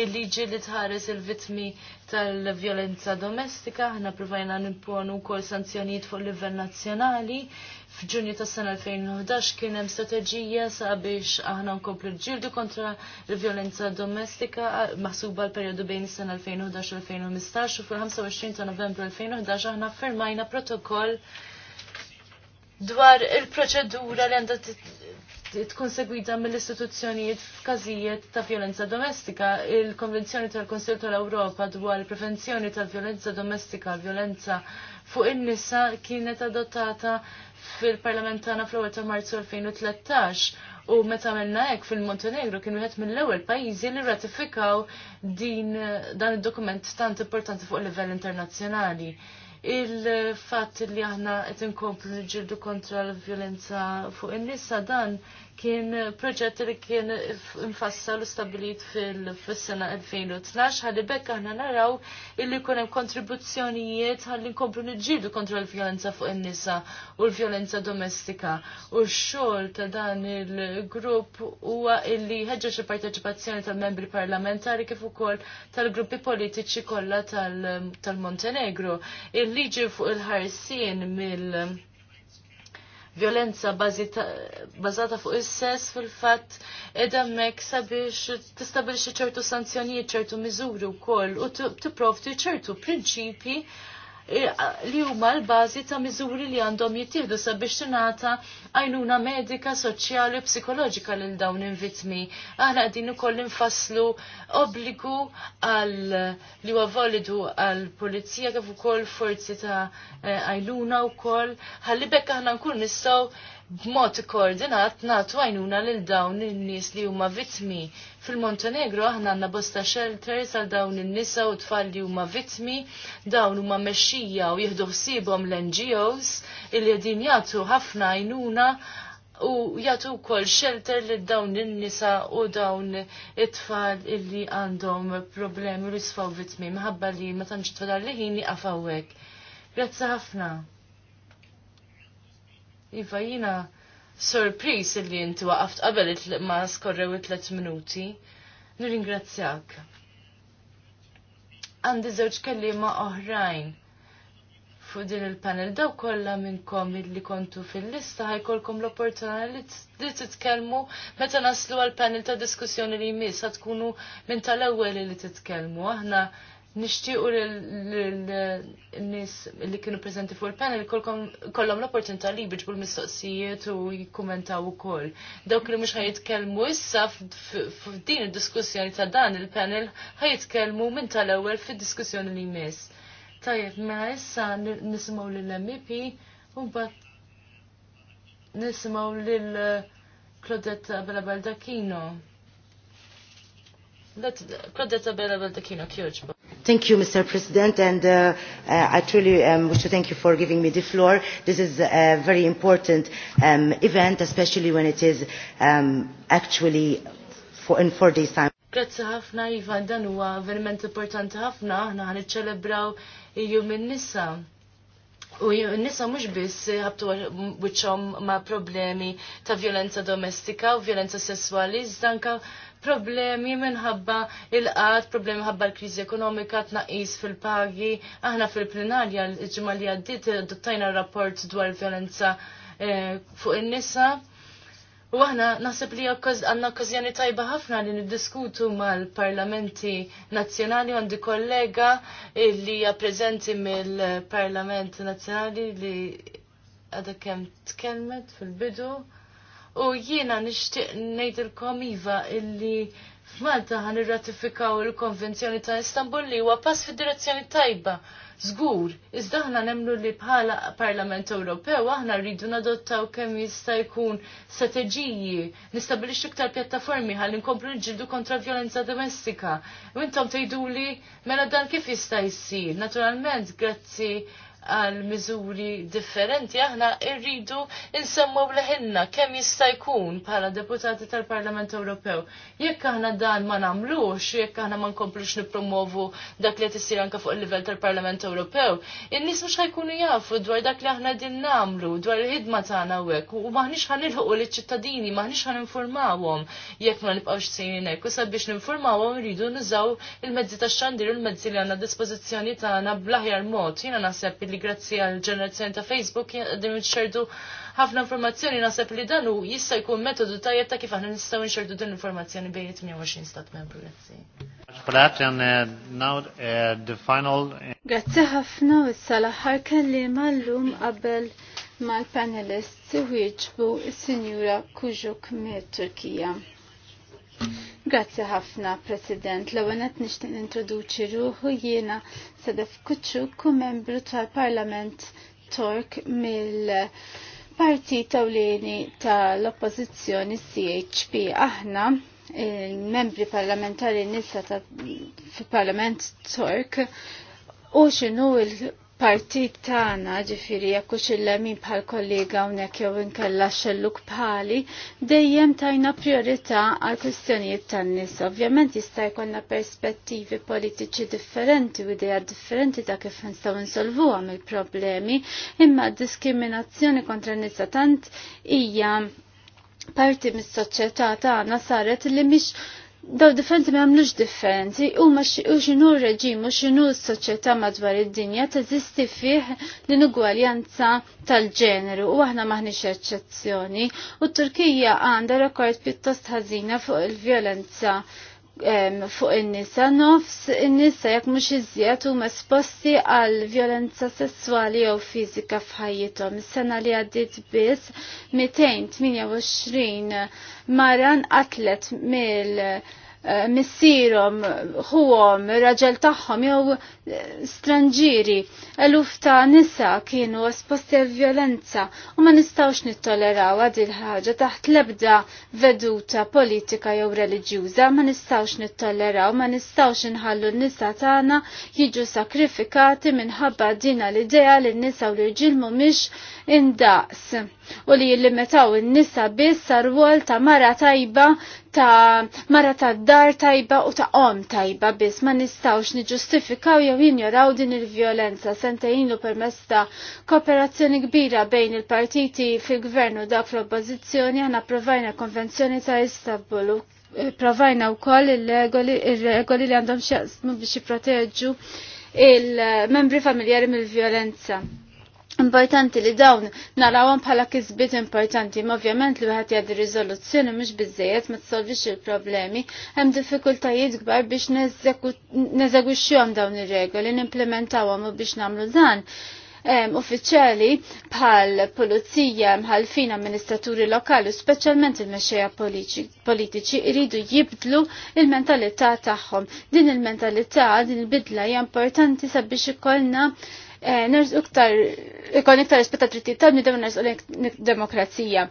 il-liġi li tħares il-vitmi tal vjolenza domestika, aħna provajna nimponu kol sanzjonijiet fuq livell nazzjonali, f'Ġunju tas-sena 2011 kien hemm strateġija sabiex aħna nkomplu ġildu kontra l-vjolenza domestika maħsuba l-perjodu bejn is-sena 2011-2015 u fil-25 ta' Novembru 2011 aħna firmajna protokoll dwar il-proċedura li għandha tkun segwita mill-istituzzjonijiet f'każijiet ta' violenza domestika. Il-Konvenzjoni tal-Konsil tal-Ewropa dwar il-prevenzjoni tal-violenza domestika, għall-vjolenza fuq in-nisa kienet adottata fil-Parlament tagħna fl-ewwel ta' Marzu 2013 u meta għamilna hekk fil-Montenegro kien wieħed mill-ewwel pajjiżi li ratifikaw din dan id-dokument tant importanti fuq livell internazzjonali. Il-fatt li aħna qed inkomplu niġġieldu kontra l-vjolenza fuq in-nisa dan kien proġett li kien infassal u stabilit fil-sena 2012 ħalli bekk aħna naraw illi kunem hemm kontribuzzjonijiet ħalli nkomplu niġġieldu kontra l-vjolenza fuq in-nisa u l-vjolenza domestika. U x-xogħol ta' dan il-grupp huwa illi ħeġġeġ il-parteċipazzjoni tal-membri parlamentari kif ukoll tal-gruppi politiċi kollha tal-Montenegro. Il-liġi fuq il-ħarsien mill- violenza bazata fuq is-sess fil-fatt edha mek sabiex tistabilixi ċertu sanzjonijiet, ċertu miżuri wkoll u tipprovdi ċertu prinċipi li huma l-bażi ta' miżuri li għandhom jittieħdu sabiex tingħata għajnuna medika, soċjali u psikoloġika lil dawn invitmi. Aħna qegħdin ukoll infasslu obbligu għal li huwa validu għal pulizija kif ukoll forzi ta' eh, għajnuna wkoll ħalli bekk aħna nkun nistgħu b'mod koordinat nagħtu għajnuna lil dawn in-nies li huma vittmi. Fil-Montenegro aħna għandna bosta shelters għal dawn in-nisa u tfal li huma vittmi, dawn huma mexxija u jieħdu ħsiebhom l-NGOs illi qegħdin jagħtu ħafna għajnuna u jagħtu wkoll shelter li dawn in nisa u dawn it-tfal illi għandhom problemi u jisfaw vitmi. minħabba li ma tantx tfal li ħini hawnhekk. Grazzi ħafna. Iva jina sorpris li jinti waqaft qabel ma skorrew tlet minuti. Nirringrazzjak. Għandi żewġ kelliema oħrajn fuq din il-panel daw kollha minnkom li kontu fil-lista ħajkolkom l-opportunità li titkellmu meta naslu għal panel ta' diskussjoni li jmiss tkunu minn tal-ewwel li titkellmu. Aħna nixtiequ l-nis li kienu prezenti fuq il-panel kollom l-opportunità li jibiġbu l-mistoqsijiet u jikkumentaw ukoll. Dawk li mhux ħajitkellmu issa f'din id-diskussjoni ta' dan il-panel ħajitkellmu minn tal-ewwel fid-diskussjoni li jmiss. Tajjeb, mela issa nisimgħu lill-MEP u bat nisimgħu lil klodetta Bella Baldacchino. Klodetta Bella Baldacchino kjoġba. Thank you, Mr. President, and uh, uh, I truly um, wish to thank you for giving me the floor. This is a very important um, event, especially when it is um, actually for, in four days' time. Grazie ħafna, Ivan, dan huwa verament importanti ħafna, aħna ħan iċċelebraw jum in-nisa. U n-nisa mux biss ħabtu wiċċhom ma' problemi ta' violenza domestika u violenza sessuali, iżda problemi minħabba il-qat, problemi minħabba l-kriżi ekonomika tnaqis fil-pagi. Aħna fil-plenarja l-ġimgħa li għaddiet dottajna rapport dwar violenza eh, fuq in-nisa. U aħna naħseb li għandna okkażjoni tajba ħafna li niddiskutu mal-parlamenti nazzjonali għandi kollega li hija preżenti mill-Parlament Nazzjonali li għadha kemm tkellmet fil-bidu. U jiena nixtieq ngħidilkom iva illi Malta ħan irratifikaw il-Konvenzjoni ta' Istanbul li huwa pass fid-direzzjoni tajba. Żgur, iżda aħna nemlu li bħala Parlament Ewropew aħna rridu nadottaw kemm jista' jkun strateġiji, nistabilixxu iktar pjattaformi ħalli nkomplu nġildu kontra violenza domestika. U intom tgħiduli mela dan kif jista' jsir. Naturalment, grazzi għal miżuri differenti, aħna irridu insemmu leħinna kemm jista' jkun bħala deputati tal-Parlament Ewropew. Jekk aħna dan ma nagħmlux, jekk aħna ma nkomplux nippromovu dak li qed isir anke fuq il-livell tal-Parlament Ewropew, in-nies mhux ħajkunu jafu dwar dak li aħna din nagħmlu, dwar il-ħidma tagħna hekk u maħniex ħanilħuqu liċ-ċittadini, maħniex ħaninformawhom jekk ma nibqgħux sejjin hekk u sabiex ninformawhom irridu nużaw il-mezzi tax-xandir u l-mezzi li għandna dispożizzjoni tagħna bl-aħjar mod. Jiena naħseb li grazzi għal ġenerazzjoni ta' Facebook qegħdin nixxerdu ħafna informazzjoni naħseb li danu jissa jista' jkun metodu tajjeb ta' kif aħna nistaw nċerdu din l-informazzjoni bejn 28 stat membru. Grazzi. Uh, uh, uh, grazzi ħafna u s-salaħar kelli mal-lum qabel mal-panelists wieġbu s-Sinjura Kujuk mit Turkija. Grazzi ħafna, President. L-għanet nishtin introduċi ruħu jiena Sadef Kutxu, membru tal-Parlament Tork mill- parti tawlini tal-oppozizjoni CHP aħna il-membri parlamentari nisa fil-parlament Tork u xinu il- partit tagħna ġifieri jekk hux bħal kollega hawnhekk jew inkella xelluk bħali, dejjem tajna priorità għal kwistjonijiet tan-nies. Ovvjament jista' jkollna perspettivi politiċi differenti u idea differenti ta' kif nistgħu għam il-problemi, imma d diskriminazzjoni kontra n-nisa tant hija parti mis-soċjetà tagħna saret li mhix daw differenti ma mnux differenti u ma xinu reġim u xinu s-soċieta madwar id-dinja teżisti fih l-inugwaljanza tal-ġeneru u aħna maħniċ eċċezzjoni u Turkija għanda rekord pjuttost ħażina fuq il-violenza fuq in-nisa nofs in-nisa jekk mhux iżjed huma esposti għal violenza sessuali jew fiżika f'ħajjithom. Is-sena li għaddiet biss 228 mara nqatlet mill Eh, missierhom, ħuhom, raġel tagħhom jew eh, stranġiri. Eluf ta' nisa kienu esposti għal violenza u ma nistawx nittoleraw għad il-ħaġa taħt lebda veduta politika jew reliġjuża, ma nistgħux nittoleraw, ma nistawx inħallu n-nisa tagħna jiġu sakrifikati minħabba dina l-idea li n-nisa u l-irġiel mhumiex indaqs u li jillimitaw in-nisa biss sarwol ta' mara tajba ta' mara ta' dar tajba u ta' om tajba biss ma nistawx niġustifikaw jew jinjoraw din il-vjolenza sentejn lu permess ta' kooperazzjoni kbira bejn il-partiti fil-gvern u dak fl-oppożizzjoni għana provajna konvenzjoni ta' Istanbul eh, provajna u koll il-regoli li għandhom xieqsmu biex jiproteġu il-membri familjari mill-violenza. Importanti li dawn narawhom bħala kisbiet importanti, ma ovvjament li wieħed jgħaddi riżoluzzjoni mhux biżejjed ma tsolvix il-problemi, hemm diffikultajiet kbar biex neżegwixxihom dawn ir-regoli, nimplementawhom u biex nagħmlu dan. Uffiċjali bħal pulizija mħalfin amministraturi lokali, speċjalment il-mexxejja politiċi, iridu jibdlu il-mentalità tagħhom. Din il-mentalità, din il-bidla hija importanti sabiex ikollna Eh, nerżu iktar ikon iktar rispetta trittijiet tal-bniedem nerżu demokrazija.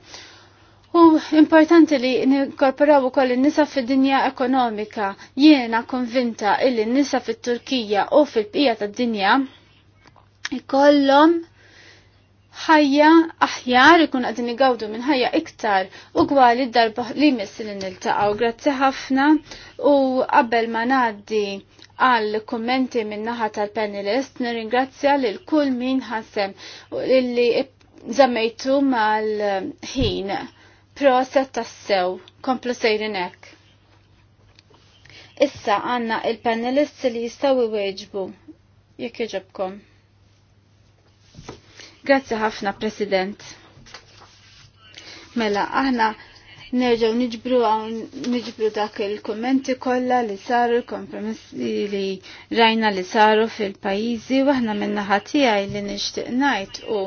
U importanti li ninkorporaw ukoll in-nisa fid-dinja ekonomika. Jiena konvinta illi n-nisa fit-Turkija u fil-bqija tad-dinja ikollhom ħajja aħjar ikun għadin igawdu minn ħajja iktar u kwali darba li jmiss li niltaqgħu. Grazzi ħafna u qabel ma ngħaddi għal kummenti minn naħa tal-panelist nirringrazzja lil kull min ħasem illi żammejtu mal-ħin. Proset tassew, komplu sejrinek. Issa għanna il-panelists li jistgħu weġbu. Jekk jġobkom. Grazzi ħafna, President. Mela, aħna nerġaw niġbru niġbru dak il-kommenti kollha li saru l kompromissi li rajna li saru fil-pajjiżi u aħna minna ħatijaj li nixtieq ngħid u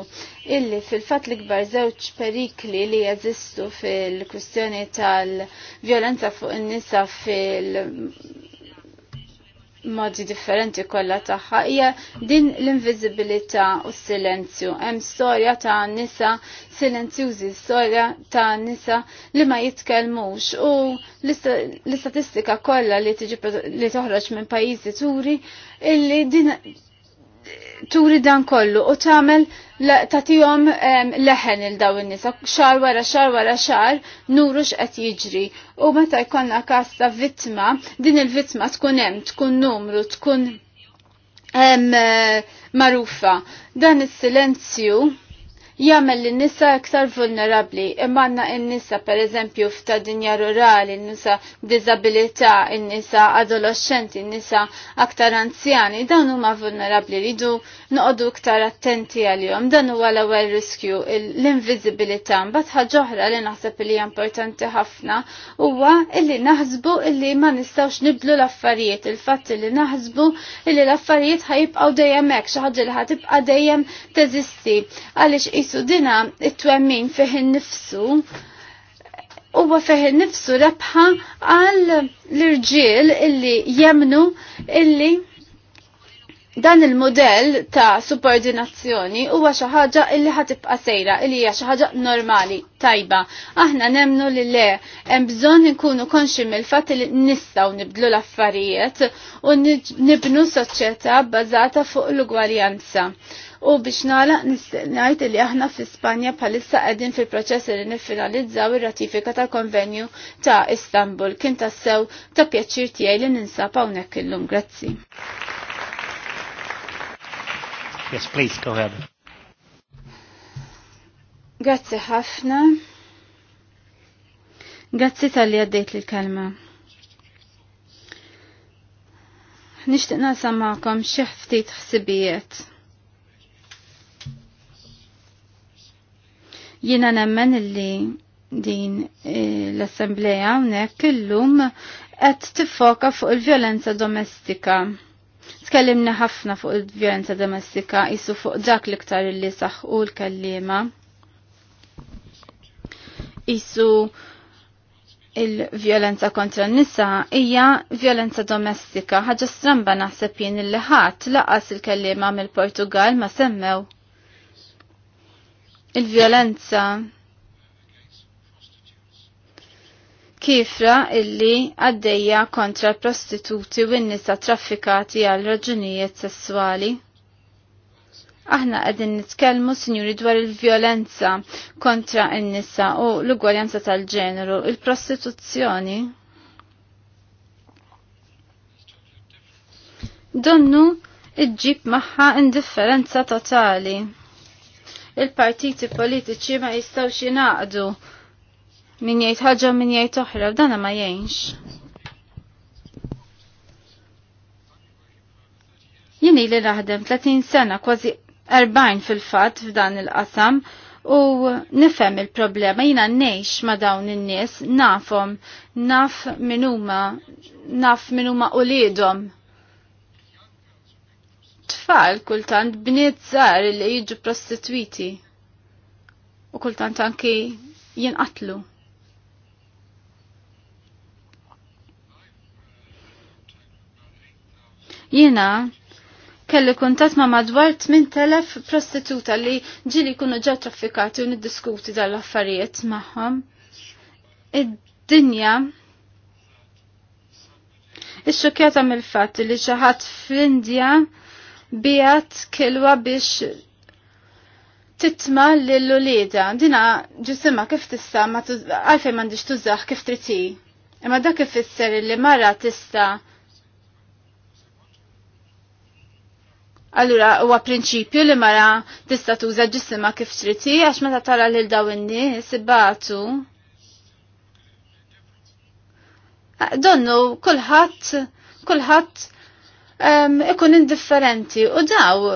illi fil-fatt li kbar żewġ perikli li jeżistu fil-kwistjoni tal-vjolenza fuq in-nisa fil modi differenti kollha tagħha hija din l invizibilità u s-silenzju. Hemm storja ta' nisa silenzjużi, storja ta' nisa li ma jitkellmux u l-istatistika kollha li tiġi li toħroġ minn pajjiżi turi illi din turi dan kollu u tagħmel tatijom leħen il daw in-nisa xar wara xar wara xar nurux x'qed jiġri u meta jkollna każ ta' vittma din il-vittma tkun hemm tkun numru tkun eh, marufa dan is-silenzju jagħmel lin nisa aktar vulnerabbli. Imma għandna n-nisa pereżempju f'ta' dinja rurali, n-nisa b'diżabilità, n-nisa adolescenti, n-nisa aktar anzjani, dan huma vulnerabbli ridu noqogħdu iktar attenti għalihom. Dan huwa l-ewwel riskju l invisibilità Mbagħad ħaġa oħra li naħseb li hija importanti ħafna huwa illi naħsbu illi ma nistgħux nibdlu l-affarijiet, il-fatt illi naħsbu illi l-affarijiet ħajibqgħu dejjem hekk xi ħaġa li ħatibqa' dejjem teżisti għaliex tqisu dina it-twemmin fih innifsu huwa fih innifsu rebħa għal l-irġiel illi jemnu illi dan il-modell ta' subordinazzjoni huwa xi ħaġa illi tibqa' sejra li hija xi ħaġa normali tajba. Aħna nemnu li le hemm bżonn inkunu konxi mill-fatt li nistgħu nibdlu l-affarijiet u nibnu soċjetà bbażata fuq l-ugwaljanza. U biex nagħlaq ngħid li aħna fi Spanja bħalissa qegħdin fil-proċess li niffinalizzaw ir-ratifika tal-Konvenju ta' Istanbul. Kien tassew ta' pjaċir tiegħi li ninsab hawnhekk illum. Grazzi. Yes, please, go ahead. Grazzi ħafna. Grazzi tal-li għaddejt l-kalma. Nishtiq nasa maqom xeħftit ħsibijiet. Jina nemmen li din eh, l-assembleja unek illum qed tiffoka fuq il-vjolenza domestika. Tkellimna ħafna fuq il-vjolenza domestika, isu fuq dak l-iktar li saħ u l-kellima. Isu il-vjolenza kontra n-nisa hija vjolenza domestika, ħaġa stramba naħseb jien il ħadd laqas il-kellima mill-Portugal ma semmew. Il-vjolenza kifra illi għaddejja kontra prostituti u n-nisa traffikati għal raġunijiet sessuali. Aħna qegħdin nitkellmu sinjuri dwar il-vjolenza kontra n-nisa u l-ugwaljanza tal-ġeneru, il-prostituzzjoni. Donnu iġġib magħha indifferenza totali. Il-partiti politiċi ma jistgħux jinaqdu min jajt ħaġa min jgħid oħra u dana ma jgħinx. Jini li naħdem 30 sena kważi 40 fil-fatt f'dan il-qasam u nifhem il-problema jiena ngħix ma' dawn in-nies nafhom naf minuma, huma naf minuma u lidom. tfal kultant bniet żgħar li jiġu prostituiti u kultant anki jinqatlu. Jiena kelli kuntat ma madwar 8000 prostituta li ġili kunu ġew traffikati u niddiskuti dal-affarijiet magħhom. Id-dinja Ix-xokjata mill-fatt li xi ħadd fl-Indja bijat kilwa biex titma l ulieda Dina ġisimha kif tista' ma għalfejn m'għandix tużaħ kif triti. Imma dak ifisser li mara tista' Allura huwa prinċipju li mara tista' tuża ġisimha kif triti għax meta tara lil daw in-nies ibatu. Ah, donnu kulħadd kulħadd ikun indifferenti u daw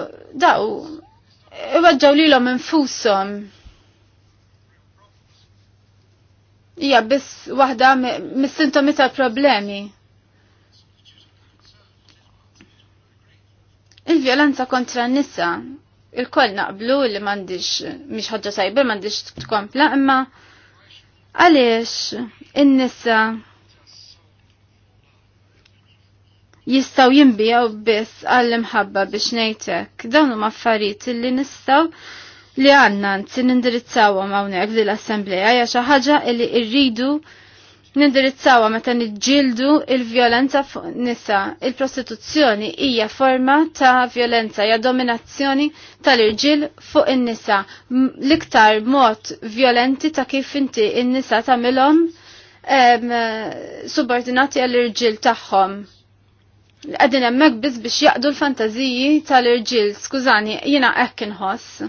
daw iwaġġaw lilhom infushom. Hija biss waħda mis-sintomi tal-problemi. Il-violenza kontra n-nisa, il-koll naqblu li mandiġ, miex ħagġa sajber, mandiġ tkompla, imma għaliex in-nisa jistaw jimbijaw biss għall-imħabba biex nejtek. Dawn huma affarijiet li nistaw li għanna nsin indirizzawhom hawnhekk l assembleja hija xi ħaġa li rridu nindirizzawa meta niġġieldu il-vjolenza fuq nisa. Il-prostituzzjoni hija forma ta' vjolenza, hija dominazzjoni tal-irġiel fuq in-nisa. L-iktar mod violenti ta' kif inti in-nisa tagħmilhom subordinati għall-irġiel tagħhom. Għadin emmek biz biex jaqdu l fantażiji tal-irġil, skużani, jina ekk nħoss.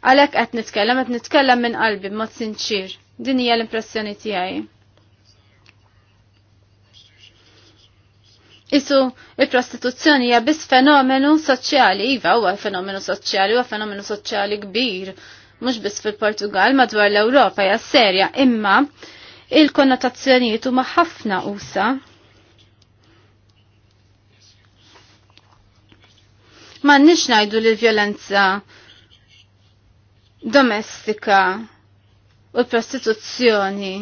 Għalek għet nitkellem, għet nitkellem minn qalbi, mod sinċir. Din hija l-impressjoni tiegħi. Isu, il-prostituzzjoni hija biss fenomenu soċjali, iva huwa fenomenu soċjali, huwa fenomenu soċjali kbir, mhux biss fil-Portugal madwar l-Ewropa hija serja, imma il-konnotazzjonijiet huma ħafna usa. Ma nix ngħidu li l vjolenza domestika u l-prostituzzjoni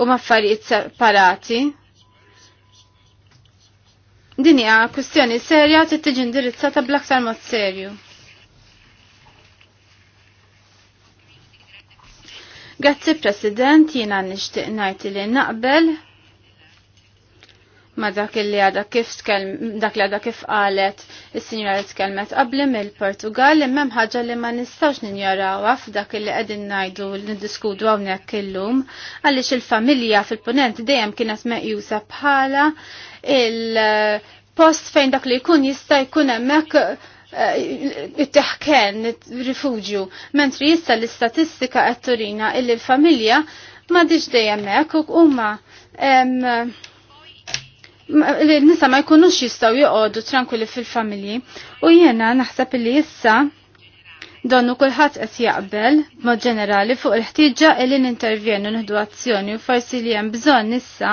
u maffarijiet separati. Din hija kwistjoni serja trid tiġi indirizzata bl-aktar mod serju. Grazzi President, jiena nixtieq ngħid li naqbel ma dak li għada kif tkelm, dak li għada kif qalet il-sinjora li tkelmet qabli mill-Portugal imma ħaġa li ma nistawx ninjarawha f'dak li qegħdin ngħidu li nidiskudu hawnhekk illum għaliex il-familja fil-punent dejjem kienet meqjusa bħala il-post fejn dak li jkun jista' jkun hemmhekk eh, it-teħken, rifugju, mentri jista l-istatistika għatturina illi l-familja ma diġ hekk u huma l nisa ma jkunux jistaw joqogħdu tranquilli fil-familji u jiena naħseb li issa donnu kulħadd qed jaqbel b'mod ġenerali fuq il-ħtieġa li nintervjenu nħdu azzjoni u forsi li hemm bżonn issa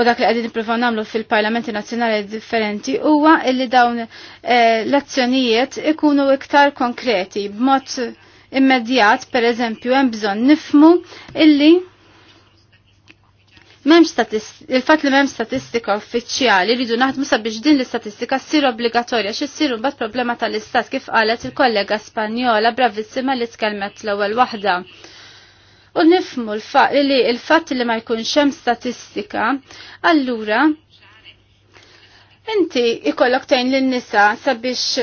u dak li qegħdin nippruvaw nagħmlu fil-parlamenti nazzjonali differenti huwa li dawn eh, l-azzjonijiet ikunu iktar konkreti b'mod immedjat pereżempju hemm bżonn nifmu illi il-fat li memx statistika uffiċjali rridu naħdmu sabiex din l-istatistika ssir obbligatorja xi ssir mbagħad problema tal-istat kif qalet il-kollega Spanjola bravissima li tkellmet l-ewwel waħda. U nifmu li il fat li ma jkunx hemm statistika, allura inti ikollok tgħin lin-nisa sabiex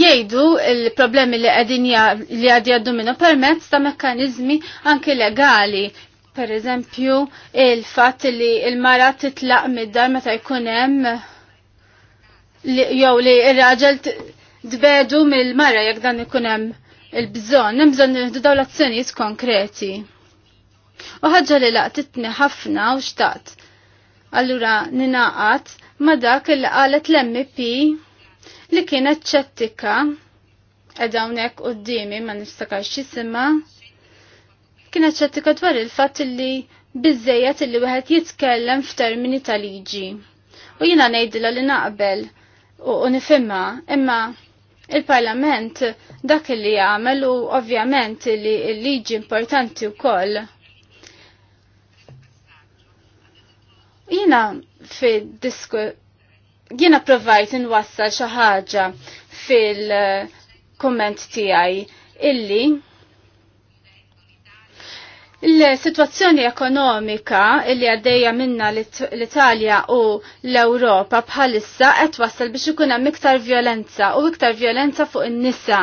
jgħidu il-problemi li għadin li għad għaddu minnu permezz ta' mekkanizmi anki legali. Per eżempju, il-fat li il-mara titlaq mid-dar meta jkunem jew li il-raġel tbedu mill-mara jekk dan hemm il-bżon, bżonn daw l-azzjonijiet konkreti. U ħaġa li laqtitni ħafna u xtaqt. Allura ninaqat ma dak il-qalet l-MP li kienet ċettika għedawnek u d-dimi ma nistakar xisima kienet ċettika dwar il-fat li bizzejet li wieħed jitkellem f'termini tal-liġi. U jina nejdila li naqbel u nifimma imma il-parlament dak li jagħmel u ovvjament li l-liġi importanti wkoll. Jina fi diskur jiena provajt inwassal xi ħaġa fil-komment tiegħi illi l situazzjoni ekonomika li għaddejja minna l-Italja u l-Europa bħalissa qed wassal biex ikun hemm iktar violenza u iktar violenza fuq in-nisa.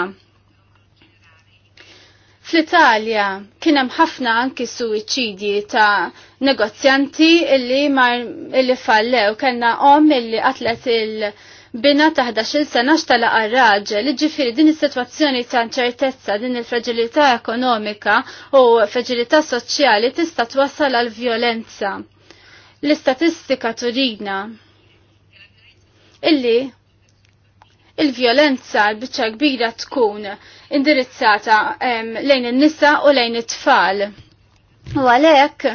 Fl-Italja kien hemm ħafna anki suwiċidji ta' negozjanti illi mar illi fallew kellna om illi qatlet il-bina ta' 11 sena xtala xtalaqa raġel. ġifiri din is-sitwazzjoni ta' nċertezza din il-fragilità ekonomika u fragilità soċjali tista' twassal għal violenza. L-istatistika turina illi il-violenza l-bicċa kbira tkun indirizzata lejn in-nisa u lejn it-tfal. U għalhekk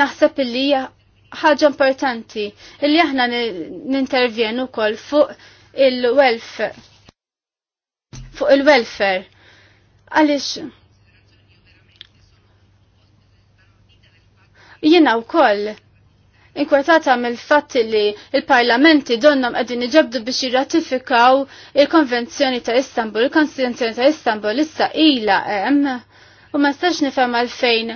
naħseb illi ħaġa importanti illi aħna nintervjenu kol fuq il-welfare fuq il-welfare għalix jina u koll inkwetata mill-fatt li il-parlamenti donnom qegħdin iġabdu biex jirratifikaw il-Konvenzjoni ta' Istanbul, il-Konvenzjoni ta' Istanbul issa ila hemm u ma nistax nifhem għalfejn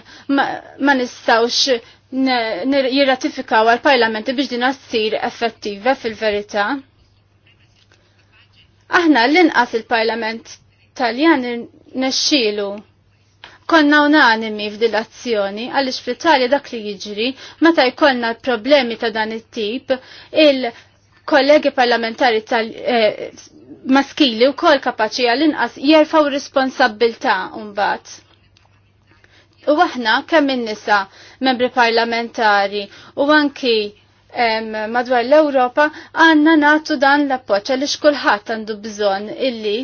ma nistawx jirratifikaw għal-parlamenti biex din assir effettiva fil-verità. Aħna l-inqas il-Parlament Taljan nexxielu konna unanimi f'dilazzjoni għaliex fl-Italja dak li jiġri meta jkollna problemi ta' dan it-tip il-kollegi parlamentari tal eh, maskili u kol kapaċi għal-inqas jerfaw responsabilta un-bat. U aħna kemm in-nisa membri parlamentari u anki madwar l-Ewropa għanna natu dan l appoċa għaliex kulħadd għandu bżonn illi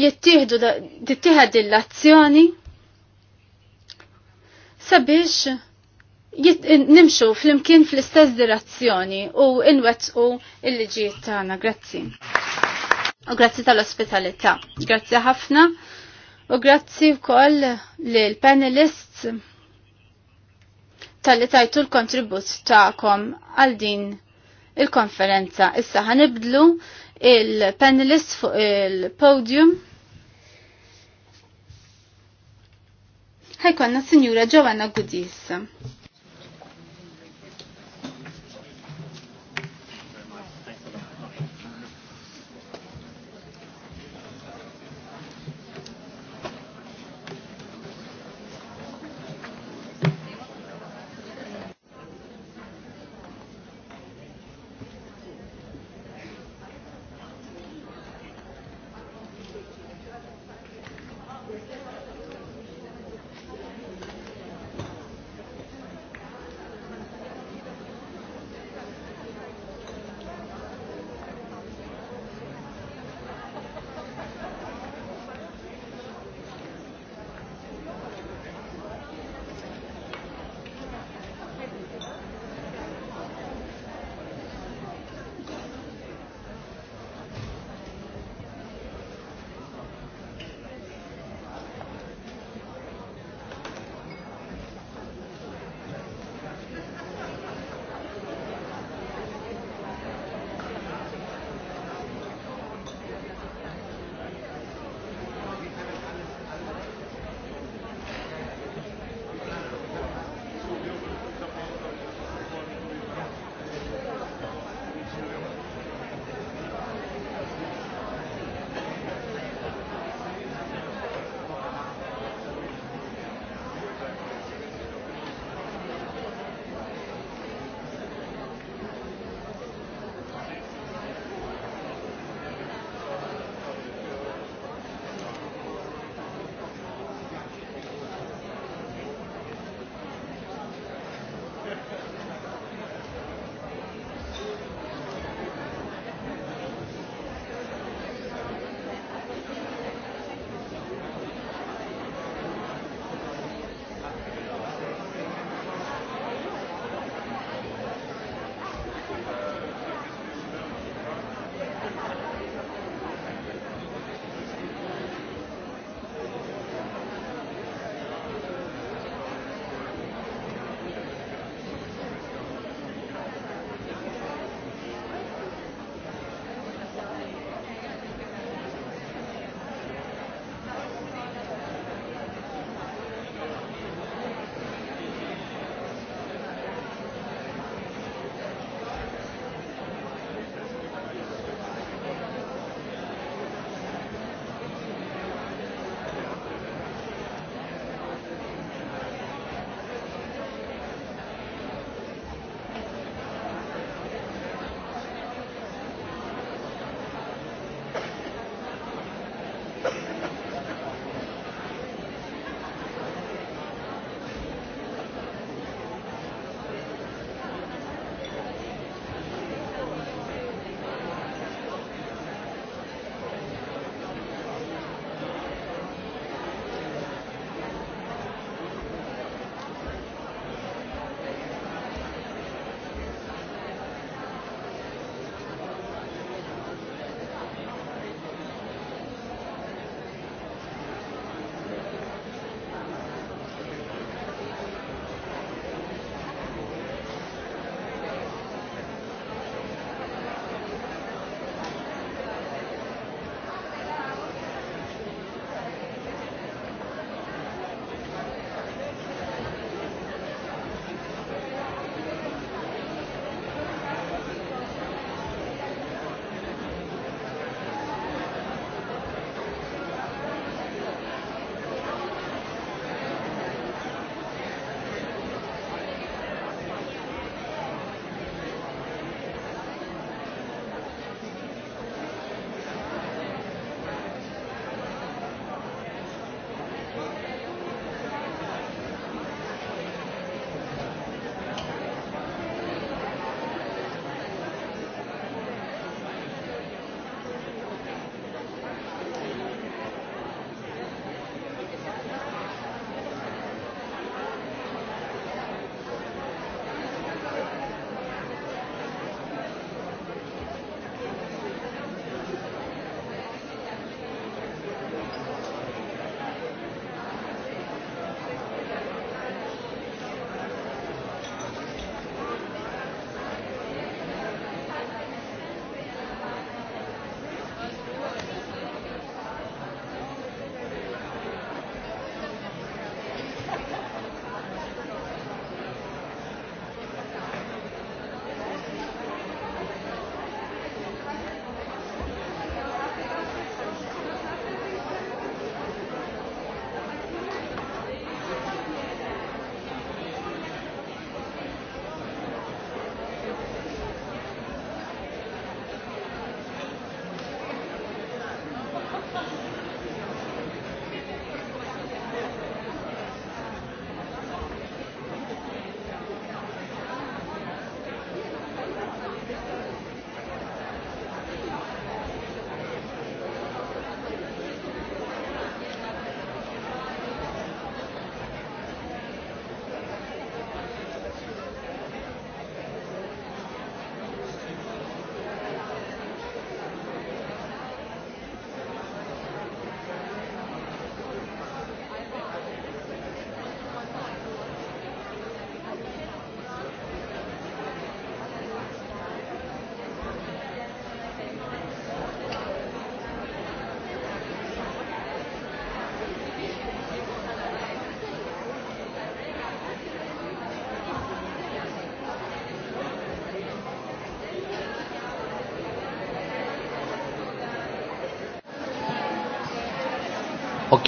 jittieħdu tittieħed l-azzjoni sabiex nimxu fl-imkien fl-istess direzzjoni u u il-liġijiet tagħna. Grazzi. U grazzi tal-ospitalità. Grazzi ħafna u grazzi wkoll lil panelists tal-li tajtu l-kontribut ta'kom għal din il-konferenza. Issa ħanibdlu il-panelist fuq il-podium. ħajkonna Sinjura Giovanna Gudis.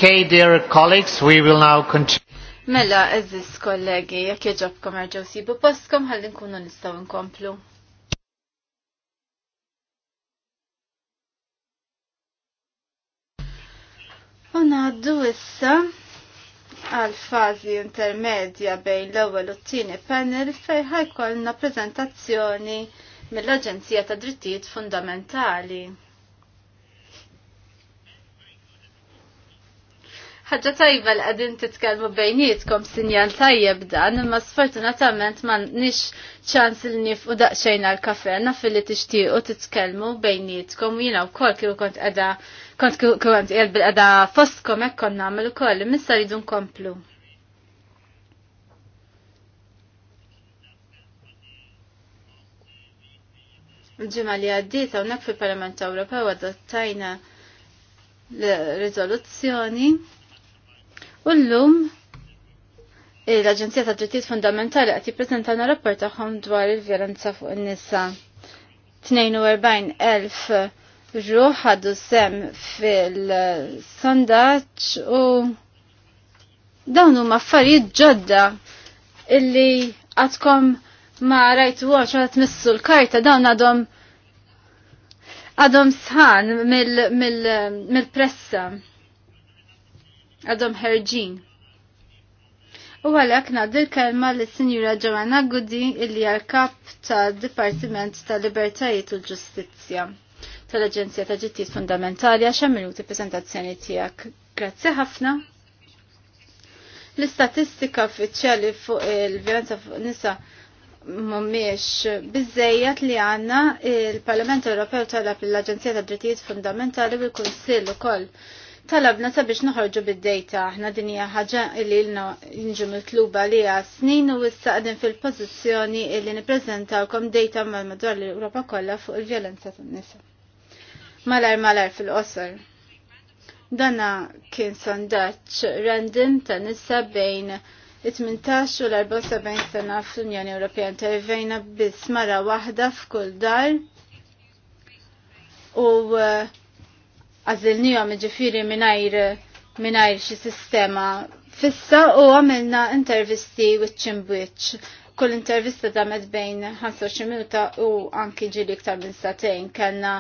Okay, dear colleagues, we will now continue. Mela, eżis kollegi, jekk jġobkom erġaw sibu postkom, ħalli nkunu nistaw nkomplu. Unaddu issa għal fazi intermedja bejn l-ewwel u t-tieni panel fejn ħajkollna preżentazzjoni mill-Aġenzija ta' Drittijiet Fundamentali. ħaġa tajba li qegħdin titkellmu bejnietkom sinjal tajjeb dan, imma sfortunatament ma nix ċans li nifqu daqsxejn l kafe naf li tixtiequ titkellmu bejnietkom u jiena wkoll kieku kont edha, kont kont bil edha fostkom hekk kont nagħmel ukoll, imissa rridu nkomplu. ġimma li għaddita unnek fil-Parlament Ewropew għadottajna l-rizoluzzjoni U l-Aġenzija ta' Drittijiet Fundamentali qed jippreżentana rapport tagħhom dwar il-vjolenza fuq in-nisa. 42,000 ruħ ħadu sem fil-sondaġġ u dawn huma affarijiet ġodda illi għadkom ma rajtu għax għat missu l-karta dawn għadhom għadhom sħan mill-pressa. Mil, mil għadhom ħerġin. U għalek naddi l-kelma li sinjura Joanna Gudi illi għal-kap ta' Dipartiment ta' Libertajiet u l-Ġustizja tal-Aġenzija ta' Ġittijiet Fundamentali għaxa minuti prezentazzjoni tijak. Grazzi ħafna. L-istatistika uffiċjali fuq il vjolenza fuq nisa mumiex bizzejjat li għanna il-Parlament Ewropew talab aġenzija ta' Drittijiet Fundamentali u l-Kunsill ukoll. koll talabna sabiex noħorġu bid-dejta. Aħna din hija ħaġa l-na nġu mitluba li snin u issa qegħdin fil-pożizzjoni li nippreżentawkom dejta mal-madwar l-Ewropa kollha fuq il-vjolenza tan-nisa. Malar malar fil-qosor. Dana kien sondaċ random ta' nisa bejn 18 u l-74 sena fl-Unjoni Ewropea intervejna biss mara waħda f'kull dar u uh, għażilnihom ġifieri mingħajr minajr xi sistema fissa u għamilna intervisti wiċċ in kull intervista damet bejn 25 minuta u anki ġili iktar minn satejn. Kanna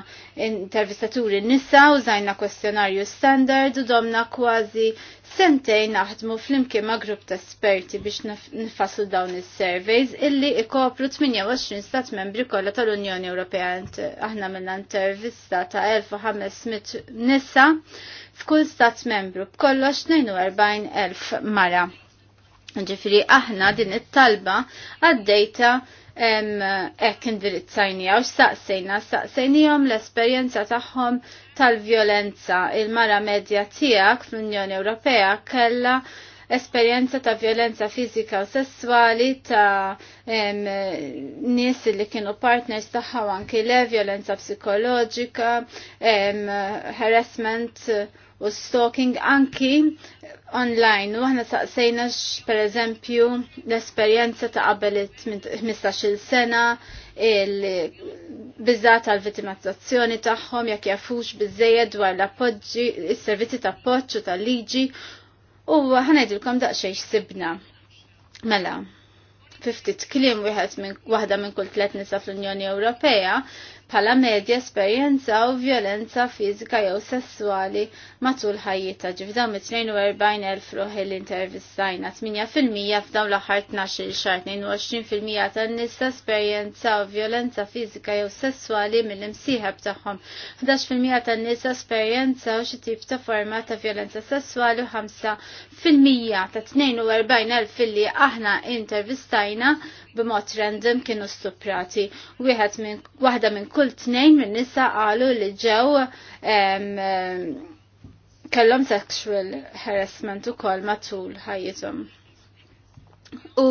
intervistaturi nisa u zajna kwestjonarju standard u domna kważi sentejn naħdmu fl-imkien ma' grupp ta' esperti biex nifassu dawn is-surveys illi ikopru 28 stat membri kollha tal-Unjoni Ewropea. Aħna minna intervista ta' 1500 nisa f'kull stat membru b'kollox 42,000 mara Ġifiri aħna din it-talba għaddejta ek indirizzajnija u staqsejna, staqsejnijom l-esperienza tagħhom tal-violenza. Il-mara medja tiegħek fl-Unjoni Ewropea kella esperienza ta' violenza fizika u sessuali ta' em, nis li kienu partners taħħa anki le violenza psikoloġika, harassment u stalking anki online u aħna saqsejna per eżempju l-esperjenza ta' qabel 15-il sena il-bizza tal-vittimizzazzjoni tagħhom jekk jafux biżejjed dwar l-appoġġi is-servizzi ta' appoġġ u tal-liġi u ħanajdilkom daqsxejn sibna. Mela, 50 kliem wieħed minn waħda minn kull tliet nisa fl-Unjoni Ewropea bħala medja esperjenzaw violenza fizika jew sessuali matul ħajjita ġifda mit 42.000 ruħi l-intervistajna, 8% f'daw l-aħħar 12 xar, 22% tan-nisa esperjenzaw violenza fizika jew sessuali mill-imsieħeb tagħhom, 11% tan-nisa u xi tip ta' forma ta' violenza sessuali u 5% ta' 42.000 filli aħna intervistajna b'mod random kienu stuprati. Wieħed minn waħda minn kull kull tnejn minn nisa qalu li ġew kellhom sexual harassment ukoll matul ħajjithom. U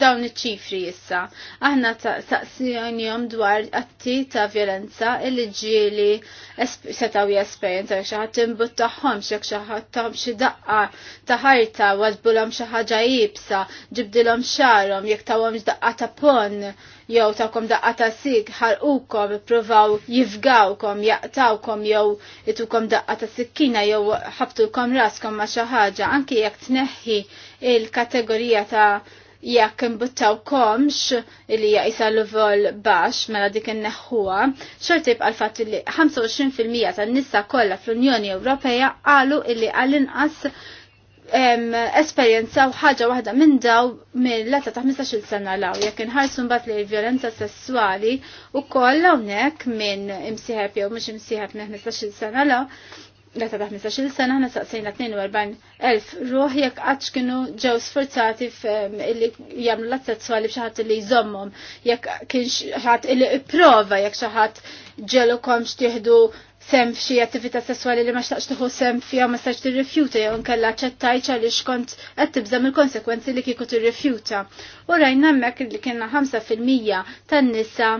dawn iċ-ċifri issa, aħna saqsjonjom dwar atti ta' violenza illi ġieli setaw jesperienza xi xaħat imbut taħħom, x'ek xaħat taħħom xi daqqa ta' ħajta wasbulhom xi ħaġa jibsa, ġibdilhom xarhom, jekk tawhom daqqa ta' pon, jew tawkom daqqa ta' sik, ħarqukom, ippruvaw jifgawkom, jaqtawkom jew itukom daqqa ta' sikkina jew ħabtulkom raskom ma' xi ħaġa, anki jekk tneħħi il-kategorija ta' jekk imbuttaw komx li hija l-vol baxx mela dik inneħħuha, xorta għal l-fatt li 25% tan-nisa kollha fl-Unjoni Ewropea qalu illi għall-inqas esperjenzaw ħaġa waħda minn daw minn lata ta' 15-il sena law jekk inħarsu mbagħad li l-vjolenza sessuali u koll hawnhekk minn imsieħeb jew mhux imsieħeb minn 15-il sena law meta ta' 15 sena ħna saqsejna 42,000 ruħ jekk għadx kienu ġew sforzati li jagħmlu l-att sessuali li jżommhom, jekk kien xaħat ħadd li ipprova jekk xi ħadd ġelukomx tieħdu sem f'xi attività sesswali li ma xtaqx tieħu sem fiha ma stax tirrifjuta jew nkella ċettajt għaliex kont qed tibżam il-konsekwenzi li kieku tirrifjuta. U rajna hemmhekk li kienna 5% tan-nisa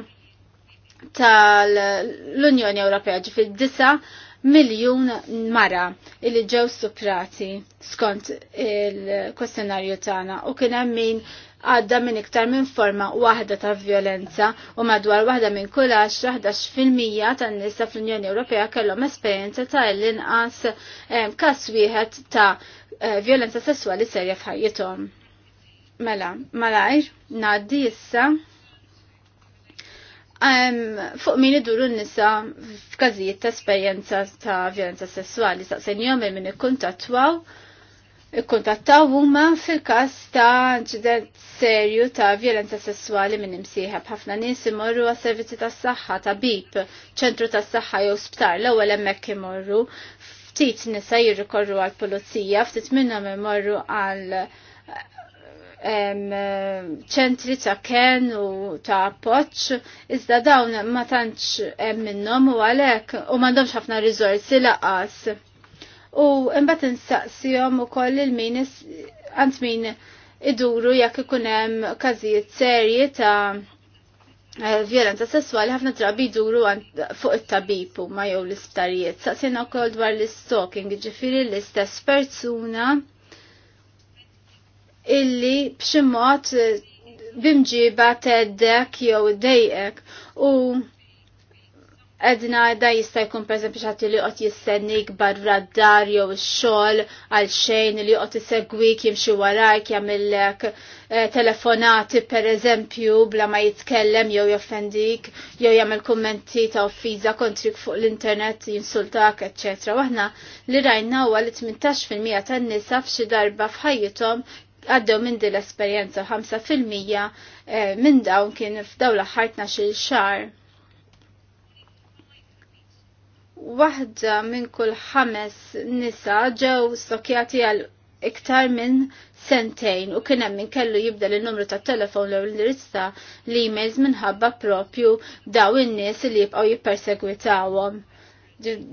tal-Unjoni Ewropea ġifil disa' miljun mara illi ġew stuprati skont il-kwestjonarju tagħna u kien hemm min għadda minn iktar minn forma waħda ta' violenza u madwar waħda minn kull 10-11% tan-nisa fl-Unjoni Ewropea kellhom esperjenza ta' l-inqas eh, każ wieħed ta' eh, violenza sessuali serja f'ħajjithom. Mela, malajr, ngħaddi issa fuq min iduru n-nisa f'każijiet ta' esperjenza ta' violenza sessuali saqsenjom minn ikkuntattwaw ikkuntattaw huma fil-każ ta' inċident serju ta' violenza sessuali minn imsieħeb. Ħafna nies imorru għas servizzi tas-saħħa ta' bib, ċentru tas-saħħa jew sptar l-ewwel hemmhekk imorru. Ftit nisa jirrikorru għall pulizija ftit minnhom imorru għal ċentri ta' ken u ta' poċ, iżda dawn ma tantx hemm minnhom u għalhekk u m'għandhomx ħafna riżorsi laqas. U imbagħad instaqsihom ukoll il-min għand min iduru jekk ikun hemm każijiet serji ta' violenza sessuali ħafna drabi jduru fuq it-tabib ma jew l-isptarijiet. Saqsina wkoll dwar l-stalking, ġifiri l-istess persuna illi b'ximot eh, bimġiba teddek jew dejjek u Edna da jista' jkun pereżempju xi li qed jistennik barra d-dar jew ix-xogħol għal xejn li qed isegwik jimxi warajk jamillek eh, telefonati pereżempju bla ma jitkellem jew joffendik jew jagħmel kummenti ta' offiża kontrik fuq l-internet jinsultak eċċetra. Waħna li rajna huwa li 18% tan-nisa f'xi darba f'ħajjithom għaddew minn din l-esperjenza 5% eh, minn dawn kien f'daw l-aħħar xar. Waħda minn kull ħames nisa ġew stokjati għal iktar minn sentejn u kien hemm min kellu jibda l numru tat telefon l indirizza l-emails minħabba propju daw in-nies li jibqgħu jipperseguitawhom.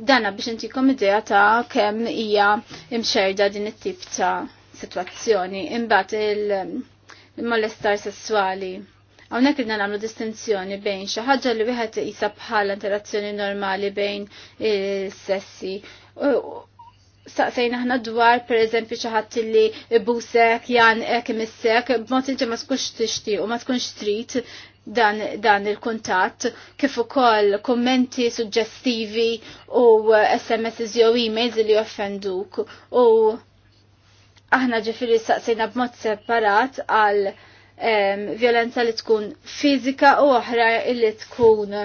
Dana biex intikom idea ta' kemm hija imxerda din it-tip ta' situazzjoni imbagħad il-molestar sessuali. Hawnhekk idna nagħmlu distinzjoni bejn xi ħaġa li wieħed isa bħala interazzjoni normali bejn is-sessi. Saqsejna aħna dwar pereżempju xi ħadd li busek, janqek, imissek, b'mod inti ma tkunx tixti u ma tkunx trid dan, dan il kuntatt kif ukoll kommenti suġġestivi u SMS jew emails li offenduk u aħna ġifiri saqsejna b'mod separat għal violenza li tkun fizika u oħra li tkun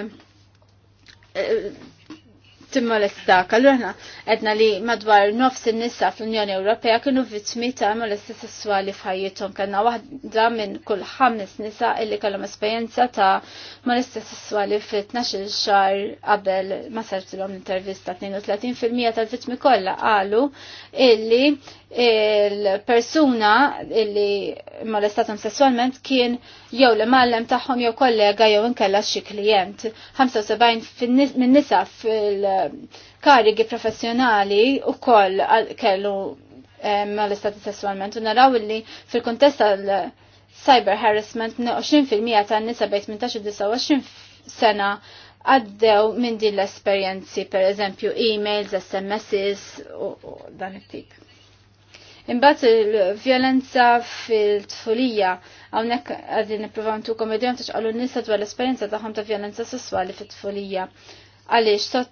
timmolestak. Allura aħna edna li madwar nofs nisa fl-Unjoni Ewropea kienu vittmi ta' molesti sessuali f'ħajjithom. Kellna waħda minn kull ħames nisa illi kellhom esperjenza ta' molesti sessuali fl 12 xahar qabel ma sartilhom l-intervista. 32% tal-vittmi kollha qalu illi il-persuna illi molestatum sessualment kien jew li mallem tagħhom jew kollega jew inkella xi klient. 75 minn nisa fil-karigi professjonali ukoll kellu eh, molestati sessualment u naraw illi fil-kuntest tal-cyber harassment 20% tan-nisa bejn 18-29 sena għaddew minn din l-esperjenzi, per eżempju, e-mails, SMSs u dan it-tip. Imbagħad il-vjolenza fil-tfulija hawnhekk qegħdin nippruvaw ntukom idejhom tixqalu n-nisa dwar l-esperjenza tagħhom ta' vjolenza sesswali fit-tfulija. Għaliex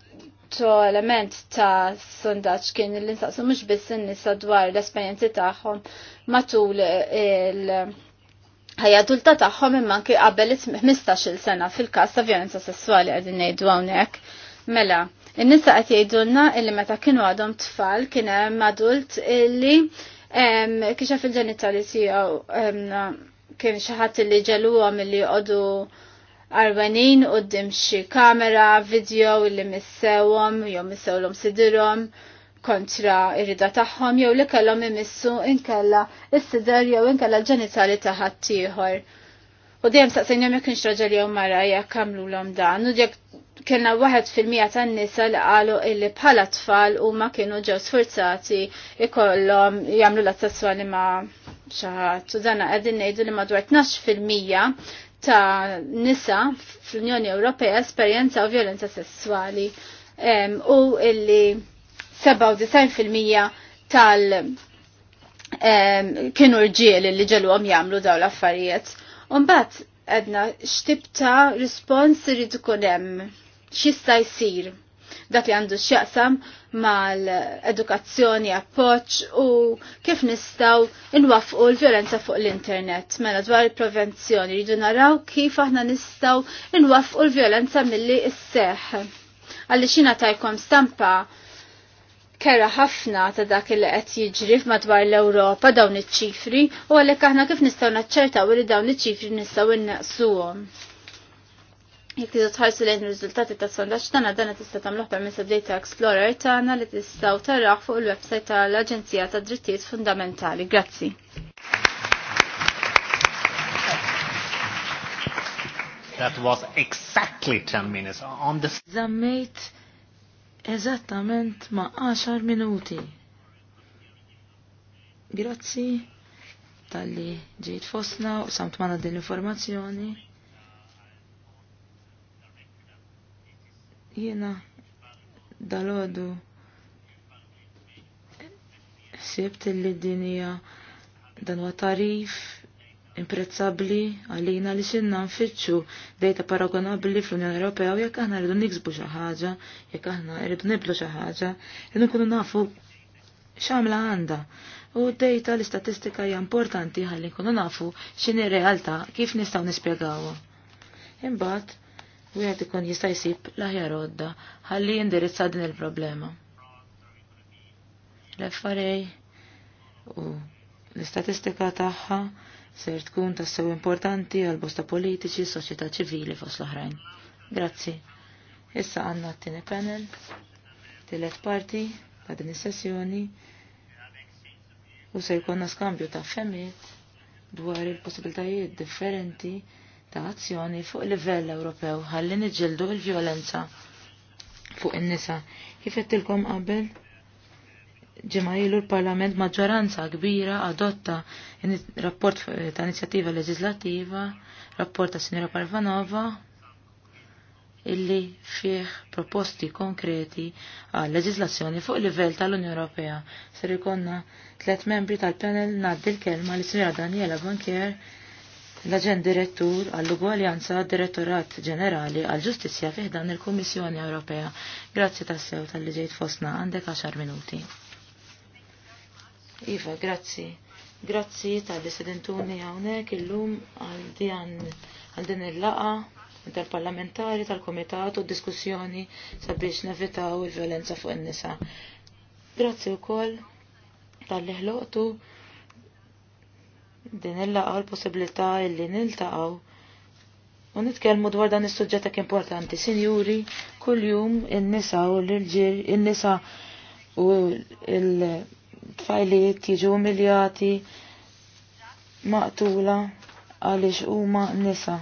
to element ta' sondaġġ kien li nsaqsu mhux biss in-nisa dwar l-esperjenzi tagħhom matul il- ħajja adulta tagħhom imma anke qabel 15-il sena fil-każ ta' vjolenza sesswali qegħdin ngħidu hawnhekk. Mela, In-nisa qed jgħidulna illi meta kienu għadhom tfal kien hemm adult illi kiexha fil-ġenitali tiegħu kien xi ħadd illi ġeluhom illi għodu arbanin qudiem xi kamera, video illi missewhom jew missewlhom sidirom kontra ir-rida tagħhom jew li kellhom imissu inkella s-sider jew inkella l-ġenitali ta' ħadd U dejjem saqsejn jekk kienx raġel jew mara jekk għamlulhom dan u kellna waħed fil-mija tan-nisa li qalu illi bħala tfal u ma kienu ġew sforzati ikollhom jagħmlu l-att sesswali ma' xi ħadd. U dan qegħdin ngħidu li madwar 12 fil-mija ta' nisa fl-Unjoni Ewropea esperjenzaw violenza sessuali um, u illi 97% tal um, kienu rġiel li ġelhom jagħmlu daw l-affarijiet. Umbagħad għedna x'tib ta' rispons irid ikun hemm xista jisir dak li għandu x'jaqsam mal-edukazzjoni, appoċ u kif nistaw inwaffqu l-violenza fuq l-internet. Mela dwar il-prevenzjoni rridu naraw kif aħna nistaw inwaffqu l-violenza milli s-seħ. Għalli xina tajkom stampa kera ħafna ta' dak li qed jiġri madwar l-Ewropa dawn iċ-ċifri u għalhekk aħna kif nistgħu naċċertaw li dawn iċ-ċifri nistgħu innaqsuhom. Jek tiżu tħarsu lejn riżultati ta' sondaġġ tana, dan tista' tagħmluh permezz Data Explorer tagħna li tistgħu taraw fuq il-website tal-Aġenzija ta' Drittijiet Fundamentali. Grazzi. That was exactly 10 minutes on the Zammejt eżattament ma' 10 minuti. Grazzi tal-li ġejt fosna u samt manna din l-informazzjoni. Jiena dalodu sebt li dinija dan huwa tarif imprezzabli għalina li xinna nfittxu dejta paragonabli fl-Unjoni Ewropea u jekk aħna rridu niksbu xi ħaġa, jekk aħna rridu niblu xi ħaġa, rridu nkunu nafu x'għamla għandha. U dejta l-istatistika hija importanti ħalli nkunu nafu x'inhi realtà kif nistgħu nispjegawha. Imbagħad wieħed ikun jista' jsib l-aħjar għodda ħalli jindirizza din il-problema. L-affarej u l-istatistika tagħha ser tkun tassew importanti għal bosta politiċi, soċjetà ċivili fost l-oħrajn. Grazzi. Issa għandna t-tieni panel, tielet parti ta' din is-sessjoni u se jkollna skambju ta' femmit dwar il-possibilitajiet differenti ta' azzjoni fuq livell Ewropew ħalli niġġeldu il-vjolenza fuq in-nisa. Kif qedtilkom qabel? Ġimgħa ilu l-Parlament maġġoranza kbira adotta rapport ta' inizjattiva leġislattiva, rapport ta' Sinjora Parvanova, illi fih proposti konkreti għal leġislazzjoni fuq livell tal-Unjoni Ewropea. Ser ikonna tliet membri tal-panel ngħaddi l-kelma li Sinjora Daniela Bankier l-Aġent Direttur għall-Ugwaljanza Direttorat Ġenerali għall-Ġustizzja fiħdan il-Kummissjoni Ewropea. Grazzi tassew tal liġejt ġejt fosna għandek 10 minuti. Iva, grazzi. Grazzi tal dissidentuni sedentuni għawnek il-lum għal din il-laqa interparlamentari tal-Komitat u diskussjoni sabiex nevitaw il-violenza fuq in-nisa. Grazzi wkoll tal-li din il-laqa l-possibilità illi niltaqaw u nitkellmu dwar dan is-suġġett hekk importanti. Sinjuri, kuljum in-nisa u l-irġiel, in-nisa u l-tfajliet jiġu umiljati maqtula għaliex huma nisa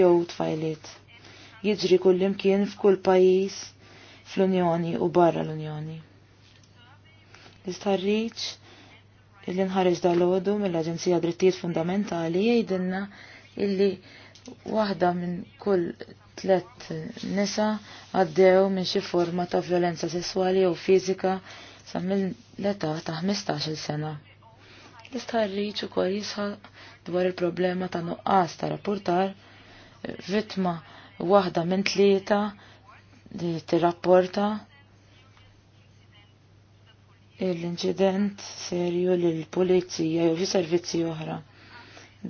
jew tfajliet. Jiġri kullimkien f'kull pajjiż fl-Unjoni u barra l-Unjoni. Istarriċ illi da dal-ħodu mill-Aġenzija Drittijiet Fundamentali jgħidilna illi waħda minn kull tlet nisa għaddew minn xi forma ta' violenza sessuali jew fizika sa minn l-età ta' 15-il sena. L-istħarriċ ukoll jisħaq dwar il-problema ta' nuqqas ta' rapportar vittma waħda minn tlieta li tirrapporta l-inċident serju lill-pulizija jew xi servizzi oħra.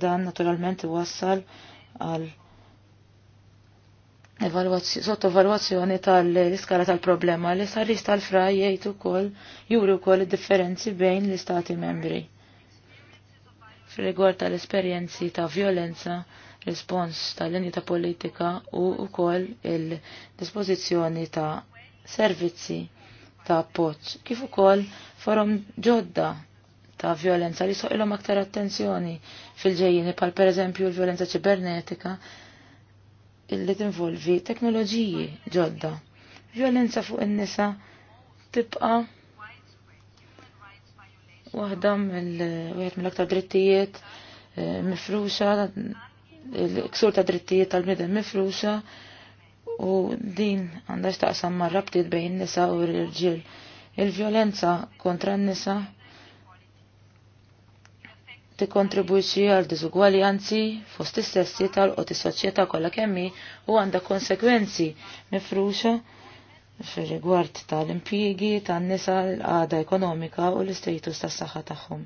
Dan naturalment iwassal għal sottovalwazzjoni tal-iskala tal-problema li sarrix tal-fraj jgħid ukoll juri wkoll id-differenzi bejn l-istati membri. fir tal-esperjenzi ta' violenza, rispons tal linja ta' politika u wkoll il-dispożizzjoni ta' servizzi ta' appoġġ kif ukoll forom ġodda ta' violenza li soqilhom aktar attenzjoni fil-ġejjini pal pereżempju l-violenza ċibernetika illi tinvolvi teknoloġiji ġodda. Violenza fuq in-nisa tibqa' waħda mill-wieħed mill-aktar drittijiet eh, mifruxa, l-ksur ta' drittijiet tal bniedem mifruxa, u din għandha x'taqsam ma' rabtiet bejn nisa u l-irġiel. Il-vjolenza kontra n-nisa tikkontribwixxi għal diżugwaljanzi fost istessi sessi tal-qoti soċjetà kollha kemm u għandha konsekwenzi mifruxa fir-rigward tal-impjiegi tan-nisa l-għada ekonomika u l-istatus tas-saħħa tagħhom.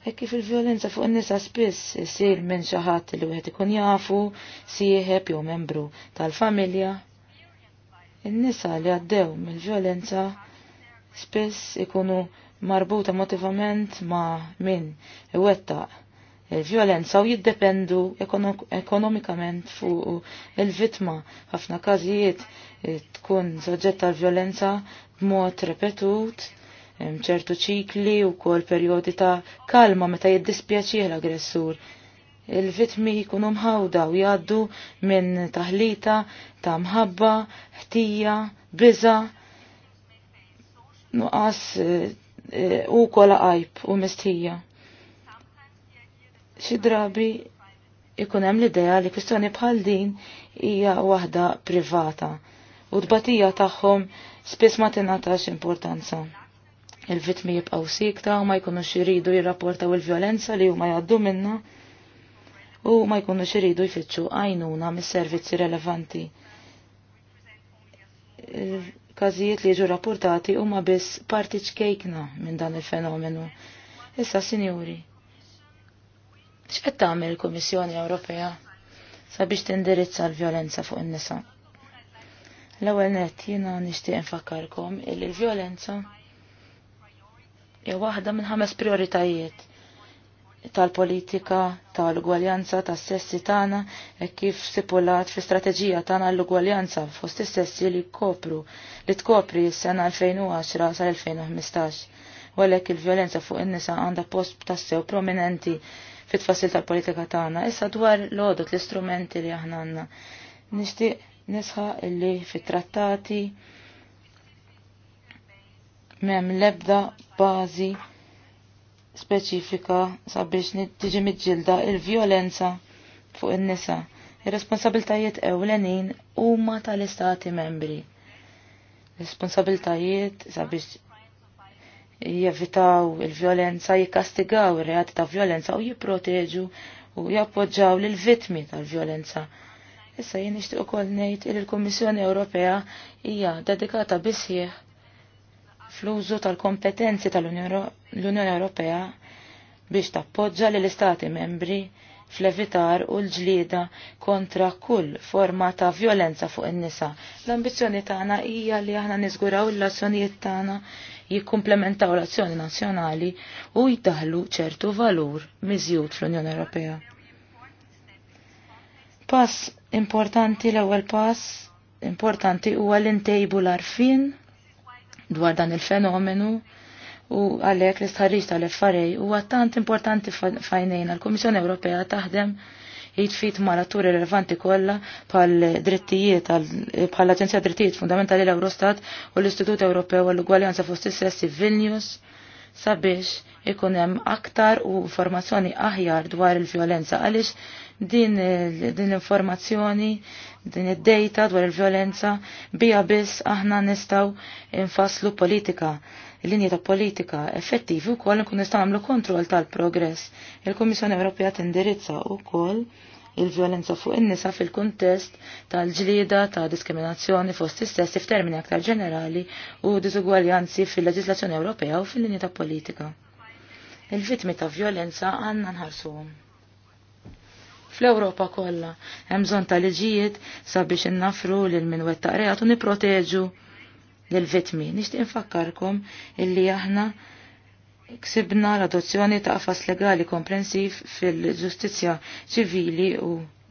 Hekk kif il-violenza fuq in-nisa spiss sir minn xi ħadd li wieħed ikun jafu, sieħeb jew membru tal-familja. In-nisa li għaddew mill-violenza spiss ikunu marbuta motivament ma' min iwettaq il-violenza u jiddependu ekonomikament fuq il-vitma. ħafna każijiet tkun soġġett tal-violenza b'mod repetut ċertu ċikli u kol periodi ta' kalma meta jiddispjaċi l-aggressur. Il-vitmi jkunu mħawda u jaddu minn taħlita ta' mħabba, ħtija, biza, nuqas eh, eh, u kol għajb u mistija. Xidrabi ikun hemm l-idea li kwistjoni bħal din hija waħda privata u tbatija tagħhom spiss ma tingħatax importanza il-vitmi jibqaw sikta, ma jkunux jiridu jirrapportaw il-violenza li huma jgħaddu minna, u ma jkunux xiridu jfittxu għajnuna mis-servizzi relevanti. Każijiet li jiġu rapportati huma biss parti ċkejkna minn dan il-fenomenu. Issa, sinjuri, x'qed tagħmel il-Kummissjoni Ewropea sabiex tindirizza l-vjolenza fuq in-nisa? L-ewwel nett jiena nixtieq infakkarkom il-vjolenza il violenza il vjolenza hija waħda minn ħames prioritajiet tal-politika tal-ugwaljanza tas-sessi tagħna e kif sipulat fi strateġija tagħna l-ugwaljanza fost is-sessi li kopru li tkopri s-sena 2010 sa 2015. Walek il-vjolenza fuq in-nisa għandha post tassew prominenti fit-tfassil tal-politika tagħna. Issa dwar l-għodot l-istrumenti li aħna għandna. Nixtieq nisħa illi fit-trattati mem lebda bazi speċifika sabiex tiġi mitġilda il-violenza fuq in-nisa. Ir-responsabiltajiet ewlenin huma tal-istati membri. Responsabiltajiet sabiex jevitaw il-violenza, jikastigaw ir-reati ta' violenza u jipproteġu u jappoġġaw lil vittmi tal-violenza. Issa jien nixtieq ukoll ngħid li l-Kummissjoni Ewropea hija dedikata bisħieħ fl-użu tal-kompetenzi tal-Unjoni Ewropea biex tappoġġa l istati membri fl-evitar u l-ġlieda kontra kull forma ta' violenza fuq in-nisa. L-ambizzjoni tagħna hija li aħna niżguraw l-azzjonijiet tagħna jikkumplementaw l-azzjoni nazzjonali u jdaħlu ċertu valur miżjud fl-Unjoni Ewropea. Pass importanti l-ewwel pass importanti huwa l-intejbu l-arfin dwar dan il-fenomenu u għalek l-istħarriġ tal-affarej u għattant importanti fajnejn l-Komissjoni Ewropea taħdem jitfit ma l-atturi relevanti kolla pal drittijiet pal aġenzja drittijiet fundamentali l-Eurostat u l-Istitut Ewropew għall-Ugwaljanza fost sessi Vilnius sabiex ikun hemm aktar u informazzjoni aħjar dwar il-vjolenza għaliex din, din informazzjoni din id-data dwar il-vjolenza bija biss aħna nistgħu infaslu politika linji ta' politika effettivi wkoll nkun nistgħu nagħmlu kontroll tal-progress. Il-Kummissjoni Ewropea tindirizza wkoll il-violenza fuq in-nisa fil-kuntest tal-ġlieda ta' diskriminazzjoni fost istess f'termini aktar ġenerali u diżugwaljanzi fil-leġislazzjoni Ewropea u fil-linja ta' politika. Il-vittmi ta' violenza għandna nħarsuhom. Fl-Ewropa kollha hemm bżonn ta' liġijiet sabiex innafru lil min wettaq reat u nipproteġu lil vittmi. Nixtieq infakkarkom illi aħna ksibna l-adozzjoni ta' qafas legali komprensiv fil-ġustizzja ċivili u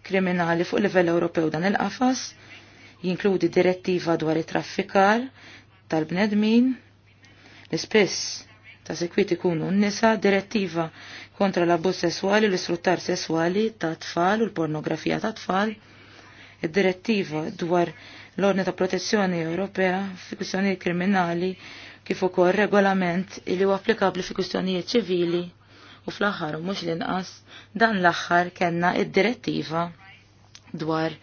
kriminali fuq livell Ewropew dan il-qafas jinkludi direttiva dwar it-traffikar tal-bnedmin l ispess ta' sekwiti ikunu n-nisa direttiva kontra l-abbuż sessuali u l-isfruttar sessuali ta' tfal u l-pornografija ta' tfal id-direttiva dwar l-ordni ta' protezzjoni Ewropea fi kwistjoni kriminali kif ukoll regolament li huwa applikabli fi kwistjonijiet ċivili u fl-aħħar mhux l-inqas dan l-aħħar kellna id-direttiva dwar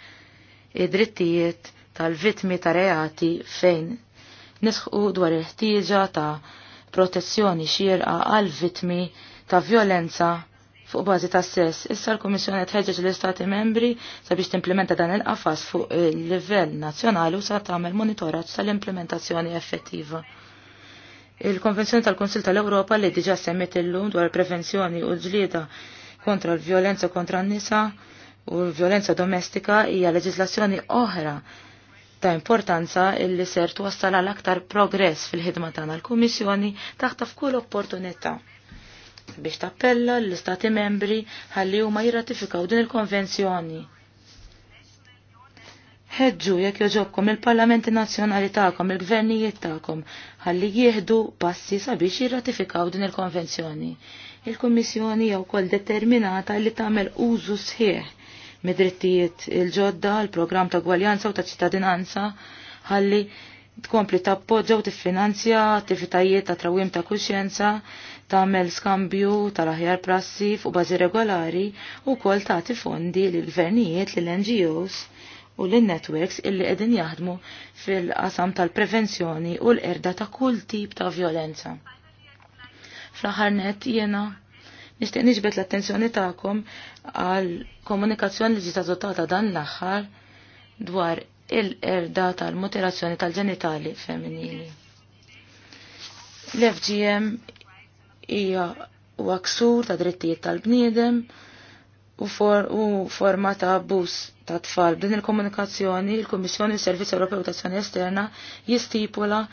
id-drittijiet tal-vittmi ta' reati fejn nisħu dwar il-ħtieġa ta' protezzjoni xierqa għal vittmi ta' violenza fuq bażi ta' sess. Issa l-Kummissjoni tħeġġeġ l-Istati membri sabiex timplementa dan il-qafas fuq il-livell nazzjonali u sa tagħmel monitoraġġ tal-implementazzjoni effettiva. Il-Konvenzjoni tal-Konsil tal-Ewropa li diġa semmet illum dwar prevenzjoni u ġlieda kontra l-vjolenza kontra n-nisa u l-vjolenza domestika hija leġislazzjoni oħra ta' importanza illi ser twassal għal aktar progress fil-ħidma tagħna l-Kummissjoni taħta f'kull opportunità biex tappella l-Istati membri ħalli huma jirratifikaw din il-konvenzjoni ħedġu jekk joġobkom il-parlamenti nazzjonali tagħkom, il-gvernijiet tagħkom ħalli jieħdu passi sabiex jirratifikaw din il-konvenzjoni. Il-Kummissjoni jew wkoll determinata li tagħmel użu sħiħ mid-drittijiet il-ġodda, il-programm ta' gwaljanza u ta' ċittadinanza ħalli tkompli tappoġġa u tiffinanzja attivitajiet ta' trawim ta' kuxjenza, tagħmel skambju tal-aħjar prassi fuq bażi regolari u kol tagħti fondi lill gvernijiet lill NGOs u l-networks illi qegħdin jaħdmu fil-qasam tal-prevenzjoni u l-erda ta' kull tip ta' violenza. Fl-aħħar net jiena nixtieq niġbed l-attenzjoni tagħkom għal komunikazzjoni li ġiet dan l-aħħar dwar il-erda tal-mutilazzjoni tal-ġenitali femminili. L-FGM hija waksur ta' drittijiet tal-bniedem, u, for, u forma ta' bus ta' tfal. Din il-komunikazzjoni, il-Kummissjoni Servizz Ewropew ta' Azzjoni Esterna jistipula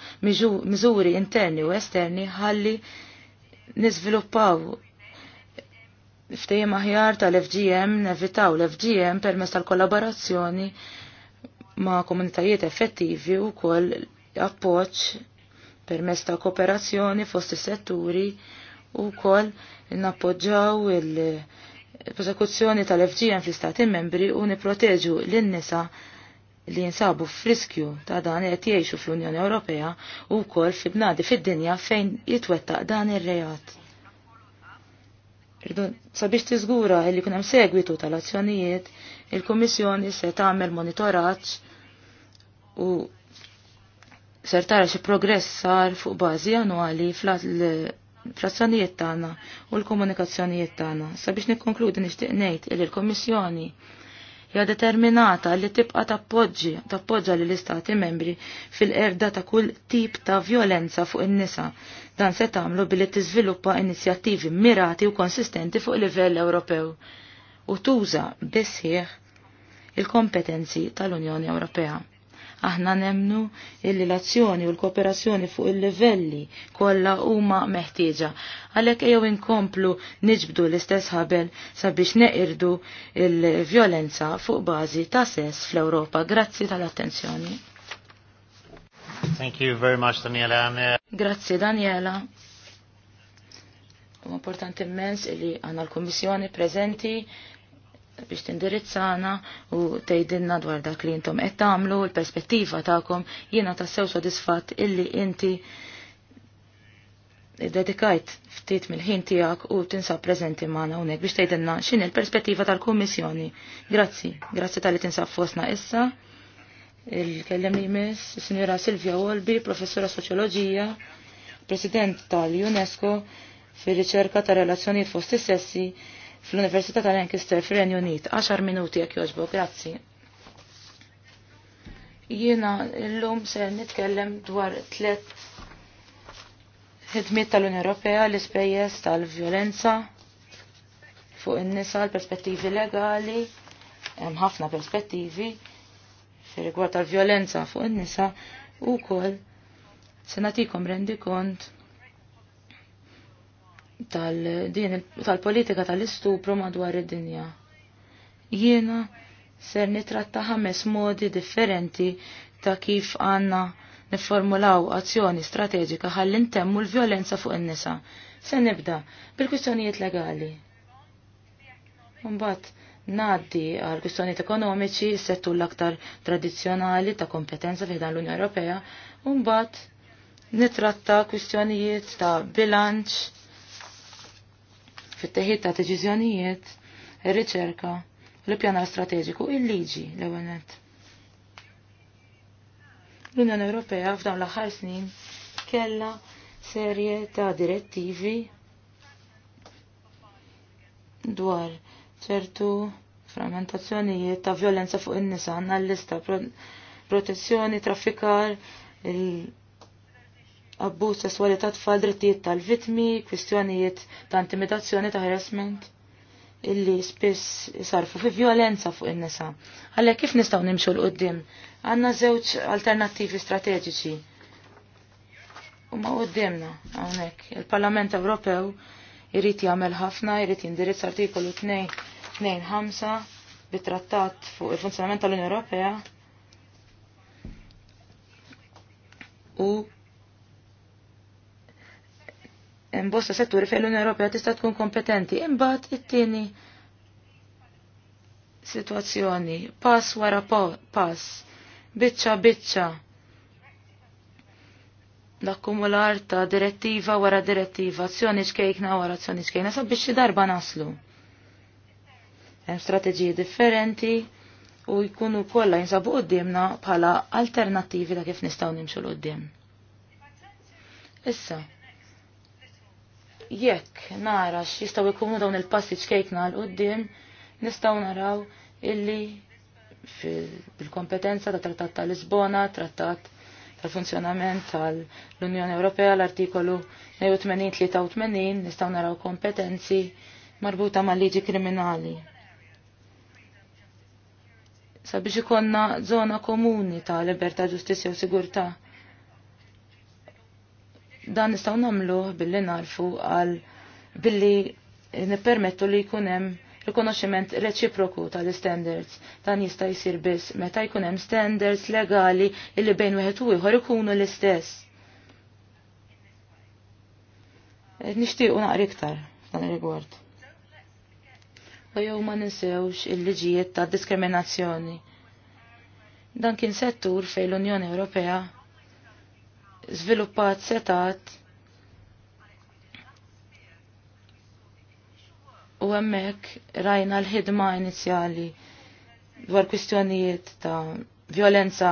miżuri interni u esterni ħalli niżviluppaw ftejjem aħjar tal-FGM, nevitaw l-FGM permezz tal-kollaborazzjoni ma' komunitajiet effettivi u koll appoġġ permezz ta' kooperazzjoni fost is-setturi u koll nappoġġaw il- prosekuzzjoni tal-FGM fl-istati membri u niproteġu l-nisa li jinsabu friskju ta' dan qed jgħixu fl-Unjoni Ewropea u wkoll fi bnadi fid-dinja fejn jitwettaq dan ir-rejat. Sabiex tiżgura li kun hemm segwitu tal-azzjonijiet, il-Kummissjoni se tagħmel monitoraġġ u ser tara xi progress sar fuq bażi annwali fl frazzjonijiet tagħna u l-komunikazzjonijiet tagħna. Sabiex nikkonkludi nixtieq ngħid li l-Kommissjoni hija determinata li tibqa' tappoġġi tappoġġa lill istati membri fil-qerda ta' kull tip ta' violenza fuq in-nisa. Dan se tagħmlu billi tiżviluppa inizjattivi mirati u konsistenti fuq livell Ewropew u tuża bisħieħ il-kompetenzi tal-Unjoni Ewropea. Aħna nemnu il-relazzjoni u l-kooperazzjoni fuq il-livelli kollha huma meħtieġa. Għalhekk ejjew inkomplu niġbdu l-istess ħabel sabiex neqirdu il-vjolenza fuq bażi ta' sess fl-Ewropa. Grazzi tal-attenzjoni. Thank you very much, Daniela. Grazzi, Daniela. U importanti immens li għanna l kummissjoni prezenti biex tindirizzana u tgħidilna dwar dak li intom qed tagħmlu l-perspettiva tagħkom jiena tassew sodisfatt illi inti dedikajt ftit mill-ħin tiegħek u tinsab preżenti magħna hawnhekk biex tgħidilna x'inhi l-perspettiva tal-Kummissjoni. Grazzi, grazzi tal-li tinsab fostna issa. Il-kellem li jmiss, signora Silvia Wolbi, professora soċjoloġija, president tal-UNESCO fir-riċerka ta' relazzjonijiet fost is-sessi fl-Università ta' Lancaster fir-Renju Unit. 10 minuti jekk jogħġbu, grazzi. Jiena llum se nitkellem dwar tliet ħidmiet tal-Unja Ewropea l-ispejjeż tal-vjolenza fuq in-nisa l-perspettivi legali, hemm ħafna perspettivi fir rigward tal-vjolenza fuq in-nisa u wkoll se nagħtikom rendi kont tal-politika tal-istupru madwar id-dinja. Jiena ser nitratta ħames modi differenti ta' kif għanna niformulaw azzjoni strateġika ħalli ntemmu l-vjolenza fuq in-nisa. Se nibda bil-kwistjonijiet legali. Mbagħad ngħaddi għal kwistjonijiet ekonomiċi, settu l-aktar tradizzjonali ta' kompetenza fih dan l-Unjoni Ewropea, u mbagħad nitratta kwistjonijiet ta' bilanċ fit-teħid ta' deċiżjonijiet, ir-riċerka, l-pjanar strateġiku, il-liġi l-ewwel nett. L-Unjoni Ewropea f'dawn l-aħħar snin kellha serje ta' direttivi dwar ċertu frammentazzjonijiet ta' violenza fuq in-nisa għandna l-lista protezzjoni, traffikar, il abbuż sesswali ta' tfal drittijiet tal-vitmi, kwistjonijiet ta' intimidazzjoni ta' harassment illi spiss sarfu fi violenza fuq in-nisa. Għalhekk kif nistgħu nimxu l qudiem Għandna żewġ alternattivi strateġiċi. U ma qudiemna hawnhekk. Il-Parlament Ewropew irid jagħmel ħafna, irid jindirizz artikolu 2-5 bit-trattat fuq il-funzjonament tal-Unjoni Ewropea u imbosta setturi fejn l-Unjoni Ewropea tista' tkun kompetenti. Imbagħad it-tieni situazzjoni, pass wara pass, biċċa biċċa. L-akkumular ta' direttiva wara direttiva, azzjoni xkejkna wara azzjoni xkejkna, sabiex xi darba naslu. Hemm strateġiji differenti u jkunu kollha jinsabu qudiemna bħala alternattivi ta' kif nistgħu nimxu l qudiem. Issa, jekk nara x'jistgħu jkunu dawn il-passiġġ kejkna l qudiem nistgħu naraw illi fil kompetenza ta' Trattat ta' Lisbona, Trattat tal-funzjonament tal-Unjoni Ewropea l-artikolu 83 nistgħu naraw kompetenzi marbuta mal-liġi kriminali. Sabiex ikonna zona komuni ta' libertà, ġustizzja u sigurtà dan nistgħu nagħmluh billi narfu għal billi nippermettu li jkun hemm rikonoxximent reċiproku tal-standards. Dan jista' jsir biss meta jkun hemm standards legali illi bejn wieħed u ieħor ikunu l-istess. Eh, nixtiequ naqri iktar f'dan ir-rigward. U jew ma ninsewx il-liġijiet ta' diskriminazzjoni. Dan kien settur fejn l-Unjoni Ewropea żviluppat setat u hemmhekk rajna l-ħidma inizjali dwar kwistjonijiet ta' violenza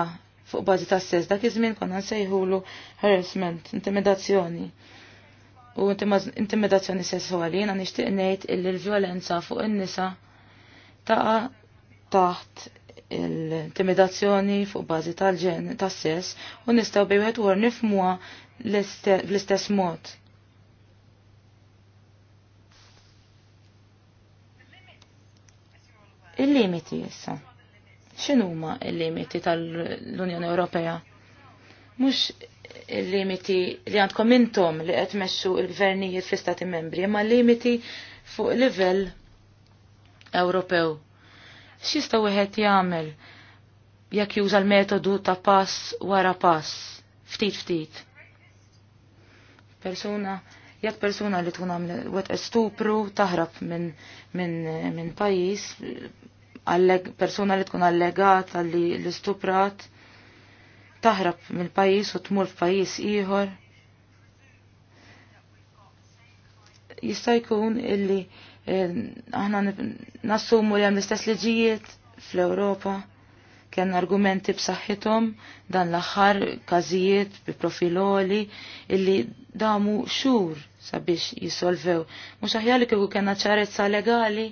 fuq bażi ta' sess dak iż-żmien konna nsejħulu harassment, intimidazzjoni u intimidazzjoni sessuali jiena nixtieq ngħid illi l-violenza fuq in-nisa ta' taħt l-intimidazzjoni fuq bażi tal-ġen tas-sess u nistgħu bej wieħed nifmuha bl-istess mod. Il-limiti issa. X'inhuma il-limiti tal-Unjoni Ewropea? Mhux il-limiti li għandkom intom li qed mexxu l-gvernijiet fl-istati membri, imma limiti fuq livell Ewropew. X'jista' wieħed jagħmel jekk juża l-metodu ta' pass wara pass, ftit ftit. Persuna, jekk persuna li tkun għamlet wet estupru taħrab minn min, min pajjiż, persuna li tkun allegat li l-istuprat taħrab mill pajjiż u tmur f'pajjiż ieħor. Jista' jkun illi aħna nassumu li hemm l-istess liġijiet fl-Ewropa kien argumenti b'saħħithom dan l-aħħar każijiet bi profiloli illi damu xur sabiex jisolvew. Mhux aħjar li kieku kellna ċarezza legali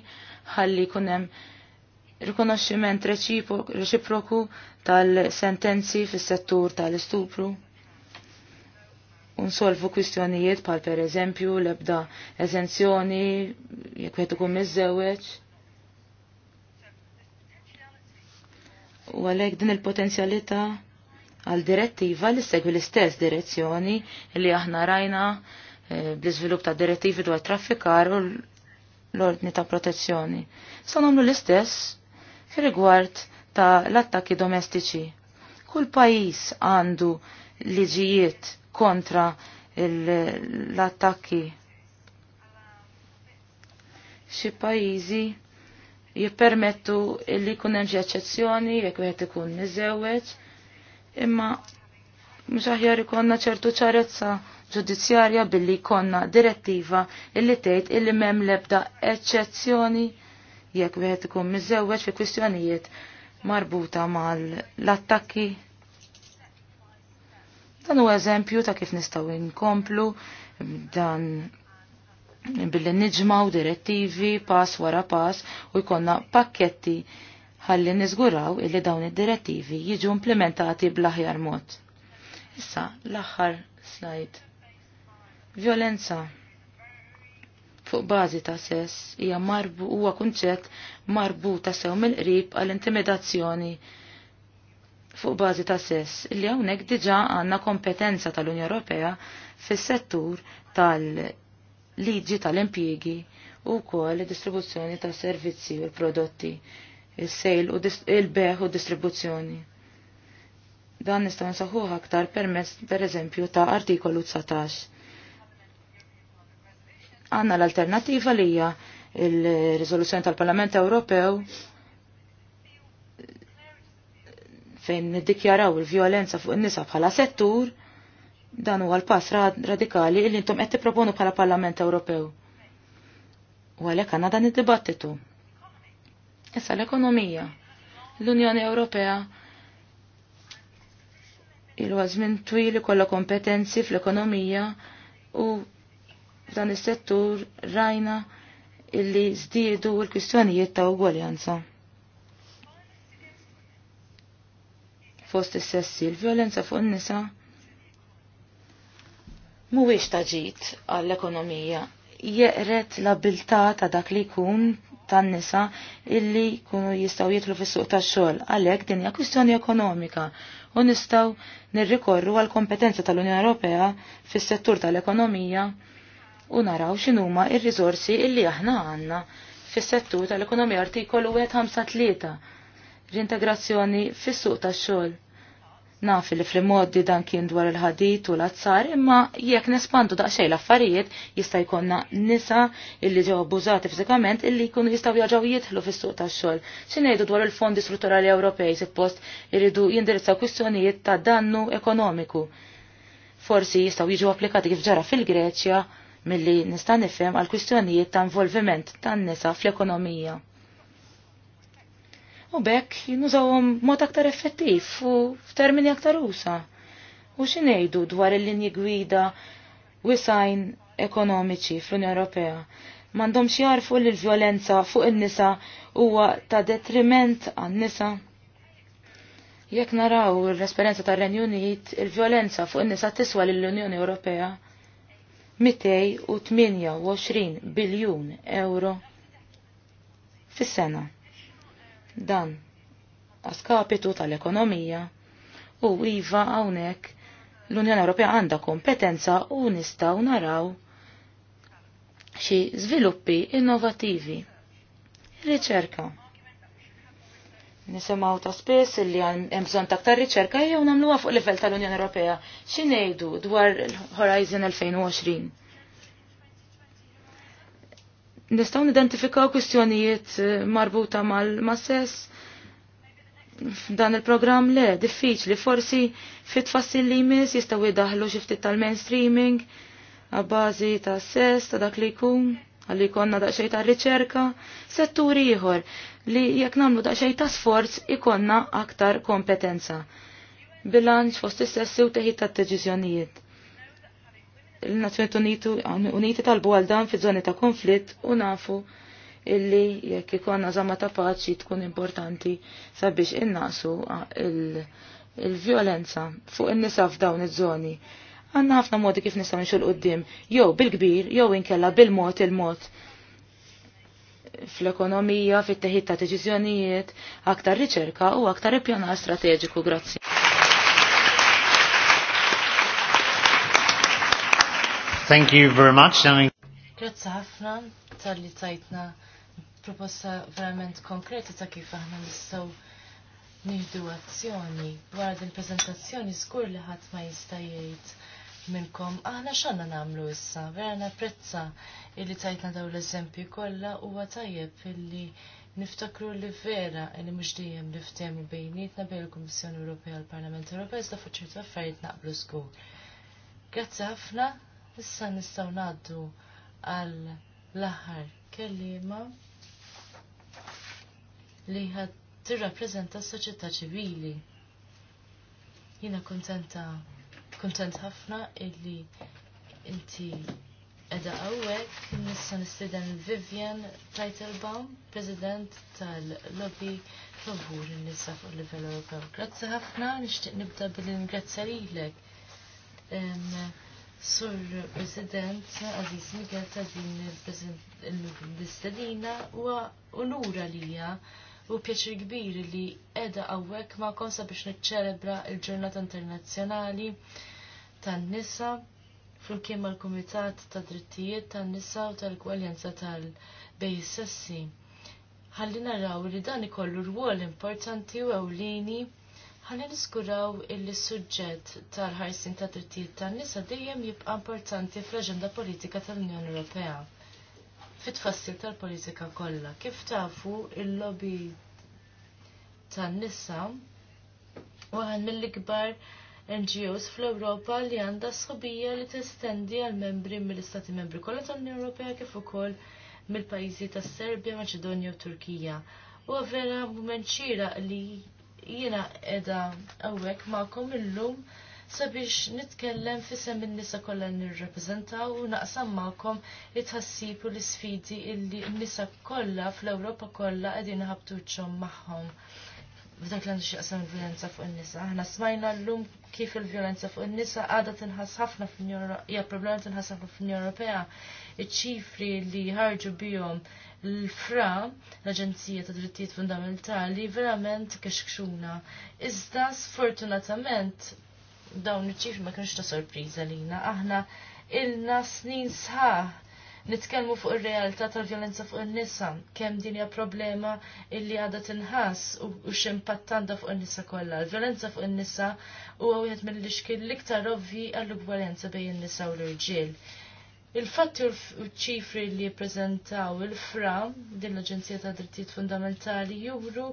ħalli jkun hemm rikonoxximent reċiproku tal-sentenzi fis-settur tal-istupru unsolvu kwistjonijiet pal per eżempju lebda eżenzjoni jekk qed ikun miżewweġ. U għalhekk din il-potenzjalità għal direttiva li segwi l-istess direzzjoni li aħna rajna eh, bl-iżvilupp ta' direttivi dwar traffikar u l-ordni ta' protezzjoni. Sa nagħmlu l-istess fir-rigward ta' l-attakki domestiċi. Kull pajjiż għandu liġijiet kontra l-attakki. Xi pajjiżi jippermettu li jkun hemm xi eċċezzjoni jekk wieħed ikun miżewweġ, imma mhux aħjar ikonna ċertu ċarezza ġudizzjarja billi jkollna direttiva illi tgħid illi m'hemm l-ebda eċċezzjoni jekk wieħed ikun miżewweġ fi kwistjonijiet marbuta mal-attakki Dan huwa eżempju ta' kif nistgħu nkomplu dan billi niġmaw direttivi pass wara pass u jkollna pakketti ħalli niżguraw illi dawn id-direttivi jiġu implementati bl-aħjar mod. Issa, l-aħħar slide. Violenza fuq bażi ta' sess hija marbu huwa kunċett marbuta sew mill-qrib għall-intimidazzjoni fuq bażi ta' sess li hawnhekk diġà għandna kompetenza tal-Unja Ewropea fis-settur tal-liġi tal-impjiegi u wkoll distribuzzjoni ta' servizzi u prodotti il-sejl u il-beħ u distribuzzjoni. Dan nistgħu nsaħħuh aktar permezz pereżempju ta' artikolu 19. Għanna l-alternativa li hija il-riżoluzzjoni tal-Parlament Ewropew fejn niddikjaraw il violenza fuq in-nisa bħala settur, dan huwa l-pass radikali li intom qed tipproponu bħala Parlament Ewropew. U għalhekk għandna dan id-dibattitu. Issa l-ekonomija. L-Unjoni Ewropea ilwa żmien twil kollha kompetenzi fl-ekonomija u f'dan is-settur rajna illi żdiedu l-kwistjonijiet ta' ugwaljanza. fost is-sessi. Il-violenza fuq in-nisa mhuwiex taġit għall-ekonomija. Jeqret l-abilità ta' dak li jkun tan-nisa illi jkunu jistgħu jitlu fis-suq tax-xogħol. Għalhekk din hija kwistjoni ekonomika u nistgħu nirrikorru għall kompetenza tal-Unjoni Ewropea fis-settur tal-ekonomija u naraw x'inhuma r-riżorsi illi aħna għandna fis-settur tal-ekonomija artikolu 153 l-integrazzjoni fis-suq tax-xogħol. Naf li fl-modi dan kien dwar il-ħadit u l-azzar, imma jekk nespandu daqsxej l-affarijiet jista' jkollna nisa illi ġew abbużati fiżikament illi jkunu jistgħu jaġgħu jidħlu fis-suq tax-xogħol. Xi ngħidu dwar il-fondi strutturali Ewropej suppost iridu jindirizzaw kwistjonijiet ta' dannu ekonomiku. Forsi jistgħu jiġu applikati kif ġara fil-Greċja milli nista' nifhem għal kwistjonijiet ta' involviment tan-nisa fl-ekonomija u bekk jinnużawhom mod aktar effettiv u f'termini aktar usa. U ngħidu dwar il-linji gwida wisajn ekonomiċi fl-Unjoni Ewropea. M'għandhomx jarfu li l-vjolenza fuq in-nisa huwa ta' detriment għan-nisa. Jekk naraw l-esperjenza tar-Renju Unit, il-vjolenza fuq in-nisa tiswa lill-Unjoni Ewropea 228 biljun euro fis-sena. Dan askapitu tal-ekonomija u iva hawnhekk l-Unjoni Ewropea għandha kompetenza u nistgħu naraw xi żviluppi innovattivi. Riċerka. Nisimgħu ta' spess li hemm bżonn ta' riċerka jew nagħmluha fuq livell tal-Unjoni Ewropea. Xi ngħidu dwar Horizon 2020? Nistgħu nidentifikaw kwistjonijiet eh, marbuta mal-sess f'dan il-programm le, diffiċli, forsi fit fassin li jmiss jistaw jidaħlu xiftit tal-mainstreaming, għabbażi ta' sess, ta' dak li jkun, għalli konna xej ta' riċerka, setturi ieħor li jekk namlu xej ta' sforz ikonna aktar kompetenza. Bilanċ fost istessi u teħid ta' deċiżjonijiet l-Nazzjonijiet Uniti talbu għal dan fi żoni ta' konflitt u nafu illi jekk ikonna żama ta' paċi tkun importanti sabiex innaqsu il-violenza fuq in-nisa f'dawn iż-żoni. Għanna ħafna modi kif nistgħu nixol qudiem, jew bil-kbir, jew inkella bil-mod il-mod fl-ekonomija, fit-teħid ta' deċiżjonijiet, aktar riċerka u aktar ippjanar strateġiku. Grazzi. Thank you very much. Grazzi ħafna tal-li tajtna proposta verament konkreta ta' kif aħna nistgħu nieħdu azzjoni. Wara din prezentazzjoni żgur li ħadd ma jista' jgħid minnkom, aħna xanna nagħmlu issa, vera napprezza illi tajtna daw l-eżempju kollha huwa tajjeb illi niftakru li vera illi mux dijem niftemu bejnietna bejn il-Kommissjoni Ewropea u l-Parlament Ewropea iżda fuċċertu affarijiet naqblu żgur. Grazzi ħafna. Issa nistgħu naddu għal l-aħħar kelliema li ħad tirrappreżenta s-soċjetà ċivili. Jiena kontenta, kuntent ħafna illi inti Edha għawek, nissa nistiden Vivian Teitelbaum, President tal-Lobby Favur nissa fuq l livell Ewropew. Grazzi ħafna, nixtieq nibda bil ngrazzja lilek. Sur President, Aziz Miguel ta' din l istadina u unura lija u pjaċir kbir li edha għawek ma' konsa biex niċċelebra il-ġurnata internazzjonali tan-nisa fl-kien mal-Kumitat ta' Drittijiet tan-nisa u tal-Gwaljanza tal-Bej Sessi. Ħalli naraw li dan ikollu rwol importanti u ewlieni ħalli niskuraw il-suġġett tal-ħarsin ta' drittijiet tan-nisa dejjem jibqa' importanti fl-aġenda politika tal-Unjoni Ewropea. Fit-tfassil tal-politika kollha, kif tafu il-lobby tan-nisa waħed mill-ikbar NGOs fl-Ewropa li għandha sħobija li testendi għal membri mill-Istati Membri kollha tal-Unjoni Ewropea kif ukoll mill-pajjiżi tas-Serbja, Maċedonja u Turkija. U vera mument ċira li jiena edha għawek ma'kom illum sabiex nitkellem fissem il-nisa kollha nirrepreżentaw u naqsam magħkom li tħassibu l-isfidi illi n-nisa kollha fl-Ewropa kollha qegħdin ħabtu maħħom. magħhom f'dak li għandu xieqsam il-violenza fuq il-nisa. Ħna smajna l-lum kif il-violenza fuq il-nisa għada tinħas ħafna hija problema tinħas ħafna fl-Unjoni Iċ-ċifri li ħarġu bihom l-fra, l-Aġenzija ta' Drittijiet Fundamentali, verament kexkxuna. Iżda sfortunatament dawn iċ-ċifri ma kienx ta' sorpriża lina. Aħna ilna snin sħaħ nitkellmu fuq ir-realtà tal-vjolenza fuq in-nisa, kemm din hija problema illi għadha tinħass u x'impatt għandha fuq in-nisa kollha. Il-vjolenza fuq in-nisa huwa wieħed mill-ixkil l-iktar ovvi għall-ugwalenza bejn in-nisa u l-irġiel. Il-fatti u ċifri li jiprezentaw il fram din l-Aġenzija ta' Drittijiet Fundamentali, juru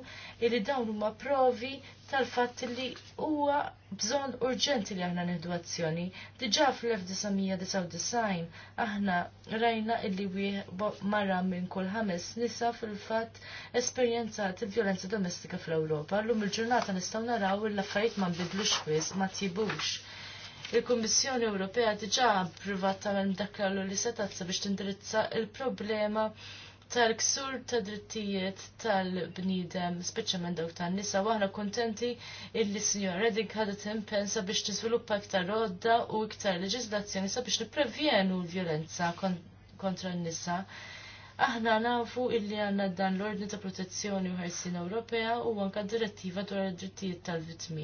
li dawn huma provi tal-fatt li huwa bżonn urġenti li aħna nieħdu azzjoni. Diġà fl-1999 aħna rajna illi marra minn kull ħames nisa fil-fatt esperjenzat il-vjolenza domestika fl-Ewropa. Llum il-ġurnata nistgħu naraw il-affarijiet ma nbidlux wisq ma tibux il-Kummissjoni Ewropea diġà privat tagħmel dak li tazza biex tindirizza il-problema tal-ksur ta' drittijiet tal-bnidem, speċjalment dawk tan-nisa, waħna kontenti illi Sinjor Redding ħadet impensa biex tiżviluppa iktar rodda u iktar leġislazzjoni sabiex nipprevjenu l-vjolenza kontra n-nisa. Aħna nafu illi għanna dan l-ordni ta' protezzjoni u ħarsin Ewropea u anka direttiva dwar id-drittijiet tal-vitmi.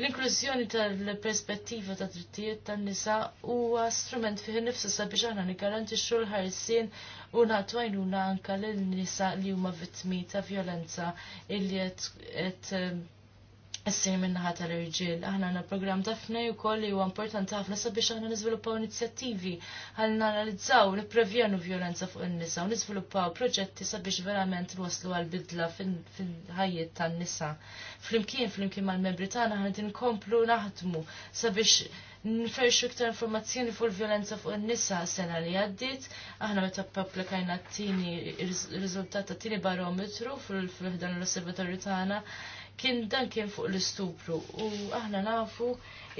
L-inklużjoni tal-perspettiva ta' drittijiet tan-nisa huwa strument fih nifsu sabiex aħna nigarantixxu l-ħarsien u nagħtu għajnuna anka lil nisa li huma vittmi ta' violenza illi qed ehm, Essir minnaħat tal-irġil, aħna għanna program tafna u koll u importanti ħafna sabiex aħna nizviluppaw inizjattivi, għal nanalizzaw, niprevjenu violenza fuq il-nisa u nizviluppaw proġetti sabiex verament waslu għal-bidla fil-ħajiet tan-nisa. Flimkien, flimkien mal-membri tagħna aħna din komplu naħdmu sabiex nferxu iktar informazzjoni fuq il-violenza fuq il-nisa sena li għaddit, aħna meta kajna t-tini, riżultat t tini barometru fil-ħdan l-osservatorju tagħna, kien dan kien fuq l-istupru u aħna nafu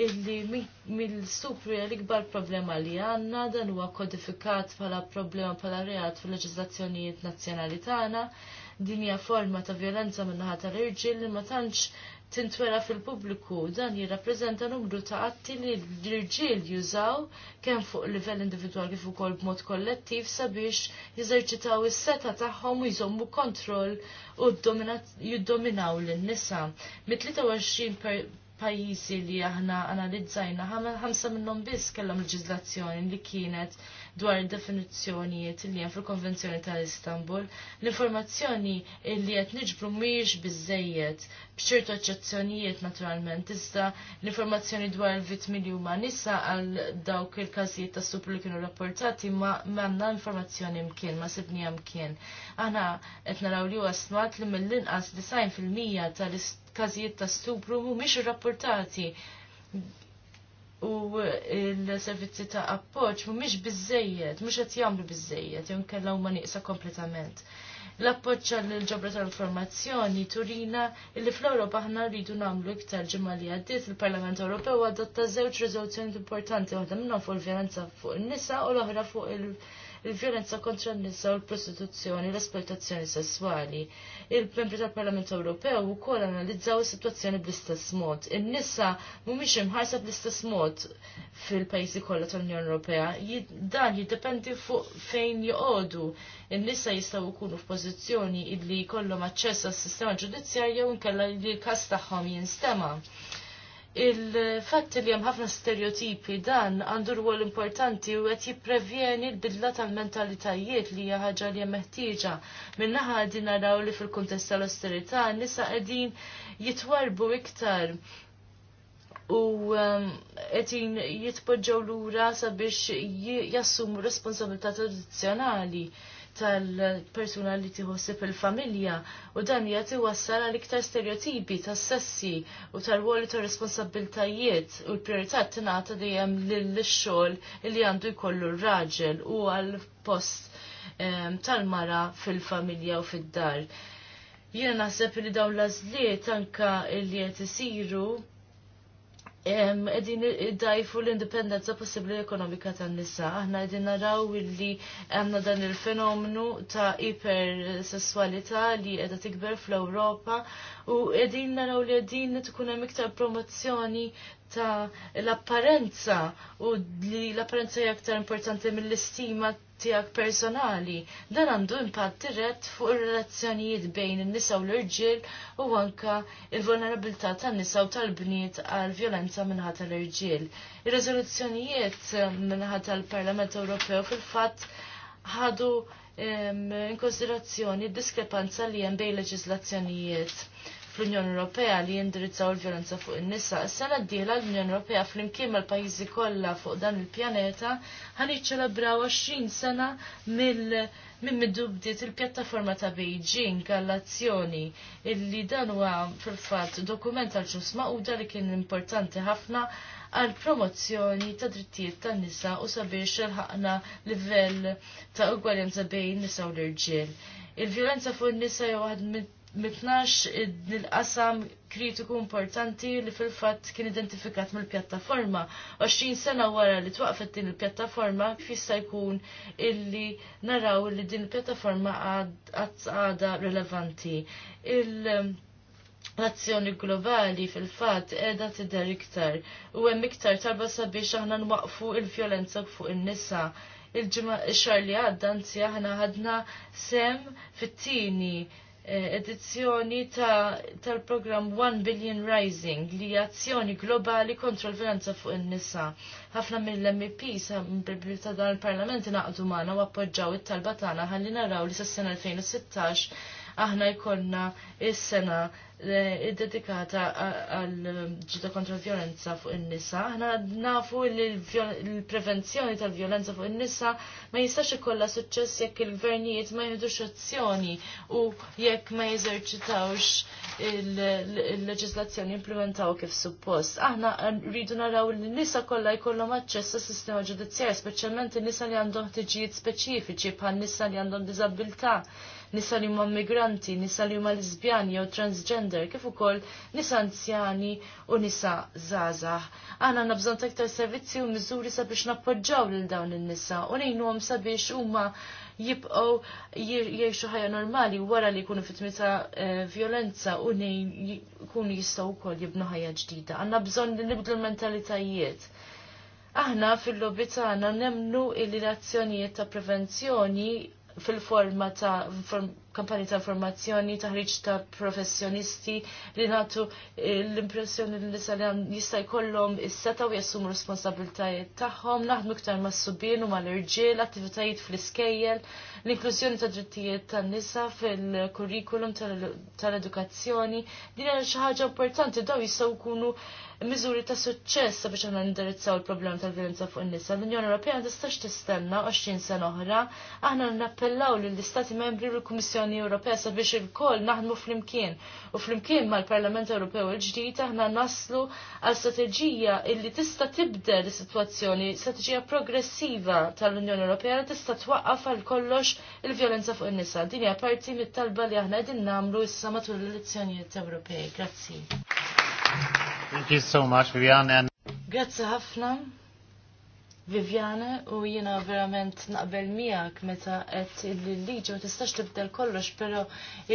illi mill-istupru hija l-ikbar problema li għandna dan huwa kodifikat bħala problema bħala reat fil-leġiżlazzjonijiet nazzjonali tagħna din hija forma ta' violenza min-naħa tal-irġiel li ma tantx tintwera fil-pubbliku dan jirrappreżenta numru ta' atti li l-irġiel jużaw kemm fuq livell individwal kif ukoll b'mod kollettiv sabiex jeżerċitaw is-seta tagħhom u jżommu kontroll u jiddominaw lin-nisa. Mit-23 pajjiżi li aħna analizzajna ħamsa minnhom biss kellhom leġiżlazzjoni li kienet dwar definizzjonijiet li hemm fil-Konvenzjoni ta' Istanbul. L-informazzjoni li qed niġbru mhijiex biżejjed b'ċertu eċċezzjonijiet naturalment, iżda l-informazzjoni dwar il vitmi li huma nisa għal dawk il-każijiet ta' stupru li kienu rapportati ma m'għandna informazzjoni mkien, ma sibni mkien. Aħna qed naraw li huwa snat li mill-inqas 90% tal istanbul każijiet ta' stupru mhumiex irrapportati u l-servizzi ta' appoġġ mhumiex biżejjed, mhux qed jagħmlu biżejjed, jew kellha huma nieqsa kompletament. L-appoġġ għall-ġobra tal-informazzjoni turina li fl-Ewropa aħna rridu nagħmlu iktar ġimgħa li għaddiet il-Parlament Ewropew adotta żewġ riżoluzzjoni importanti waħda minnhom fuq il-vjolenza fuq in-nisa u l-oħra fuq il-, -il il-vjolenza kontra n-nisa u l-prostituzzjoni, l-esploitazzjoni sessuali. Il-membri tal-Parlament Ewropew ukoll analizzaw is-sitwazzjoni bl-istess mod. In-nisa mhumiex imħarsa bl-istess mod fil-pajjiżi kollha tal-Unjoni Ewropea. Dan jiddependi fuq fejn joqogħdu. In-nisa jistgħu jkunu f'pożizzjoni illi jkollhom aċċess għas-sistema ġudizzjarja u nkella li l-każ tagħhom jinstema' il-fatt li hemm ħafna stereotipi dan għandu rwol importanti u qed jiprevjeni l-bidla tal-mentalitajiet li hija ħaġa li hemm meħtieġa. Minnaħa qegħdin naraw li fil-kuntest tal osterita nisa qegħdin jitwarbu iktar u ehm, jitpoġġaw l lura sabiex jassumu responsabilità tradizzjonali tal-persuna li tiħossib il-familja u dan jagħti wassal għal iktar stereotipi tas-sessi u tal-wol ta' responsabiltajiet u l-priorità tingħata dejjem lill-xogħol li għandu jkollu r-raġel u għal post tal-mara fil-familja u fid-dar. Jena naħseb li dawn l-għażliet anka li qed isiru Edin id-dajfu l-indipendenza possibli ekonomika tan nisa. Aħna edin naraw illi għanna dan il-fenomenu ta' ipersessualità li edha tikber fl-Europa u edin naraw li edin tkun hemm iktar promozzjoni ta' l-apparenza u li l-apparenza hija aktar importanti mill-istima tiegħek personali. Dan għandu impatt dirett fuq ir-relazzjonijiet bejn in-nisa u l-irġiel u anka il-vulnerabilità tan-nisa u tal-bniet għal violenza minnħat l-irġiel. Ir-riżoluzzjonijiet minnħat l-Parlament Ewropew fil-fatt ħadu in konsiderazzjoni diskrepanza li hemm bejn leġislazzjonijiet fl-Unjoni Ewropea li jindirizzaw il-violenza fuq in-nisa. Is-sena d-dieħla l-Unjoni Ewropea flimkien mal-pajjiżi kollha fuq dan il-pjaneta ħan iċċelebraw 20 sena mill minn middu bdiet il-pjattaforma ta' Beijing għall-azzjoni illi dan huwa fil-fatt dokument għal ġus maquda li kien importanti ħafna għal promozzjoni ta' drittijiet tan nisa u sabiex il-ħakna livell ta' ugwaljanza bejn nisa u l-irġiel. Il-violenza fuq in-nisa jew waħed mitnax il-qasam kritiku importanti li fil-fat kien identifikat mill-pjattaforma. 20 sena wara li twaqfet din il-pjattaforma fissa jkun illi naraw li din il-pjattaforma għad relevanti. L-azzjoni globali fil-fat edha tidher iktar u hemm iktar talba sabiex aħna nwaqfu il-vjolenza fuq in-nisa il-ġimgħa xar li għadda nsi aħna ħadna sem fit-tieni Eh, edizzjoni tal-program ta One Billion Rising li azzjoni globali kontra l-violenza fuq in-nisa. Ħafna mill sa' ta' dan il-Parlament naqdu magħna u appoġġaw it-talba tagħna ħalli naraw li s sena 2016 aħna jkollna is-sena eh, dedikata għal eh, ġita kontra l-violenza fuq in-nisa. Aħna nafu li l-prevenzjoni tal-violenza fuq in-nisa ma jistax ikolla suċċess jekk il-gvernijiet ma jieħdux azzjoni u jekk ma jeżerċitawx il-leġislazzjoni implementaw kif suppost. Aħna eh, rridu naraw li n-nisa kollha jkollhom aċċess għas sistema ġudizzjarja, speċjalment in-nisa li għandhom ħtiġijiet speċifiċi bħal nisa li għandhom diżabilità nisa li huma migranti, nisa li huma lesbjani jew transgender, kif ukoll nisa anzjani u nisa żgħażagħ. Aħna għandna bżonn aktar servizzi u miżuri sabiex nappoġġaw lil dawn in-nisa u ngħinuhom sabiex huma jibqgħu jgħixu ħajja normali wara li jkunu fitmi ta' eh, violenza u nejn jkunu jistgħu wkoll jibnu ħajja ġdida. Aħna bżonn li nibdlu l-mentalitajiet. Aħna fil-lobby tagħna nemnu il-azzjonijiet ta' prevenzjoni fil-forma ta' kampanji ta' formazzjoni taħriġ ta' professjonisti li natu l-impressjoni li saljan jista' jkollhom is-seta u jassumu responsabiltajiet tagħhom, naħdmu iktar mas-subien u mal-irġiel, attivitajiet fl-iskejjel, l-inklużjoni ta' drittijiet tan-nisa fil-kurrikulum tal-edukazzjoni. Din hija xi ħaġa importanti daw jistgħu jkunu miżuri ta' suċċess biex għandna indirizzaw il-problem tal-violenza fuq in-nisa. L-Unjoni Ewropea tistax tistenna 20 sena oħra, aħna nappellaw lill-Istati Membri u l-Kummissjoni l-Kummissjoni Ewropea sabiex il-koll naħdmu fl-imkien. U fl-imkien mal-Parlament Ewropew il-ġdid aħna naslu għal strateġija illi tista' tibdel is-sitwazzjoni, strateġija progressiva tal-Unjoni Ewropea li tista' twaqqaf għal kollox il violenza fuq in-nisa. Din hija parti mit-talba li aħna qegħdin nagħmlu issa matul l-elezzjonijiet Ewropej. Grazzi. Thank you so much, Vivian. Grazzi ħafna. Viviane u jiena verament naqbel miegħek meta qed il-liġi u tistax tibdel kollox, pero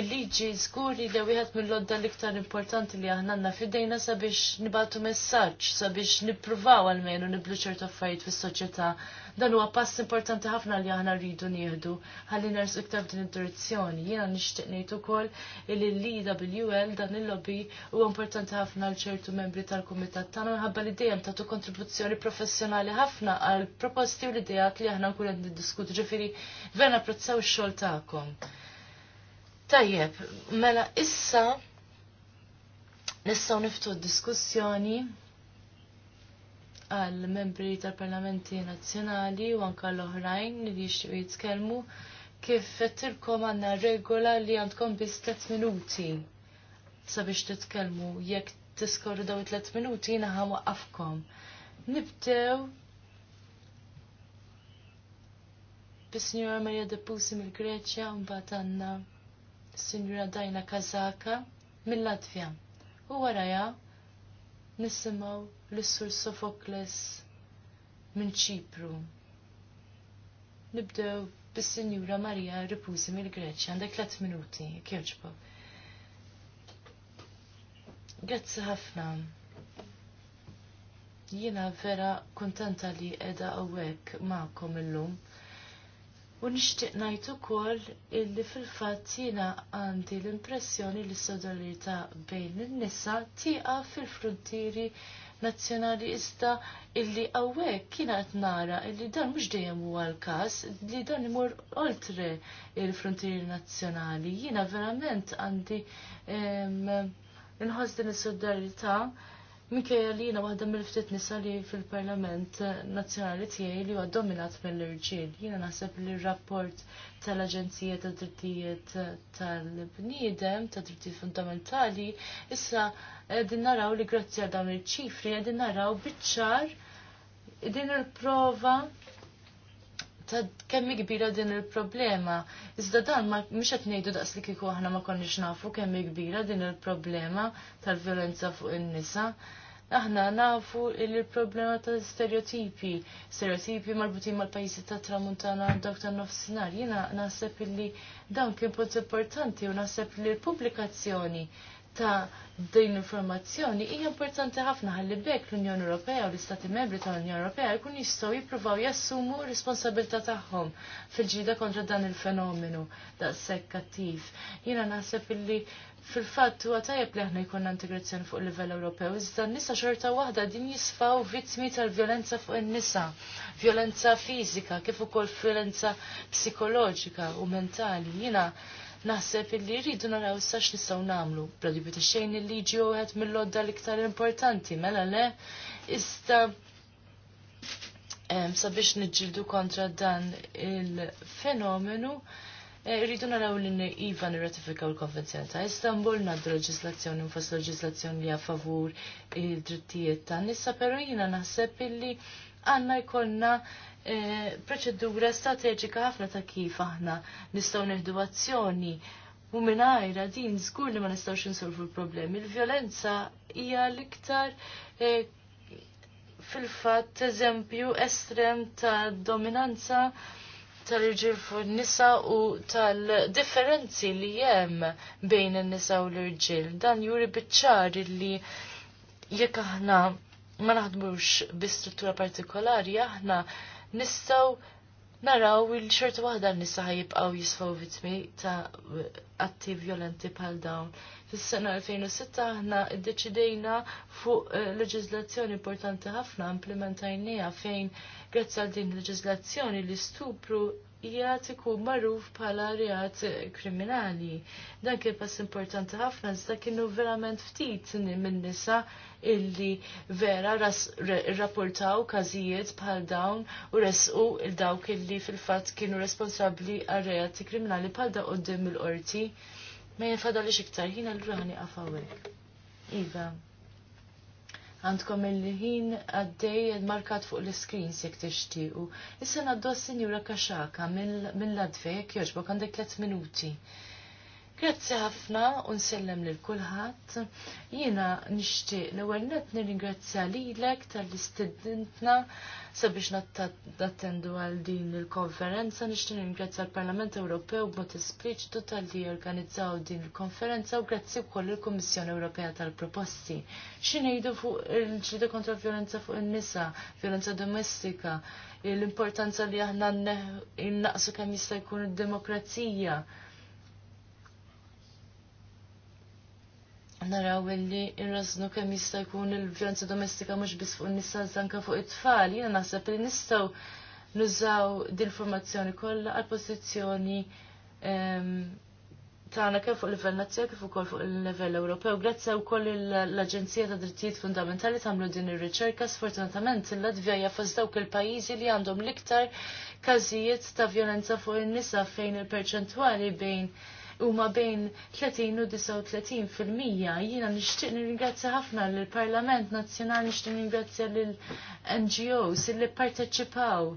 il-liġi zguri li wieħed mill-lodda l-iktar importanti li aħna għandna fidejna sabiex nibatu messaġġ, sabiex nippruvaw għalmejn u niblu ċertu affarijiet fis-soċjetà Dan huwa pass importanti ħafna li aħna rridu nieħdu ħalli nersu iktar din id-direzzjoni. Jiena nixtieq ngħid ukoll li l-EWL dan il-lobby huwa importanti ħafna għal ċertu membri tal-kumitat tagħna minħabba li dejjem tagħtu kontribuzzjoni professjonali ħafna għal proposti u l-idejat li aħna nkun qed niddiskutu. Ġifieri vera napprezzaw ix-xogħol tagħkom. Tajjeb, mela issa nistgħu niftu d-diskussjoni għal membri tal-parlamenti nazzjonali u anka l-oħrajn li jixtiequ jitkellmu kif fettilkom għandna regola li għandkom biss 3 minuti sabiex titkellmu jekk tiskorru daw 3 minuti naħa waqafkom. Nibdew bis-Sinjora Maria Depusi mill-Greċja u mbagħad għandna Sinjura Dajna Kazaka mill-Latvja. U waraja nisimaw l-Sur Sofokles minn ċipru. Nibdew bis-Sinjura Marija Ripuzi mill-Greċja, għandek 3 minuti, kjoġbo. Grazzi ħafna. Jiena vera kontenta li edha għawek ma'kom illum. lum U nixtieq ngħid ukoll illi fil-fatt jiena għandi l-impressjoni li s-solidarità bejn in-nisa tieqa fil-frontieri nazzjonali iżda illi hawnhekk kienet nara illi dan mhux dejjem huwa l-każ li dan imur oltre il-frontieri nazzjonali. Jiena verament għandi inħoss din is-solidarità Minkejja li jiena waħda mill-ftit nisa li fil-Parlament Nazzjonali tiegħi li huwa dominat mill-irġiel. Jiena naħseb li r-rapport tal-Aġenzija ta' Drittijiet tal-Bniedem ta' Drittijiet Fundamentali issa qegħdin naraw li grazzi għal dawn il-ċifri qegħdin naraw biċ-ċar din il-prova ta' kemmi kbira din il-problema. Iżda dan ma mhux qed ngħidu daqs li kieku aħna ma konniex nafu kemmi kbira din il-problema tal-violenza fuq in-nisa. Aħna nafu il-problema ta' stereotipi, stereotipi marbutin mal-pajjiżi ta' tramuntana dawk ta' nofsinhar. Jiena naħseb illi dawn kien punt importanti u naħseb li l-pubblikazzjoni ta' din l-informazzjoni hija importanti ħafna ħalli bekk l-Unjoni Ewropea u l-Istati Membri tal-Unjoni Ewropea jkun jistgħu jippruvaw jassumu responsabilità tagħhom fil-ġida kontra dan il-fenomenu daqshekk kattiv. Jiena naħseb illi fil-fatt huwa tajjeb li aħna jkollna integrazzjoni fuq livell Ewropew, iżda n-nisa xorta waħda din jisfaw vittmi tal-vjolenza fuq in-nisa, vjolenza fiżika kif ukoll vjolenza psikoloġika u mentali. Jiena Naħseb illi rridu naraw issa nistgħu nagħmlu. Bradju bit xejn il-liġi wieħed mill-lodda l-iktar importanti, mela le issa sabiex niġġieldu kontra dan il-fenomenu eh, rridu naraw li iva nirratifikaw il-konvenzjoni ta' Istanbul, naddu leġislazzjoni, nfas leġislazzjoni li għafavur il-drittijiet ta' nissa, pero jina naħseb illi għanna jkollna eh, proċedura strateġika ħafna ta' kif aħna nistgħu neħdu azzjoni u mingħajra din żgur li ma nistgħux insolvu l-problemi. Il-vjolenza hija l-iktar eh, fil-fatt eżempju estrem ta' dominanza tal-irġil fuq nisa u tal-differenzi li jem bejn il-nisa u l-irġil. Dan juri bitċar li jekk aħna ma naħdmux bi struttura partikolari, aħna nistaw naraw il-xorta wahda nisa ħajibqaw jisfaw vittmi ta' atti violenti bħal dawn. Fis-sena 2006 aħna ddeċidejna fuq eh, leġizlazzjoni importanti ħafna implementajnija fejn grazzi għal din leġizlazzjoni li stupru jgħat ikun magħruf bħala reat kriminali. Dan kien pass importanti ħafna iżda kienu verament ftit minn nisa illi vera rrapportaw każijiet bħal dawn u resqu il dawk illi fil-fatt kienu responsabbli għal reati kriminali pal da qudiem il-qorti. Ma jinfadalix iktar jina l rani għafawek. Iva għandkom il-ħin għaddej markat fuq l-screen jek tixtiequ. Issa naddu għas-Sinjura Kaxaka mill-Ladvej, jekk jogħġbok għandek 3 minuti. Grazzi ħafna u nsellem lil kulħadd. Jiena nixtieq l-ewwel nett nirringrazzja lilek tal-istudentna sabiex nattendu għal din il-konferenza nixtieq nirringrazzja l-Parlament Ewropew b'mod espliċitu tal-li organizzaw din il-konferenza u grazzi wkoll il-Kummissjoni Ewropea tal-proposti. X'ingħidu fuq il ġlieda kontra violenza fuq in-nisa, violenza domestika, l-importanza li aħna innaqsu kemm jista' jkun id-demokrazija. naraw illi irraznu kemm jista' jkun il-vjolenza domestika mhux biss fuq nisa zanka fuq it-tfal, jiena naħseb li nistgħu nużaw dil informazzjoni kollha għal pożizzjoni ehm, tagħna kemm fuq livell nazzjonali kif ukoll fuq il-livell Ewropew. Grazzi wkoll l-Aġenzija ta' Drittijiet Fundamentali tagħmlu din ir-riċerka. Sfortunatament il-Latvja hija fost dawk il-pajjiżi li għandhom l-iktar każijiet ta' vjolenza fuq in-nisa fejn il-perċentwali bejn ma bejn 30 u 39 fil-mija. Jiena nixtieq nirringrazzja ħafna lill parlament Nazzjonali nixtieq nirringrazzja lill NGOs li parteċipaw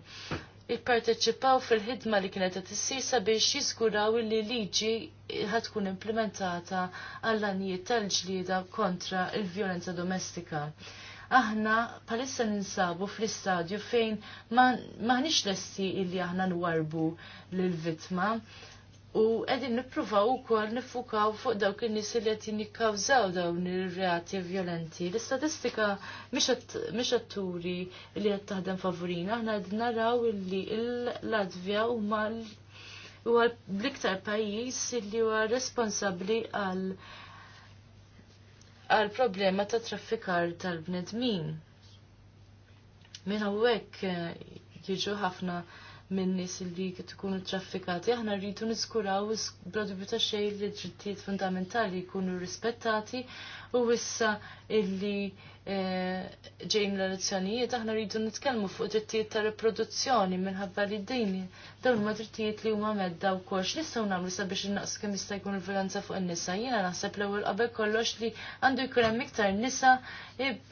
ipparteċipaw fil-ħidma li kienet qed issisa biex jiżguraw li liġi ħad tkun implementata għall-anijiet tal-ġlieda kontra il-vjolenza domestika aħna palissa ninsabu fl-istadju fejn maħnix ma lesti illi aħna nwarbu l-vitma u qegħdin nippruvaw ukoll nifukaw fuq dawk in-nies li qed jikkawżaw dawn ir-reati vjolenti. L-istatistika miex qed turi li qed taħdem favorina, aħna qed naraw li l-Latvja mal u għal iktar pajjiż li huwa responsabbli għal għal problema ta' traffikar tal-bnedmin. Minn hawnhekk eh, jiġu ħafna minn nies li tkunu traffikati. Aħna rridu niskuraw bla dubju ta' xejn li d-drittijiet fundamentali jkunu rispettati u wissa illi eh, ġejn l-elezzjonijiet aħna rridu nitkellmu fuq drittijiet ta' riproduzzjoni minħabba li din dini dawn huma drittijiet li huma medda wkoll nistgħu nagħmlu sabiex innaqs kemm jista' jkun il-violenza fuq in-nisa. Jiena naħseb l-ewwel qabel kollox li għandu jkun hemm iktar nisa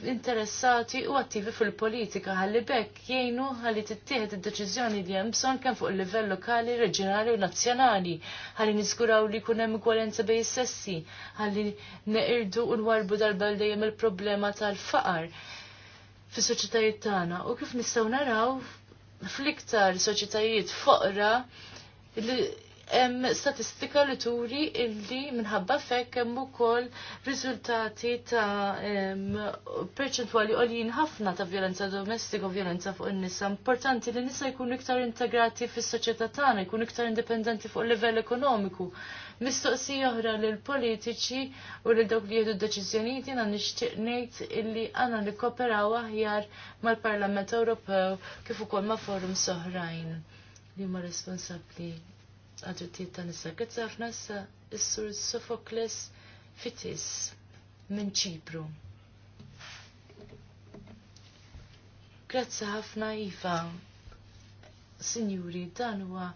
interessati u attivi fil-politika ħalli bekk jgħinu ħalli tittieħed id-deċiżjoni li hemm bżonn kemm fuq il-livell lokali, reġjonali u nazzjonali ħalli niżguraw li jkun hemm igwalenza bejn is-sessi ħalli neqirdu u warbu darba dejjem il-problema tal-faqar fis-soċjetajiet tagħna u kif nistgħu naraw fl-iktar soċjetajiet foqra li hemm statistika li turi illi minħabba fekk hemm ukoll riżultati ta' perċentwali għoljin ħafna ta' violenza domestika u violenza fuq in-nisa. Importanti li nisa jkunu iktar integrati fis-soċjetà tagħna, jkunu iktar indipendenti fuq il livell ekonomiku. Mistoqsija oħra l politiċi u l-dok li jedu d-deċiżjonijiet nishtiqnejt nixtieq ngħid li għandna nikkoperaw aħjar mal-Parlament Ewropew kif ukoll ma' forum soħrajn li huma responsabbli għad-drittijiet ta' nisa. Grazzi ħafna issa is-Sur Sofokles Fitis minn Ċipru. Grazzi ħafna Iva. Sinjuri, dan huwa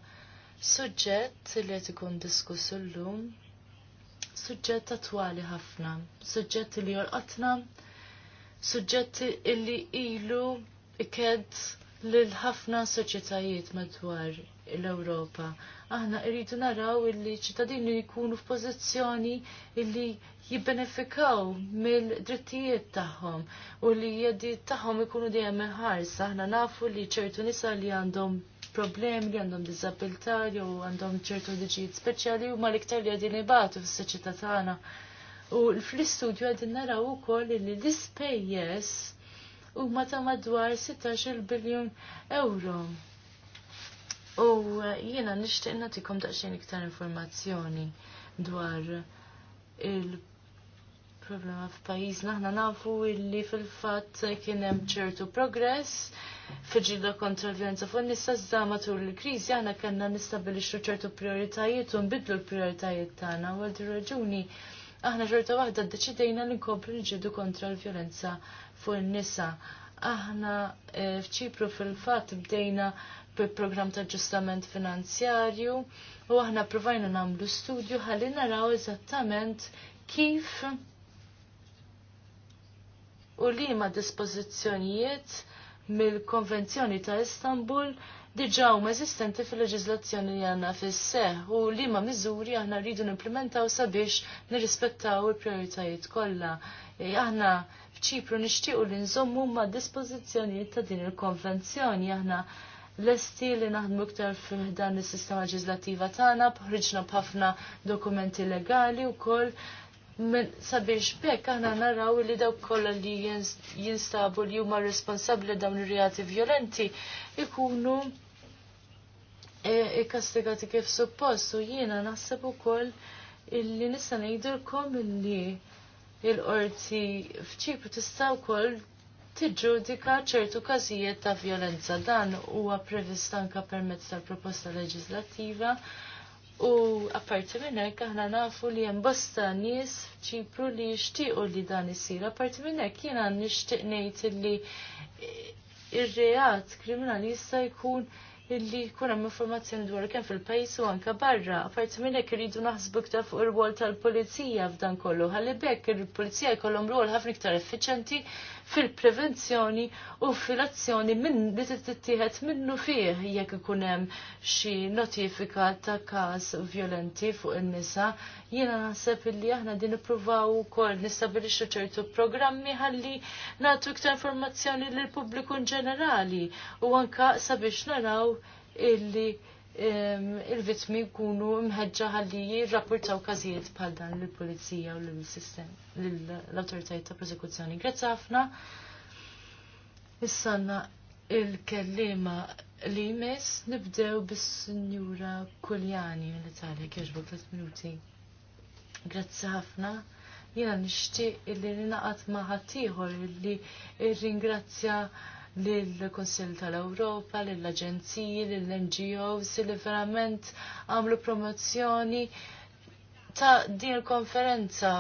Suġġett li qed ikun diskuss illum, suġġett attwali ħafna, suġġett li jolqatna, suġġett li ilu iked lil ħafna soċjetajiet madwar l-Ewropa. Aħna rridu naraw illi ċittadini jkunu f'pożizzjoni illi jibbenefikaw mill-drittijiet tagħhom u li jedi tagħhom ikunu dejjem ħarsa. Aħna nafu li ċertu nisa li għandhom problemi li għandhom disabilità jew għandhom ċertu liġijiet speċjali huma l-iktar li qegħdin ibatu fis-soċjetà tagħna. U fl-istudju qegħdin naraw ukoll li l-ispejjeż huma ta' madwar 16 biljun euro. U eh, jiena nixtieq nagħtikom daqsxejn iktar informazzjoni dwar il- problema f'pajjiżna aħna nafu illi fil-fatt kien hemm ċertu progress fil-ġilda kontra l-vjolenza fuq nisa iżda matul il-kriżi aħna kellna nistabilixxu ċertu prioritajiet u nbidlu l-prioritajiet tagħna u għaldi raġuni aħna ċerta waħda ddeċidejna li nkomplu nġidu kontra l-vjolenza fuq n nisa Aħna eh, f'ċipru fil-fatt bdejna bil-programm ta' ġustament finanzjarju u aħna provajna nagħmlu studju ħalli naraw eżattament kif u li ma dispozizjonijiet mill-Konvenzjoni ta' Istanbul diġa huma eżistenti fil-leġiżlazzjoni li għandna fis-seħ u li ma miżuri aħna rridu nimplementaw sabiex nirrispettaw il-prijoritajiet kollha. E, aħna f'ċipru nixtiequ li nżommu ma' dispożizzjonijiet ta' din il-konvenzjoni aħna lesti li naħdmu iktar f'dan is-sistema leġislattiva tagħna, bħriġna b'ħafna dokumenti legali wkoll sabiex bekk aħna naraw li dawk kollha li jinstabu li huma responsabbli dawn ir-reati violenti ikunu e, ikkastigati kif suppost u jiena naħseb ukoll illi nista' ngħidilkom illi il-qorti f'ċipru tista' wkoll tiġġudika ċertu każijiet ta' violenza dan huwa previst anke permezz tal-proposta leġislattiva U apparti minn hekk aħna nafu li hemm bosta nies ċipru li jixtiequ li dan isir. Apparti minn hekk jiena nixtieq ngħid li ir-reat kriminali jista' jkun illi jkun hemm informazzjoni dwar kemm fil-pajjiż u anke barra. Apparti minn hekk iridu naħsbu iktar fuq ir wol tal-pulizija f'dan kollu. Ħalli bekk il-pulizija jkollhom rwol ħafna iktar effiċenti fil-prevenzjoni u fil-azzjoni minn li tittieħed minnu fih jekk ikun hemm xi notifika ta' każ violenti fuq in-nisa, jiena naħseb illi aħna din ippruvaw ukoll nistabilixxu ċertu programmi ħalli nagħtu iktar informazzjoni lill pubbliku in ġenerali u anka sabiex naraw illi il-vittmi jkunu mħeġġa ħalli jirrapportaw każijiet bħal dan lill-pulizija u lill-awtoritajiet ta' prosekuzzjoni. Grazzi ħafna. Issanna il-kellima li jmiss nibdew bis-Sinjura Kuljani mill-Italja kieġbu 3 minuti. Grazzi ħafna jena nishtiq illi ninaqat maħatiħor li ringrazzja lill konsil tal-Ewropa, lill-Aġenziji, lill-NGOs li verament għamlu promozzjoni ta' din il-konferenza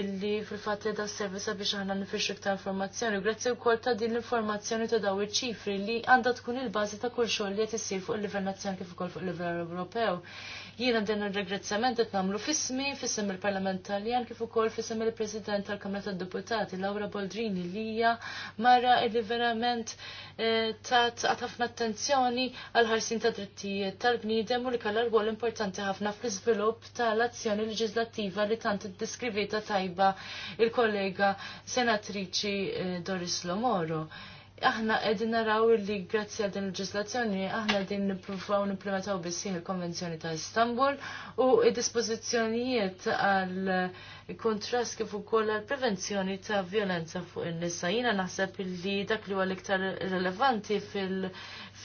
illi fil-fat li da servisa biex aħna nifirxu ta' informazzjoni. Grazzi wkoll ta' din l-informazzjoni ta' daw iċ-ċifri li għandha tkun il-bażi ta' kull xogħol li qed isir fuq il-livell nazzjonali kif ukoll fuq il-livell Ewropew. Jiena din ir-regrezzament qed nagħmlu fismi, fisem il-Parlament Taljan kif ukoll fisem il-President tal-Kamra tad-Deputati Laura Boldrini li hija mara li verament eh, tat ħafna attenzjoni għal ħarsin ta' drittijiet tal-bniedem u li kellha rwol importanti ħafna fl-iżvilupp tal-azzjoni leġislattiva li tant iddiskrivita tajba il-kollega senatriċi eh, Doris Lomoro aħna qegħdin naraw li grazzi għal din il-leġislazzjoni aħna qegħdin nippruvaw nimplementaw bissieħ il-Konvenzjoni ta' Istanbul u id-dispożizzjonijiet għal kontrast kif ukoll għal prevenzjoni ta' violenza fuq in-nisa. Jiena naħseb li dak li huwa l-iktar rilevanti fil-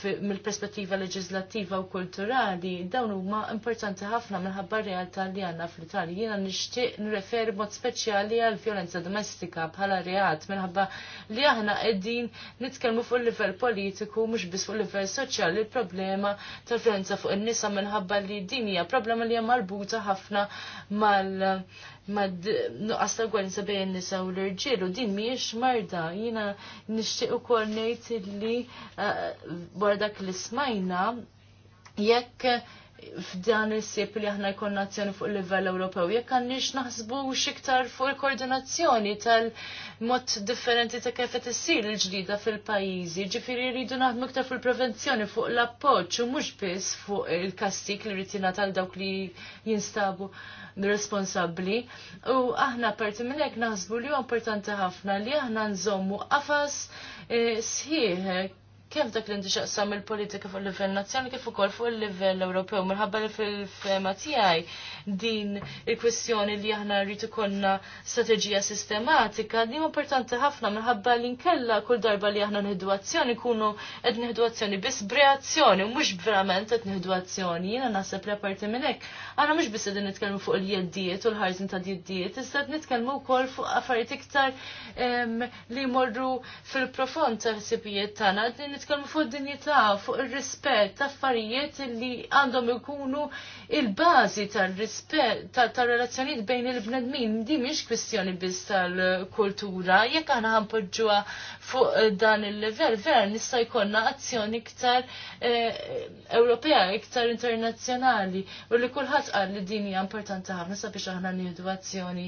mill-perspettiva leġislattiva u kulturali dawn huma importanti ħafna minħabba realtà li għandna fl-Italja. Jiena nixtieq nreferi mod speċjali għal violenza domestika bħala reat minħabba li aħna qegħdin nitkellmu fuq il-livell politiku mhux biss fuq livell soċjali il-problema tal-violenza fuq in-nisa minħabba li din hija problema li hija marbuta ħafna mal- nuqqas ta' gwalenza bejn nisa u l-irġiel u din mhijiex marda. Jiena nixtieq ukoll ngħid li eh, wara dak li smajna jekk f'dan il-sib li aħna jkun nazzjoni fuq il-livell Ewropew, jekk għandix naħsbu xiktar fuq il-koordinazzjoni tal-mod differenti ta' kif qed issir il-ġdida fil-pajjiżi, ġifieri jridu naħdmu iktar fil-prevenzjoni fuq l-appoġġ u mhux biss fuq il-kastik li rrid tal dawk li jinstabu responsabbli. U aħna parti minn hekk naħsbu li huwa importanti ħafna li aħna nżommu qafas eh, sħiħ kemm dak li ndixaqsam il-politika fuq livell nazzjonali kif ukoll fuq il-livell Ewropew minħabba li fil-fema tiegħi din il-kwestjoni li aħna rrid ikollna strateġija sistematika din importanti ħafna minħabba li nkella kull darba li aħna nieħdu azzjoni kunu qed nieħdu azzjoni biss breazzjoni u mhux verament qed nieħdu azzjoni. Jiena naħseb li apparti minn hekk aħna mhux biss qegħdin nitkellmu fuq il-jeddiet u l-ħarżin ta' jeddiet, iżda qed nitkellmu wkoll fuq affarijiet iktar li jmorru fil-profond ta' ħsibijiet tagħna nitkellmu fuq dinjità, fuq ir-rispett, affarijiet li għandhom ikunu il-bażi tar-rispett tar-relazzjonijiet bejn il-bnedmin. Din mhix kwistjoni biss tal-kultura, jekk aħna ħampoġġuha fuq dan il-livell, vera nista' jkollna azzjoni iktar eh, Ewropea, iktar internazzjonali, u li kulħadd qal li din hija importanti ħafna sabiex aħna nieħdu azzjoni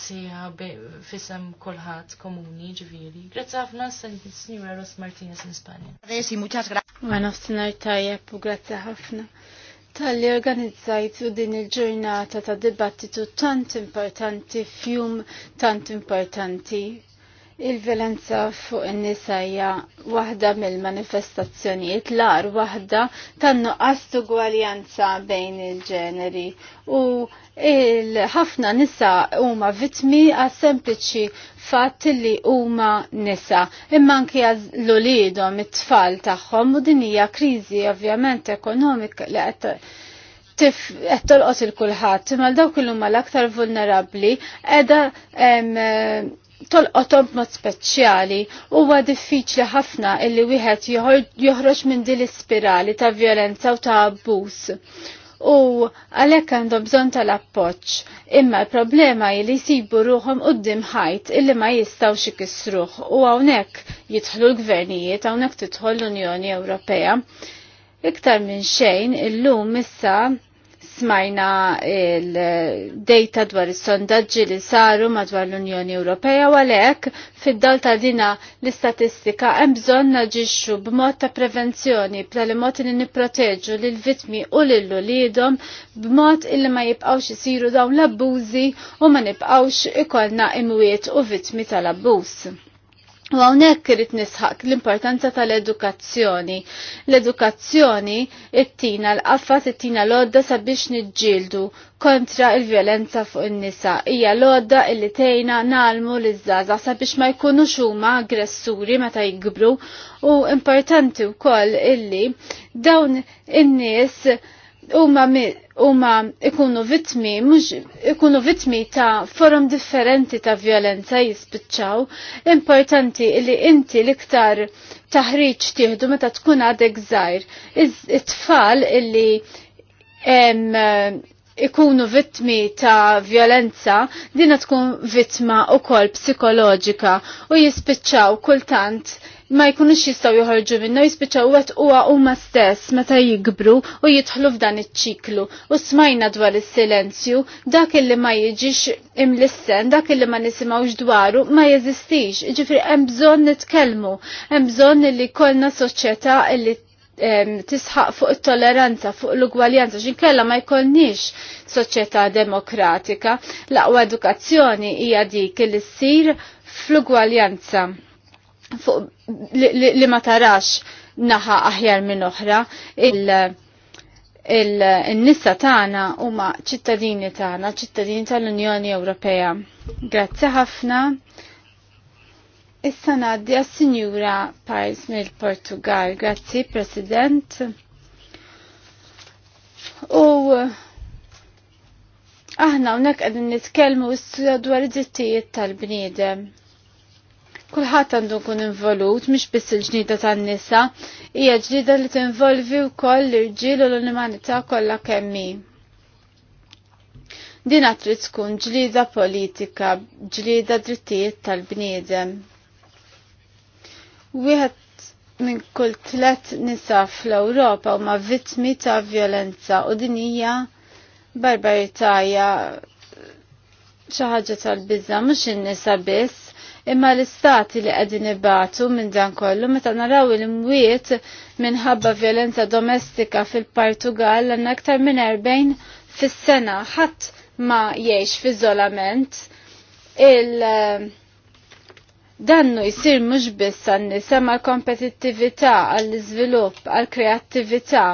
sejħa fisem kulħadd komuni ġifieri. Grazzi ħafna, Signora Ross Martinez in Spanja. Resi, muchas gracias. Ma nofsinar tajjeb u grazzi ħafna. Tal-li organizzajtu din il-ġurnata ta' dibattitu tant importanti, fjum tant importanti Il-violenza fuq in-nisa hija waħda mill-manifestazzjonijiet l-ar waħda tan-nuqqas tugwaljanza bejn il-ġeneri u il-ħafna nisa huma vitmi għas sempliċi fatt li huma nisa imma anke l-ulidhom it-tfal tagħhom u din hija kriżi ovvjament ekonomika li qed tif qed tolqos il kulħadd imma dawk il l-aktar vulnerabbli qiegħda tolqotom mod speċjali huwa diffiċli ħafna illi wieħed joħroġ minn din l-ispirali ta' violenza u ta' abbuż. U għalhekk għandhom bżonn tal-appoġġ, imma l-problema li jsibu ruhom qudiem ħajt illi ma jistgħux ikissruh u hawnhekk jidħlu l-gvernijiet hawnhekk tidħol l-Unjoni Ewropea. Iktar minn xejn illum issa smajna il-data dwar is-sondaġġi li saru madwar l-Unjoni Ewropea u għalhekk fid-dal ta' dina l-istatistika hemm bżonn naġixxu b'mod ta' prevenzjoni li mod li nipproteġu lil vittmi u lil uliedhom b'mod illi ma jibqgħux isiru dawn l-abbużi u ma nibqgħux ikollna imwiet u vittmi tal-abbuż. U għawnek rrit nisħak l-importanza tal-edukazzjoni. L-edukazzjoni it-tina l-qaffat it-tina l-odda sabiex nġildu kontra il-violenza fuq il-nisa. Ija l-odda illi tejna nalmu l-izzaza sabiex ma jkunux huma aggressuri meta jgbru u importanti wkoll illi dawn in-nies huma huma ikunu vitmi, mhux ikunu vitmi ta' forum differenti ta' violenza jispiċċaw, importanti li inti l-iktar taħriġ tieħdu meta tkun għadek żgħir. It-tfal illi em, ikunu vittmi ta' violenza, dina tkun vittma u kol psikoloġika u jispiċċaw kultant ma jkunux jistaw joħorġu minnu jispiċaw għet uwa u ma stess meta jikbru u jitħlu f'dan iċ-ċiklu u smajna dwar is-silenzju dak illi ma jiġix imlissen dak illi ma nisimawx dwaru ma jeżistix ġifri hemm bżonn nitkellmu hemm bżonn li kollna soċjetà tisħaq fuq it-toleranza, fuq l-ugwaljanza, xinkella ma jkollniex soċjetà demokratika. L-aqwa edukazzjoni hija dik li ssir fl-ugwaljanza fuq li ma tarax naħa aħjar minn oħra il-nissa tagħna huma ċittadini tagħna, ċittadini tal-Unjoni Ewropea. Grazzi ħafna. Issa ngħaddi għas-Sinjura Pajs mill-Portugal. Grazzi, President. U aħna hawnhekk qegħdin nitkellmu issa dwar id-drittijiet tal-bniedem Kulħadd għandu kun involut, mhix biss il-ġnida tan-nisa, hija ġnida li tinvolvi wkoll l-irġiel u l-umanità kollha kemmi. Din trid tkun ġlida politika, ġlida drittijiet tal-bniedem. Wieħed minn kull tlet nisa fl-Ewropa huma vittmi ta' violenza u din hija barbaritajja xi ħaġa tal-biża mhux in-nisa biss imma l-istati li qegħdin ibatu minn dan kollu meta naraw il-mwiet minħabba violenza domestika fil-Portugal għandna aktar minn 40 fis-sena ħadd ma jgħix f'iżolament il eh, dannu jisir mhux biss għanni nisa ma kompetittività għall-iżvilupp għall-kreattività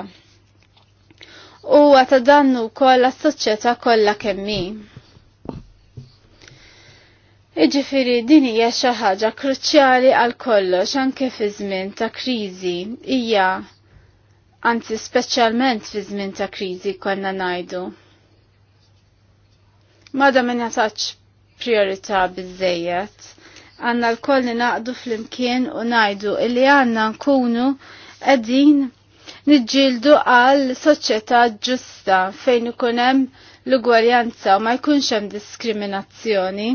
u għata dannu kol la soċieta kolla kemmi. Iġifiri din hija xi ħaġa kruċjali għal kollox anke fi żmien ta' kriżi hija anzi speċjalment fi żmien ta' kriżi konna ngħidu. Mada ma jataċ priorità biżejjed għanna l-koll naqdu fl-imkien u najdu illi għanna nkunu għedin nġildu għal soċjetà ġusta fejn ikun hemm l-ugwaljanza u ma jkunx hemm diskriminazzjoni.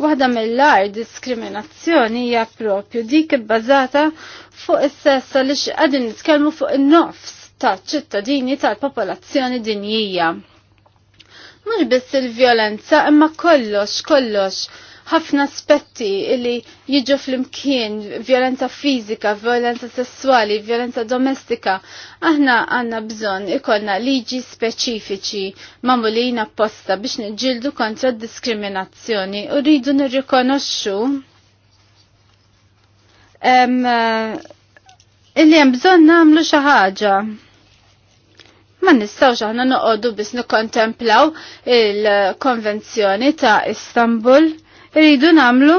Waħda mill lar diskriminazzjoni hija propju dik ibbażata fuq is li xi qegħdin nitkellmu fuq in-nofs taċ-ċittadini tal-popolazzjoni dinjija. Mhux biss il-vjolenza imma kollox kollox ħafna aspetti li jiġu fl-imkien, violenza fizika, violenza sessuali, violenza domestika. Aħna għanna bżon ikollna liġi speċifiċi mamulin apposta biex nġildu kontra diskriminazzjoni u rridu nirrikonoxxu eh, illi hemm bżonn nagħmlu xi ħaġa ma nistawx aħna noqogħdu biss nikkontemplaw il-Konvenzjoni ta' Istanbul rridu namlu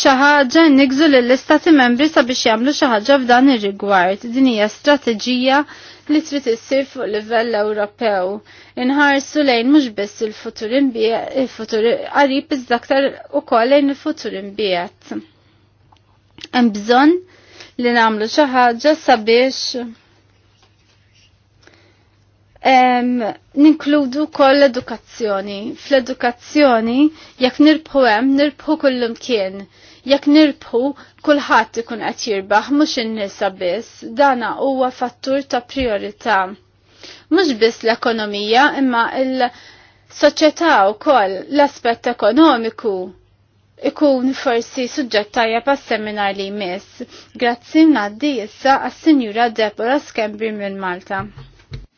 xaħġa nigżu l-istati membri sabiex jagħmlu xi ħaġa f'dan ir-rigward. Din hija strateġija li trid issir fuq livell Ewropew. Inħarsu lejn mhux biss il-futur il-futur qarib iżda aktar ukoll lejn il-futur imbiegħet. Hemm bżonn li nagħmlu xi ħaġa sabiex ninkludu koll edukazzjoni. Fl-edukazzjoni, jekk nirbħu hemm, nirbħu kullum kien. Jekk nirbħu, kulħadd ikun qed jirbaħ mhux in-nisa biss, dana huwa fattur ta' priorità. Mhux biss l-ekonomija imma il-soċjetà wkoll l-aspett ekonomiku ikun forsi suġġett tajja pas seminar li jmiss. Grazzi ngħaddi issa għas-Sinjura Deborah Skembri minn Malta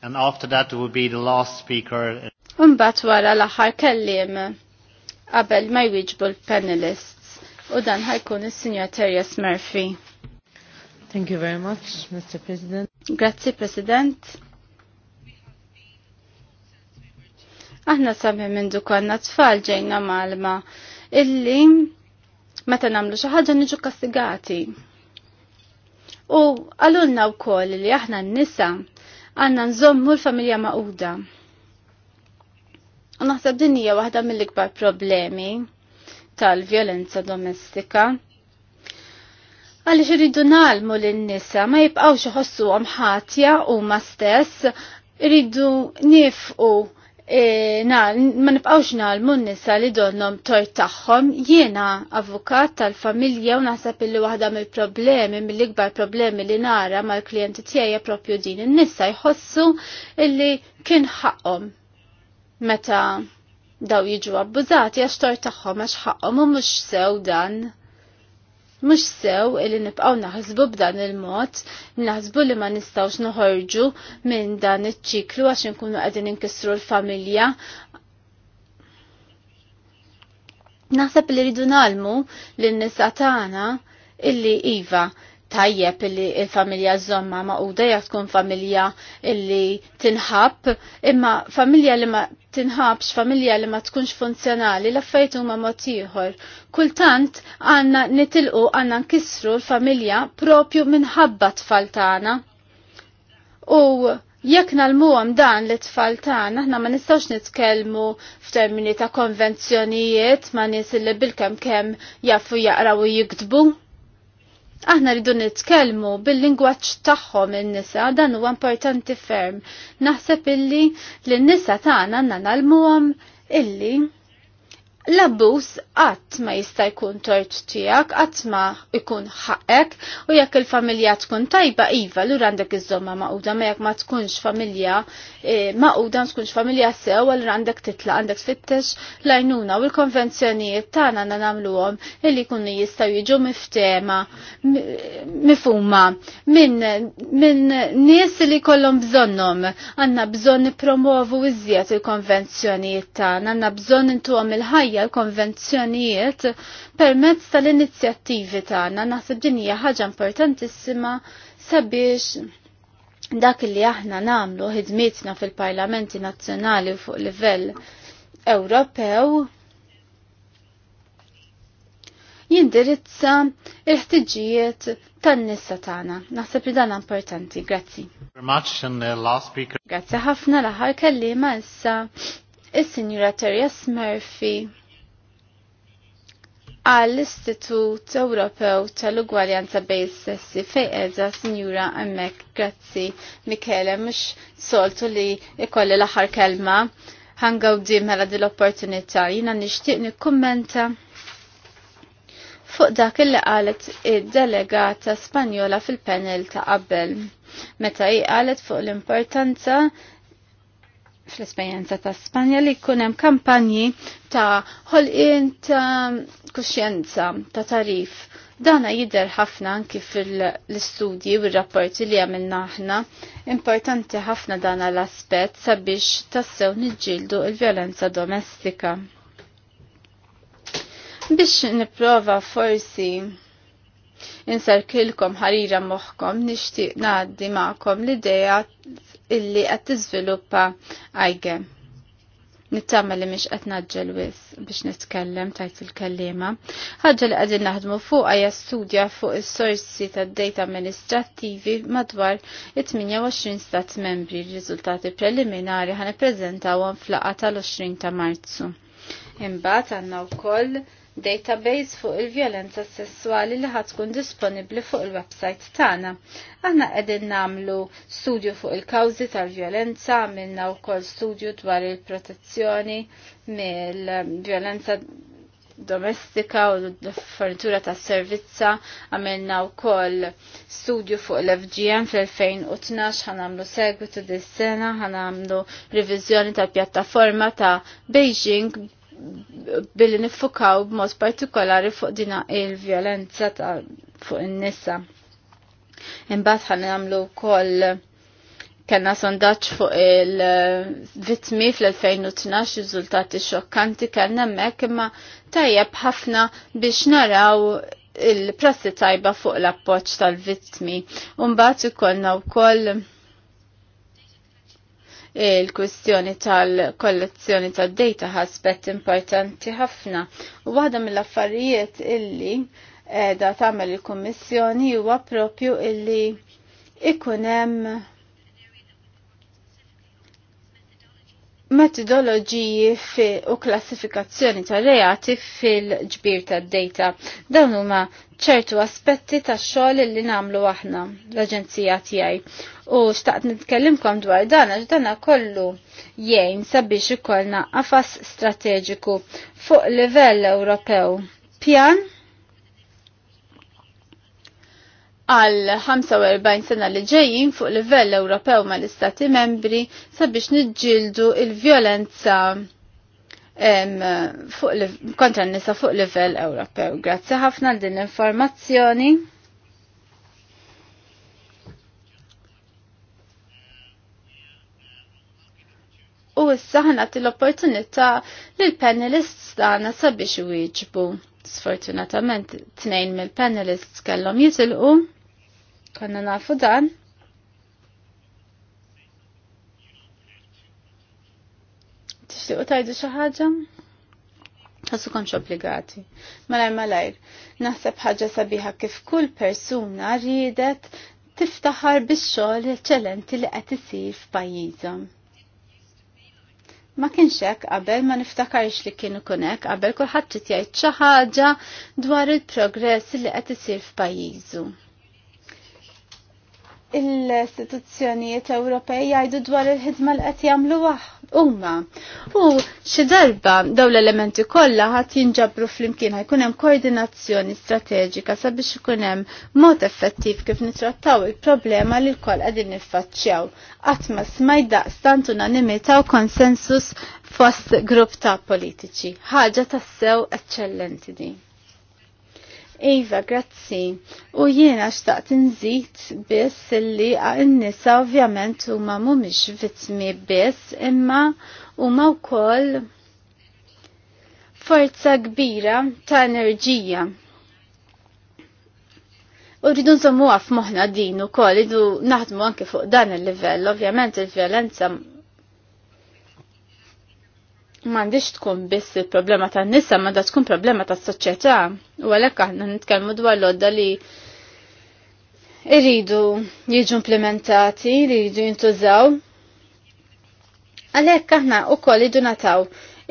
and after that will be the last speaker. Unbat wara l-aħħar kellim qabel ma jwieġbu l-panelists u dan ħajkun is-Sinjor Terjes Murphy. Thank you very much, Mr. President. Grazzi, President. Aħna sami minn konna tfal ġejna malma illi meta namlu xi ħaġa niġu kastigati. U għalulna wkoll li aħna n-nisa għanna nżommu l-familja maquda. U naħseb din hija waħda mill-ikbar problemi tal-vjolenza domestika. Għaliex irridu nalmu lin-nisa ma jibqgħux iħossuhom ħatja huma stess, irridu nifqu E, na, ma nibqawx nalmu n-nisa li donnom tort tagħhom, jiena avukat tal-familja u naħseb illi waħda mill-problemi, mill-ikbar problemi li nara mal-klijenti tiegħi propju din in-nisa jħossu illi kien ħaqhom meta daw jiġu abbużati għax tort tagħhom għax ħaqhom u mhux sew dan. Mux sew illi nibqaw naħsbu b'dan il-mod, naħsbu li ma nistawx noħorġu minn dan iċ-ċiklu għax nkunu qegħdin inkissru l-familja. Naħseb li rridu nalmu lin-nisa tagħna illi iva tajjeb illi il-familja żomma maquda hija tkun familja illi tinħab imma familja li ma tinħabx familja li ma tkunx funzjonali l-affajt huma mod ieħor. Kultant għanna nitilqu għandna nkissru l-familja propju minħabba tfal tagħna. U jekk nalmuhom dan li tfal tagħna aħna ma nistgħux nitkellmu f'termini ta' konvenzjonijiet ma' nies li bilkemm kemm jafu jaqraw u jiktbu. Aħna rridu nitkellmu bil-lingwaġġ tagħhom in-nisa dan huwa importanti ferm. Naħseb illi l nisa tagħna għandna nalmuhom illi l-abbuż qatt ma jista' jkun tort tiegħek, qatt ma jkun ħaqek u jekk il-familja tkun tajba iva l għandek iż-żomma maquda ma jekk ma tkunx familja eh, maquda ma tkunx familja sew għal għandek titla għandek tfittex lajnuna u l-konvenzjonijiet tagħna għandna nagħmluhom illi jkunu jistgħu jiġu miftema mifhuma minn min nies li kollhom bżonnhom għandna bżonn nippromovu iżjed il-konvenzjonijiet tagħna għandna bżonn intuhom il-ħajja ħajja l-konvenzjonijiet permezz tal-inizjattivi tagħna naħseb din hija ħaġa importantissima sabiex dak li aħna nagħmlu ħidmietna fil-parlamenti nazzjonali fuq livell Ewropew jindirizza il-ħtiġijiet tan nisa tagħna. Naħseb li dan importanti. Grazzi. Grazzi ħafna l-aħħar kellima issa is-Sinjura Terjas Murphy għall-Istitut Ewropew tal-Ugwaljanza bejn sessi fej eża Sinjura Emmek Grazzi Michele mhux soltu li ikolli l-aħħar kelma ħangaw mela din l-opportunità jiena nixtieq nikkummenta fuq dak illi qalet id-delegata Spanjola fil-panel ta' qabel meta hi qalet fuq l-importanza fl-esperienza ta' Spanja li kunem kampanji ta' ħolqien ta' kuxjenza ta' tarif. Dana jidher ħafna anki fil-studji u r-rapporti li għamilna aħna. Importanti ħafna dana l-aspet sabiex tassew nġildu il-violenza domestika. Biex niprofa forsi insarkilkom ħarira moħkom nishtiq ngħaddi magħkom l-ideja illi qed tiżviluppa għajge. Nittama li miex qed naġġel wis biex nitkellem tajt il-kellima. Ħaġa li qegħdin naħdmu fuq għaja studja fuq is-sorsi tad-dejta amministrattivi madwar 28 stat membri. R-riżultati preliminari ħan ippreżentawhom fl-laqa tal-20 ta' Marzu. Imbagħad għandna wkoll database fuq il-vjolenza sessuali li ħad tkun disponibbli fuq il-website tagħna. Aħna qegħdin nagħmlu studju fuq il-kawżi tal-vjolenza, għamilna wkoll studju dwar il-protezzjoni mill-vjolenza domestika u l-fornitura ta' servizza għamilna u koll studju fuq l-FGM fl-2012 ħanamlu segwitu dis sena ħanamlu revizjoni tal pjattaforma ta' Beijing billi niffukaw b'mod partikolari fuq dina il-vjolenza ta' fuq in-nisa. Imbagħad ħan nagħmlu wkoll kellna sondaġġ fuq il-vitmi fl-2012 riżultati xokkanti kellna hemmhekk imma tajjeb ħafna biex naraw il-prassi tajba fuq l-appoġġ tal-vitmi. Imbagħad ikollna wkoll il-kwestjoni tal-kollezzjoni tad-data aspett importanti ħafna. U waħda mill-affarijiet illi da tagħmel il-Kummissjoni huwa propju illi ikun hemm metodoloġiji u klassifikazzjoni ta' reati fil-ġbir ta' data. Dawn huma ċertu aspetti ta' xogħol li namlu aħna l-Aġenzija tiegħi. U xtaqt nitkellimkom dwar dan għax kollu jgħin sabiex ikollna qafas strateġiku fuq livell Ewropew. Pjan għal 45 sena li ġejjin fuq livell Ewropew mal-Istati membri sabiex niġġieldu il-vjolenza kontra n-nisa fuq livell Ewropew. Grazzi ħafna għal din l-informazzjoni. U issa ħanati l-opportunità lill-panelists tagħna sabiex wieġbu. Sfortunatament tnejn mill-panelists kellhom jitilqu. Konna nafu dan. u tajdu xi ħaġa? Għasu konċ obbligati. Malaj, malaj, naħseb ħagġa sabiħa kif kull persuna rridet tiftaħar bix-xogħol eċċellenti li qed isir f'pajjiżhom. Ma kienx hekk qabel ma niftakarx li kienu kun hekk qabel kulħadd jgħid xi ħaġa dwar il-progress li qed isir f'pajjiżu. Il-istituzzjonijiet Ewropej jgħidu dwar il-ħidma li qed jagħmlu huma. U xi darba daw l-elementi kollha ħadd jinġabru flimkien ħajkun hemm koordinazzjoni strateġika sabiex ikun hemm mod effettiv kif nitrattaw il-problema li l-koll qegħdin niffaċċjaw. Qatt ma smaj daqstant unanimità u konsensus fost grupp ta' politiċi. Ħaġa tassew eċċellenti din. Iva, grazzi. U jiena xtaqt nżid biss li n-nisa ovvjament huma mhumiex vittmi biss imma huma wkoll forza kbira ta' enerġija. U rridu għaf moħna din ukoll, idu naħdmu anke fuq dan il-livell, ovvjament il-vjolenza m'għandix tkun biss il-problema tan-nisa, ma da tkun problema tas-soċjetà. U għalhekk aħna nitkellmu dwar l-odda li irridu jiġu implementati, li jridu jintużaw. Għalhekk aħna wkoll idu nataw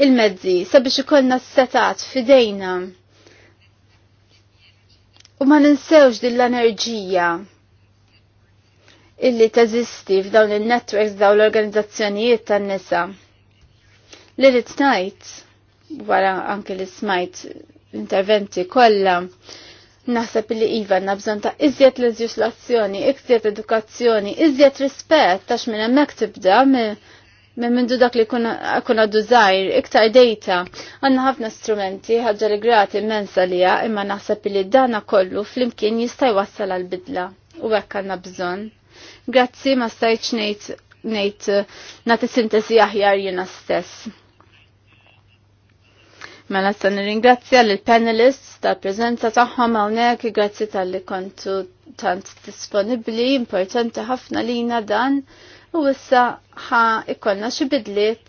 il-mezzi sabiex ikollna s-setat fidejna. U ma ninsewx din l-enerġija illi teżisti f'dawn il-networks dawn l-organizzazzjonijiet tan-nisa. Li li tnajt, wara anke li smajt interventi kollha naħseb li iva għandna bżonn ta' iżjed leġislazzjoni, izjet edukazzjoni, iżjed rispett għax minn hemmhekk tibda minn mindu dak li kuna għaddu zaħir, iktar dejta, għanna ħafna strumenti, ħagġa li grati mensa lija, imma naħseb li dana kollu fl-imkien jista' wassal għal-bidla, u għek għanna bżon. Grazzi ma stajċ nejt, nejt, nati sintesi aħjar jena stess. Mela sa nirringrazzja l panelists tal preżenza tagħhom hawnhekk, grazzi tal-li kontu tant disponibbli, importanti ħafna lina dan u issa ħa ikollna xi bidliet.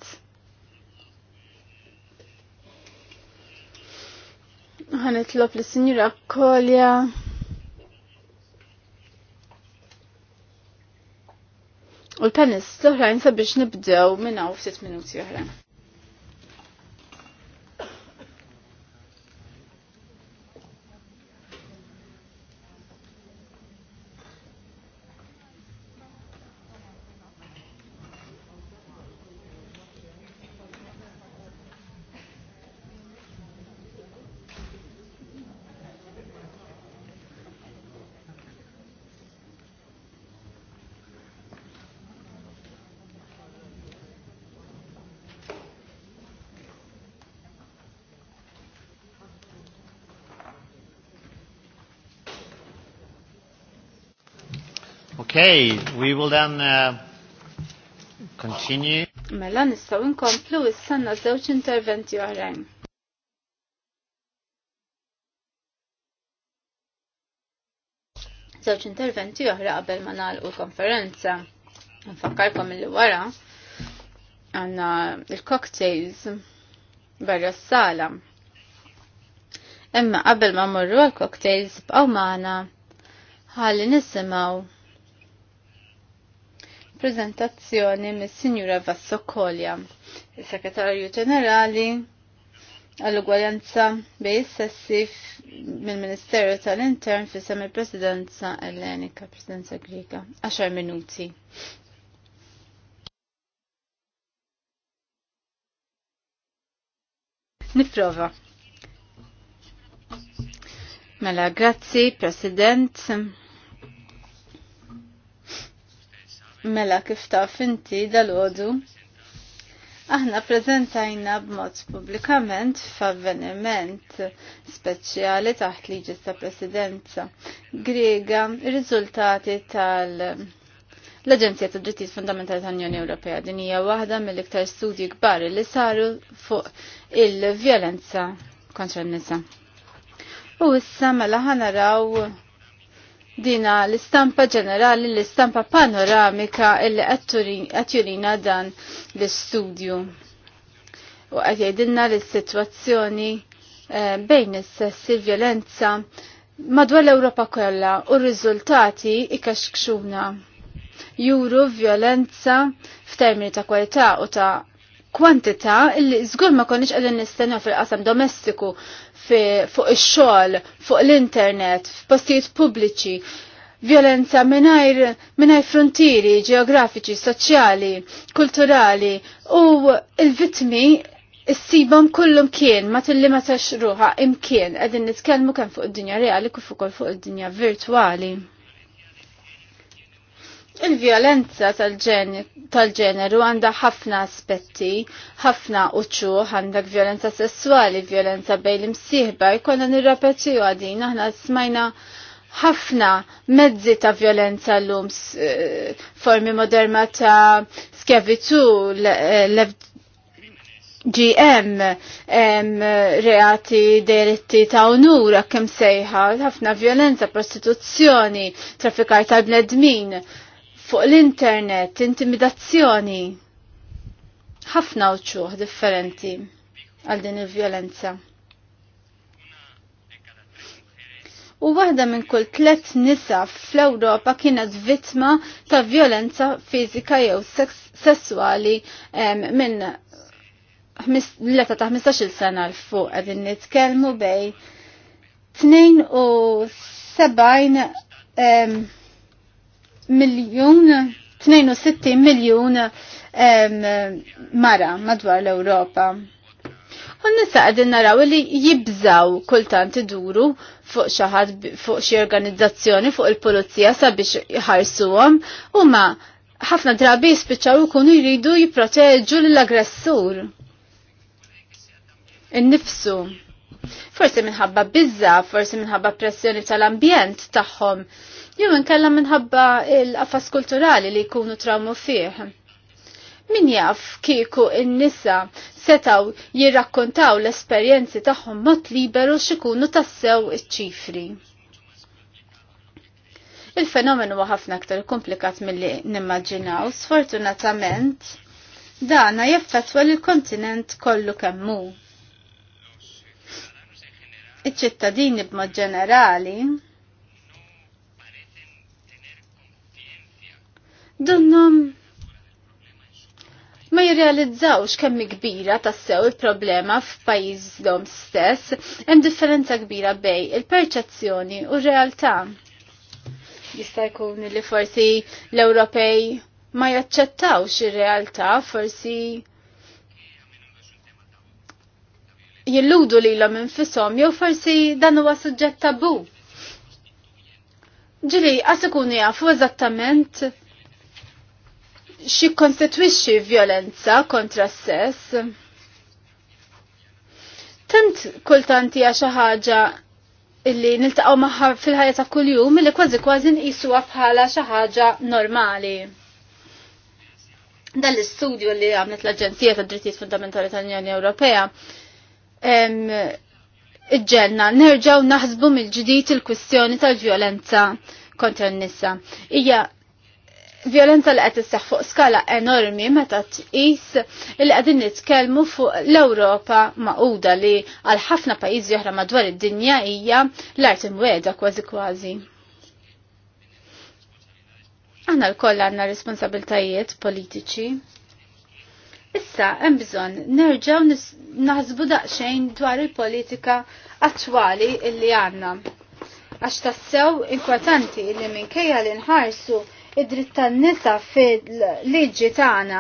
Ħanitlob li sinjura Kolja U l panelists l-oħrajn sabiex nibdew hawn ftit minuti oħra. Okay, we will then uh, continue. Mela nistgħu inkomplu issa sanna żewġ interventi oħrajn. Żewġ interventi oħra qabel ma nagħlqu konferenza. Nfakkarkom illi wara għandna il-cocktails barra s-sala. Imma qabel ma morru għal-cocktails bqaw magħna ħalli nisimgħu prezentazzjoni mis sinjura Vassokolja, il-Sekretarju Ġenerali għall-ugwaljanza bej sessi mill-Ministeru tal-Intern fi sem il-Presidenza Ellenika, Presidenza Grega. 10 minuti. Niprova. Mela, grazzi, President. Mela kif taf inti dal-ħodu Aħna prezentajna b'mod publikament f'avveniment speċjali taħt liġi ta' presidenza Griega riżultati tal- L-Aġenzija ta' Drittijiet Fundamentali tal-Unjoni Ewropea din hija waħda mill-iktar studji kbar li saru fuq il-vjolenza kontra n-nisa. U issa mela ħanaraw dina l-istampa ġenerali, l-istampa panoramika illi għatjurina dan l-studju. U għatjajdinna l-situazzjoni eh, bejn is-sess il-violenza madwar l-Ewropa kollha u r-riżultati ikaxkxuna. Juru violenza f'termini ta' kwalità u ta' kwantità illi żgur ma konniex qegħdin nistennew fil-qasam domestiku fuq ix-xogħol, fuq l-internet, f'postijiet pubbliċi, violenza mingħajr frontiri frontieri ġeografiċi, soċjali, kulturali u l-vittmi Is-sibom kullum kien, ma tilli ma tax ruħa imkien, għedin nitkelmu kemm fuq id-dinja reali kif ukoll fuq id-dinja virtwali. Il-violenza tal-ġeneru għanda ħafna aspetti, ħafna uċu, għandak violenza sessuali, violenza bejn l-imsieħba, jkonna nirrapetiju għadin, aħna smajna ħafna mezzi ta' violenza l-lum, eh, formi moderna ta' skjavitu, eh, GM reati diritti ta' unura kem sejħa, ħafna violenza, prostituzzjoni, traffikar tal-bnedmin, fuq l-internet, intimidazzjoni, ħafna uċuħ differenti għal din il-violenza. U waħda minn kull tlet nisa fl-Ewropa kienet vittma ta' violenza fizika jew sessuali minn l-leta ta' 15 sena l-fuq għedin nitkelmu bej 72 miljun, 62 miljun mara madwar l-Europa. U nisa għadin naraw li jibżaw kultant iduru fuq xaħat, fuq xie organizzazzjoni, fuq il-polizija sabiex jħarsuhom u ma ħafna drabi jispiċċaw ikunu jridu jipproteġu l-aggressur. Innifsu. Forsi minħabba bizza, forsi minħabba pressjoni tal-ambjent tagħhom. Ta jew inkella minħabba l qafas kulturali li jkunu trawmu fih. Min jaf kieku n nisa setaw jirrakkontaw l-esperjenzi tagħhom mod liberu x'ikunu tassew iċ-ċifri. Il-fenomenu huwa ħafna aktar komplikat milli nimmaġinaw, sfortunatament dana jaffetwa l-kontinent kollu kemmu. Iċ-ċittadini b'mod ġenerali Dunnum ma jirrealizzawx kemm kbira tassew il-problema f'pajjiżhom stess, hemm differenza kbira bej il-perċezzjoni u r-realtà. Jista' jkun li forsi l-Ewropej ma jaċċettawx ir-realtà, forsi jilludu lilhom infisom jew forsi dan huwa suġġett tabu. Ġili, għas ikunu jafu eżattament xi konstitwixxi violenza kontra s-sess. Tant kultant hija xi ħaġa illi niltaqgħu magħha fil-ħajja ta' kuljum illi kważi kważi nqisuha bħala xi ħaġa normali. Dan l-istudju li għamlet l-Aġenzija tad Drittijiet Fundamentali tal-Unjoni Ewropea iġġenna nerġaw naħsbu mill-ġdid il-kwistjoni tal-vjolenza kontra n-nisa. Ija violenza li qed isseħħ fuq skala enormi meta tqis li qegħdin nitkellmu fuq l-Ewropa maquda li għal ħafna pajjiżi oħra madwar id-dinja hija l-art imweda kważi kważi. Aħna l-koll għandna responsabiltajiet politiċi. Issa hemm bżonn nerġgħu naħsbu daqsxejn dwar il-politika attwali illi għandna. Għax tassew inkwetanti li minkejja li nħarsu id-dritt tan-nisa fil-liġi tagħna,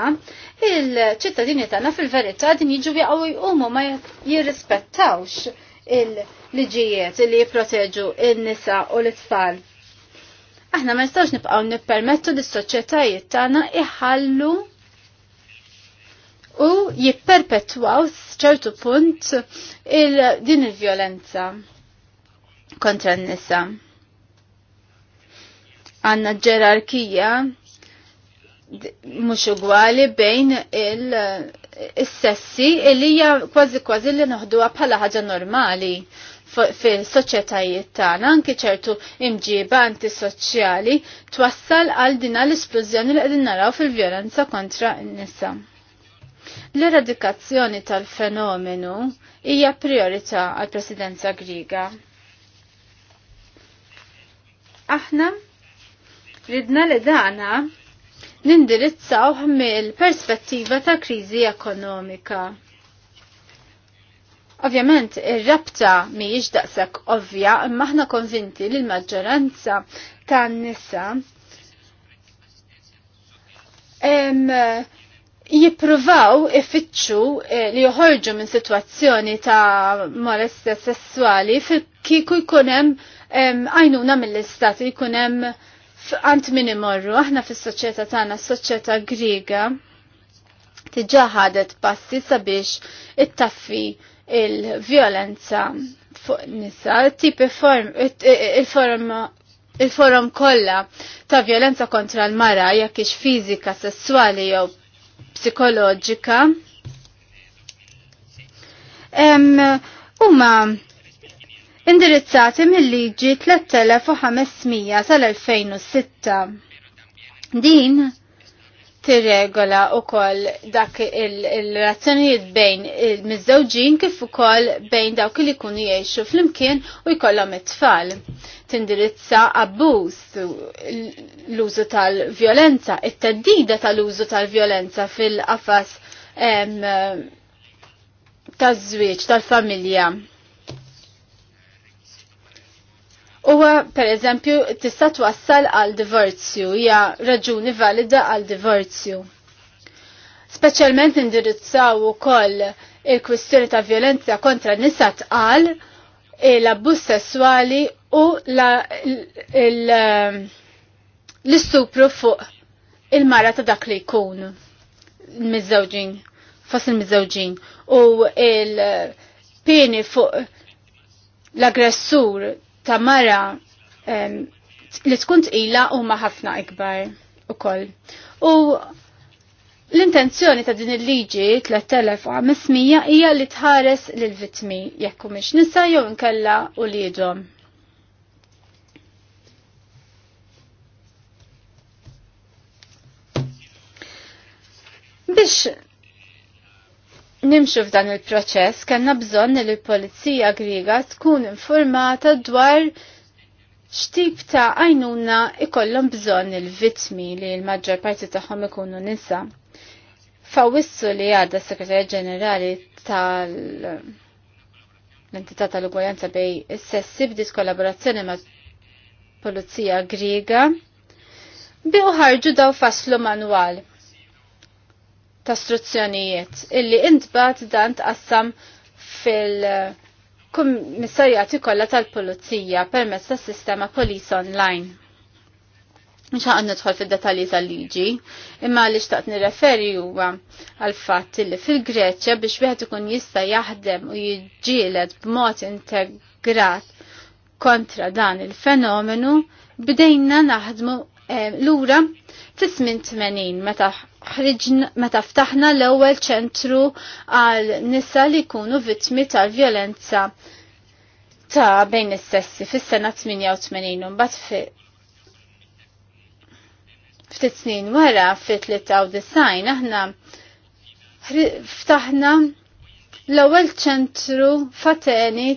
il-ċittadini tagħna fil-verità din jiġu jaqgħu jqumu ma jirrispettawx il-liġijiet li jipproteġu in-nisa u l-itfal. Aħna ma nistgħux nibqgħu nippermettu lis-soċjetajiet tagħna iħallu u jipperpetwaw ċertu punt il din il-vjolenza kontra n-nisa għanna ġerarkija mux ugwali bejn il-sessi il hija kważi kważi li noħduha bħala ħaġa normali fil-soċjetajiet tagħna anki ċertu imġiba antisoċjali twassal għal dina l-esplużjoni li qegħdin naraw fil-vjolenza kontra n-nisa. L-eradikazzjoni tal-fenomenu hija priorità għal presidenza Griga. Aħna Ridna li dana nindirizzaw mill-perspettiva ta' kriżi ekonomika. Ovvjament, ir-rabta mhijiex daqshekk ovvja, imma aħna konvinti li l-maġġoranza tan-nisa jippruvaw ifittxu eh, li joħorġu minn sitwazzjoni ta' molestja sessuali fil kiku jkun hemm għajnuna mill-istat jkun hemm Ant min imorru, aħna fis soċieta tagħna, s-soċjetà Griega, tiġà ħadet passi sabiex ittaffi il-vjolenza fuq nisa, tipi form, il-form il-forum kollha ta' violenza kontra l-mara jekk ix fiżika, sessuali jew psikoloġika. Huma indirizzati mill-liġi 3500 tal-2006. Din tirregola u koll dak il-razzjonijiet bejn il-mizzawġin kif u koll bejn dawk li kun jiexu fl-imkien u jkollhom it-tfal. Tindirizza abbuż l-użu tal-vjolenza, it-teddida tal-użu tal-vjolenza fil-qafas taż-żwieġ tal-familja. tal vjolenza fil qafas żwieġ tal familja tal taż żwieġ tal familja Uwa, per eżempju, tista' twassal għal divorzju, hija raġuni valida għal divorzju. Speċjalment indirizzaw ukoll il-kwistjoni ta' violenza kontra nisa tqal, l-abbuż sessuali u l-istupru fuq il-mara ta' dak li jkun mizzawġin, fos il-mizzawġin u il-pieni fuq l-aggressur ta' mara li tkun tqila huma ħafna ikbar ukoll. U l-intenzjoni ta' din il-liġi 3500 hija li tħares l vitmi jekk miex nisa jew nkella u liedhom. Biex nimxu f'dan il-proċess kanna bżonn li l-Polizija Griega tkun informata dwar x'tip ta' għajnuna ikollhom bżonn il-vittmi li l-maġġor parti tagħhom ikunu nisa. Fawissu li għadda s-Sekretarja Ġenerali tal l-entità tal ugwajanza bej is-sessi bdiet kollaborazzjoni ma' Polizija Griega bi ħarġu daw faslu manwal ta' struzzjonijiet illi intbat dan tqassam fil-kummissarjati kollha tal-Pulizija permezz tas-sistema Police Online. Mhux ħaq nidħol fid-detalji tal-liġi, imma li xtaqt nirreferi huwa għal fatt li fil-Greċja biex wieħed ikun jista' jaħdem u jiġġieled b'mod integrat kontra dan il-fenomenu bdejna naħdmu lura fismin 80 meta ħriġna meta ftaħna l-ewwel ċentru għal nisa li jkunu vittmi tal-vjolenza ta' bejn is-sessi fis-sena 88 mbagħad fi ftit snin wara fi 93 aħna ftaħna l-ewwel ċentru fateni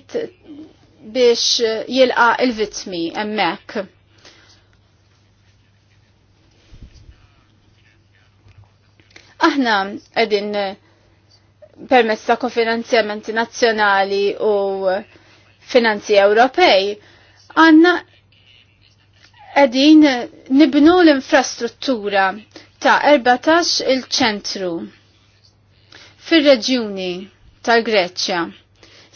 biex jilqa' il-vittmi hemmhekk Aħna qegħdin eh, permezz ta' finanzjamenti nazzjonali u finanzi Ewropej għandna qegħdin nibnu l-infrastruttura ta' 14 il-ċentru fir-reġjuni tal-Greċja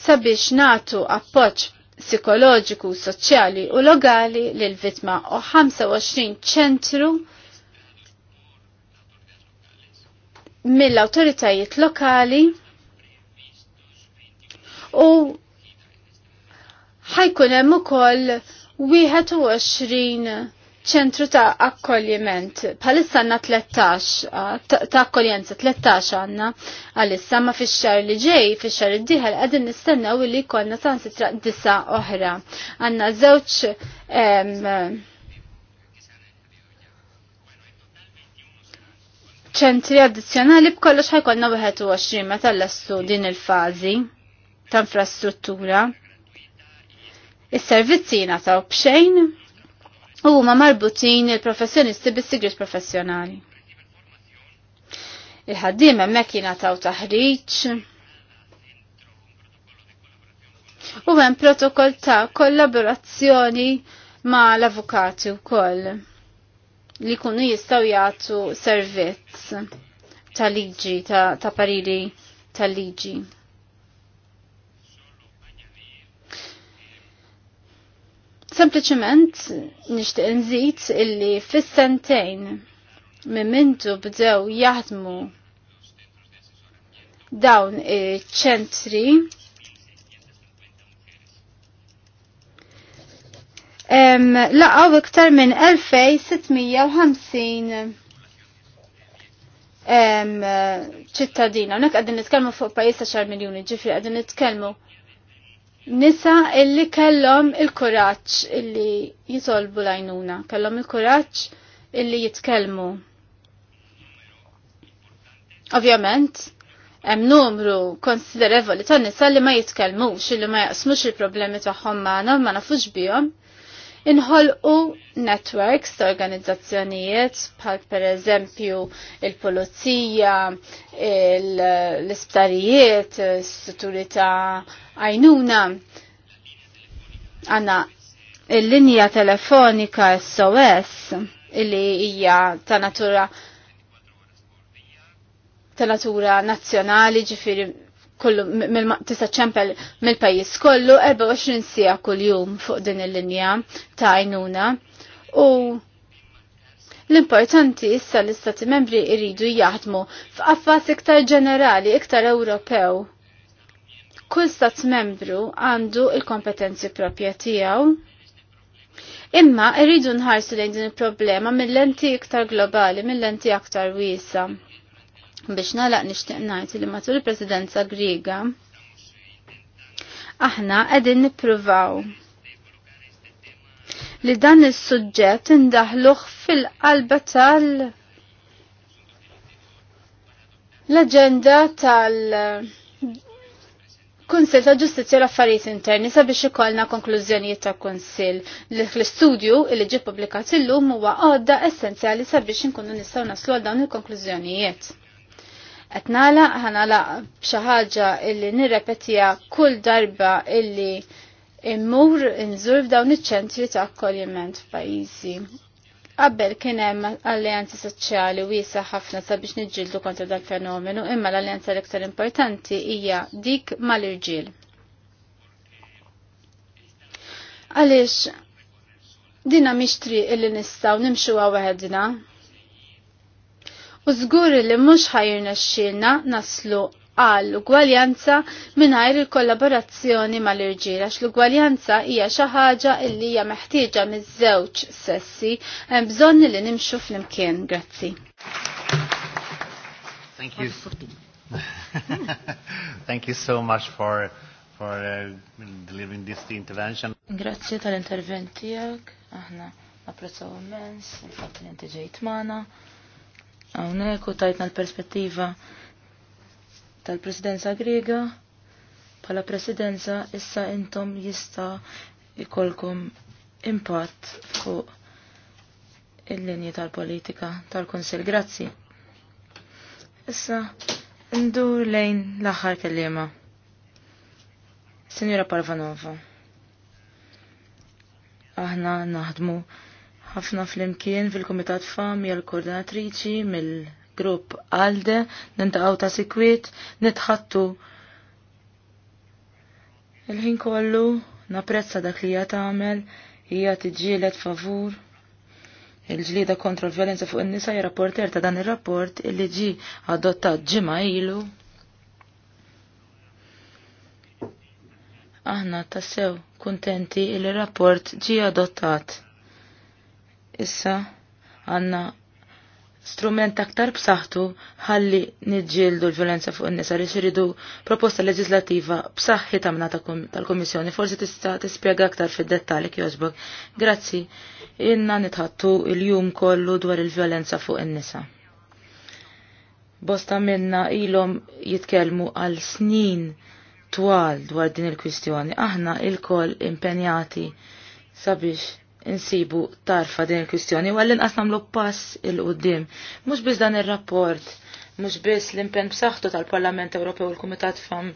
sabiex natu appoġġ psikoloġiku, soċjali u logali l vittma u 25 ċentru mill-autoritajiet lokali u ħajkun hemm ukoll 21 ċentru ta' akkoljiment. Palissa għanna 13, ta' akkoljenza 13 għanna, għalissa ma' fix xar li ġej, fix xar id dieħel għadin nistennaw li konna ta' nsitra disa oħra. Għanna zewċ ċentri addizzjonali b'kollox ħajkollna 21 meta l-estu din il-fażi ta' infrastruttura. Is-servizzi jingħataw b'xejn u huma marbutin il-professjonisti bis-sigriet professjonali. Il-ħaddiem hemmhekk jingħataw taħriġ u hemm protokoll ta' kollaborazzjoni ma' l-avukati wkoll li kunu jistaw jgħatu servizz ta' liġi ta', ta pariri tal-liġi. Sempliciment nishtiq nżid illi fis-sentejn minn mintu bdew jaħdmu dawn iċ-ċentri laqgħu iktar minn 2650 ċittadina, unek għadin nitkelmu fuq pajis 10 miljoni, ġifri għadin nitkelmu nisa illi kellom il-kuraċ illi jitolbu lajnuna, kellom il-kuraċ illi jitkelmu. Ovvjament, hemm numru konsiderevoli ta' nisa li ma jitkellmux, illi ma jaqsmux il-problemi tagħhom magħna, ma nafux bihom inħolqu networks ta' organizzazzjonijiet bħal per eżempju il-polizija, l-isptarijiet, s-situri ta' għajnuna. Għanna il-linja telefonika SOS illi hija ta' natura ta' natura nazzjonali ġifiri kollu tisa ċempel mill-pajjiż kollu 24 sija kuljum fuq din il-linja ta' għajnuna u L-importanti issa l-istati membri iridu jaħdmu f'affas iktar ġenerali, iktar Ewropew. Kull stat membru għandu il-kompetenzi propja tiegħu. Imma irridu nħarsu lejn din il-problema mill-lenti iktar globali, mill-lenti aktar wiesa. Biex nalaq nixtieq ngħid li matul il-Presidenza Griega aħna qegħdin nippruvaw li dan is-suġġett indaħluh fil-qalba tal- l-agenda tal- Kunsil ta' Ġustizzja l-Affarijiet Interni sabiex ikollna konklużjonijiet ta' Kunsil li fl-istudju li ġie ppubblikat illum huwa għodda essenzjali sabiex inkunu nistgħu naslu għal dawn il-konklużjonijiet etnala ħanala bxaħġa illi nirrepetija kull darba illi immur inżur f'dawn iċ-ċentri ta' akkoljiment f'pajjiżi. Qabel kien hemm alleanzi soċjali wiesa ħafna sabiex niġġieldu kontra dal fenomenu imma l-alleanza l-iktar importanti hija dik mal-irġiel. Għaliex dina mixtri illi nistgħu nimxuha waħedna U żgur li mhux ħajrna xxilna naslu għal ugwaljanza mingħajr il-kollaborazzjoni mal-irġiel għax l-ugwaljanza hija xi ħaġa li hija meħtieġa miż-żewġ sessi hemm bżonn li nimxu flimkien. Grazzi. Thank you. <laughs> Thank you so much for for uh, delivering this intervention. Grazzi tal-intervent tiegħek. Aħna napprezzaw immens il-fatt li inti ġejt magħna. Għawnek u tajtna l-perspettiva tal-Presidenza Griega bħala Presidenza issa intom jista' ikolkom impatt fuq il-linji tal-politika tal konsil Grazzi. Issa ndur lejn l-aħħar kelliema. Sinjora Parvanova aħna naħdmu ħafna fl-imkien fil-Komitat Fam l koordinatriċi mill-grupp ALDE, nintaqaw ta' sikwiet, nitħattu il-ħin kollu naprezza dak li hija tagħmel, hija tiġġieled favur il-ġlida kontra l-violenza fuq in-nisa rapporter ta' dan ir-rapport illi ġi adottat ġimgħa ilu. Aħna tassew kuntenti il-rapport ġi adottat. Issa għanna strument aktar b'saħħtu ħalli niġġieldu l-violenza fuq in-nisa li xiridu proposta leġislativa b'saħħi tamna tal kummissjoni Forsi tista' tispjega aktar fid-dettali kjożbok. Grazzi, inna nitħattu il-jum kollu dwar il-violenza fuq in-nisa. Bosta minna ilhom jitkellmu għal snin twal dwar din il-kwistjoni. Aħna il-koll impenjati sabiex insibu tarfa din il-kwistjoni u għallin qasnam l pass il-qoddim. Mux biz dan il-rapport, mux biz l-impen b'saħħtu tal-Parlament Ewropew u l-Kumitat fam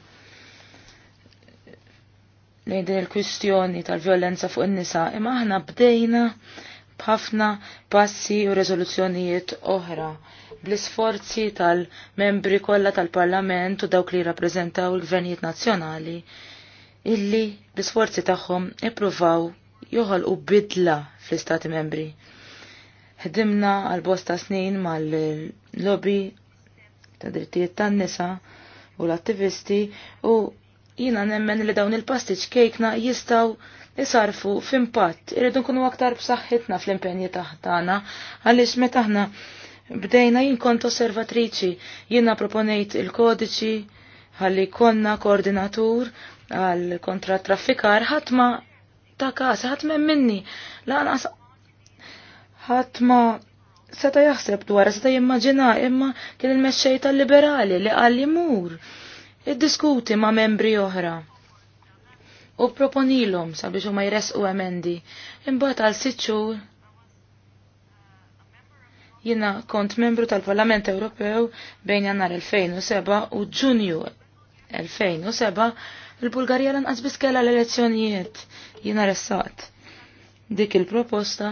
lejn din il-kwistjoni tal-violenza fuq in-nisa, imma aħna bdejna b'ħafna passi u rezoluzzjonijiet oħra bl-isforzi tal-membri kollha tal-Parlament u dawk li rappreżentaw il-gvernijiet nazzjonali illi bl-isforzi tagħhom ippruvaw joħolqu bidla fl-istati membri. Ħdimna għal bosta snin mal-lobby ta' drittijiet tan-nisa u l-attivisti u jina nemmen li dawn il-pastiċ kejkna jistaw jisarfu f'impatt irridu nkunu aktar b'saħħitna fl-impenji taħtana għaliex meta bdejna jien kont osservatriċi jiena proponejt il-kodiċi ħalli konna koordinatur għal kontra traffikar ħatma ta' każ ħadd minn minni lanqas ħadd ma seta' jaħseb dwar seta' jimmaġina imma kien il-mexxej tal-liberali li qal li id iddiskuti ma' membri oħra u proponilom sabiex huma jresqu emendi. Imbagħad għal sitt xhur jina kont membru tal-Parlament Ewropew bejn jannar 2007 u ġunju 2007 il-Bulgarija lanqas biskela l-elezzjonijiet jina ressaqt dik il-proposta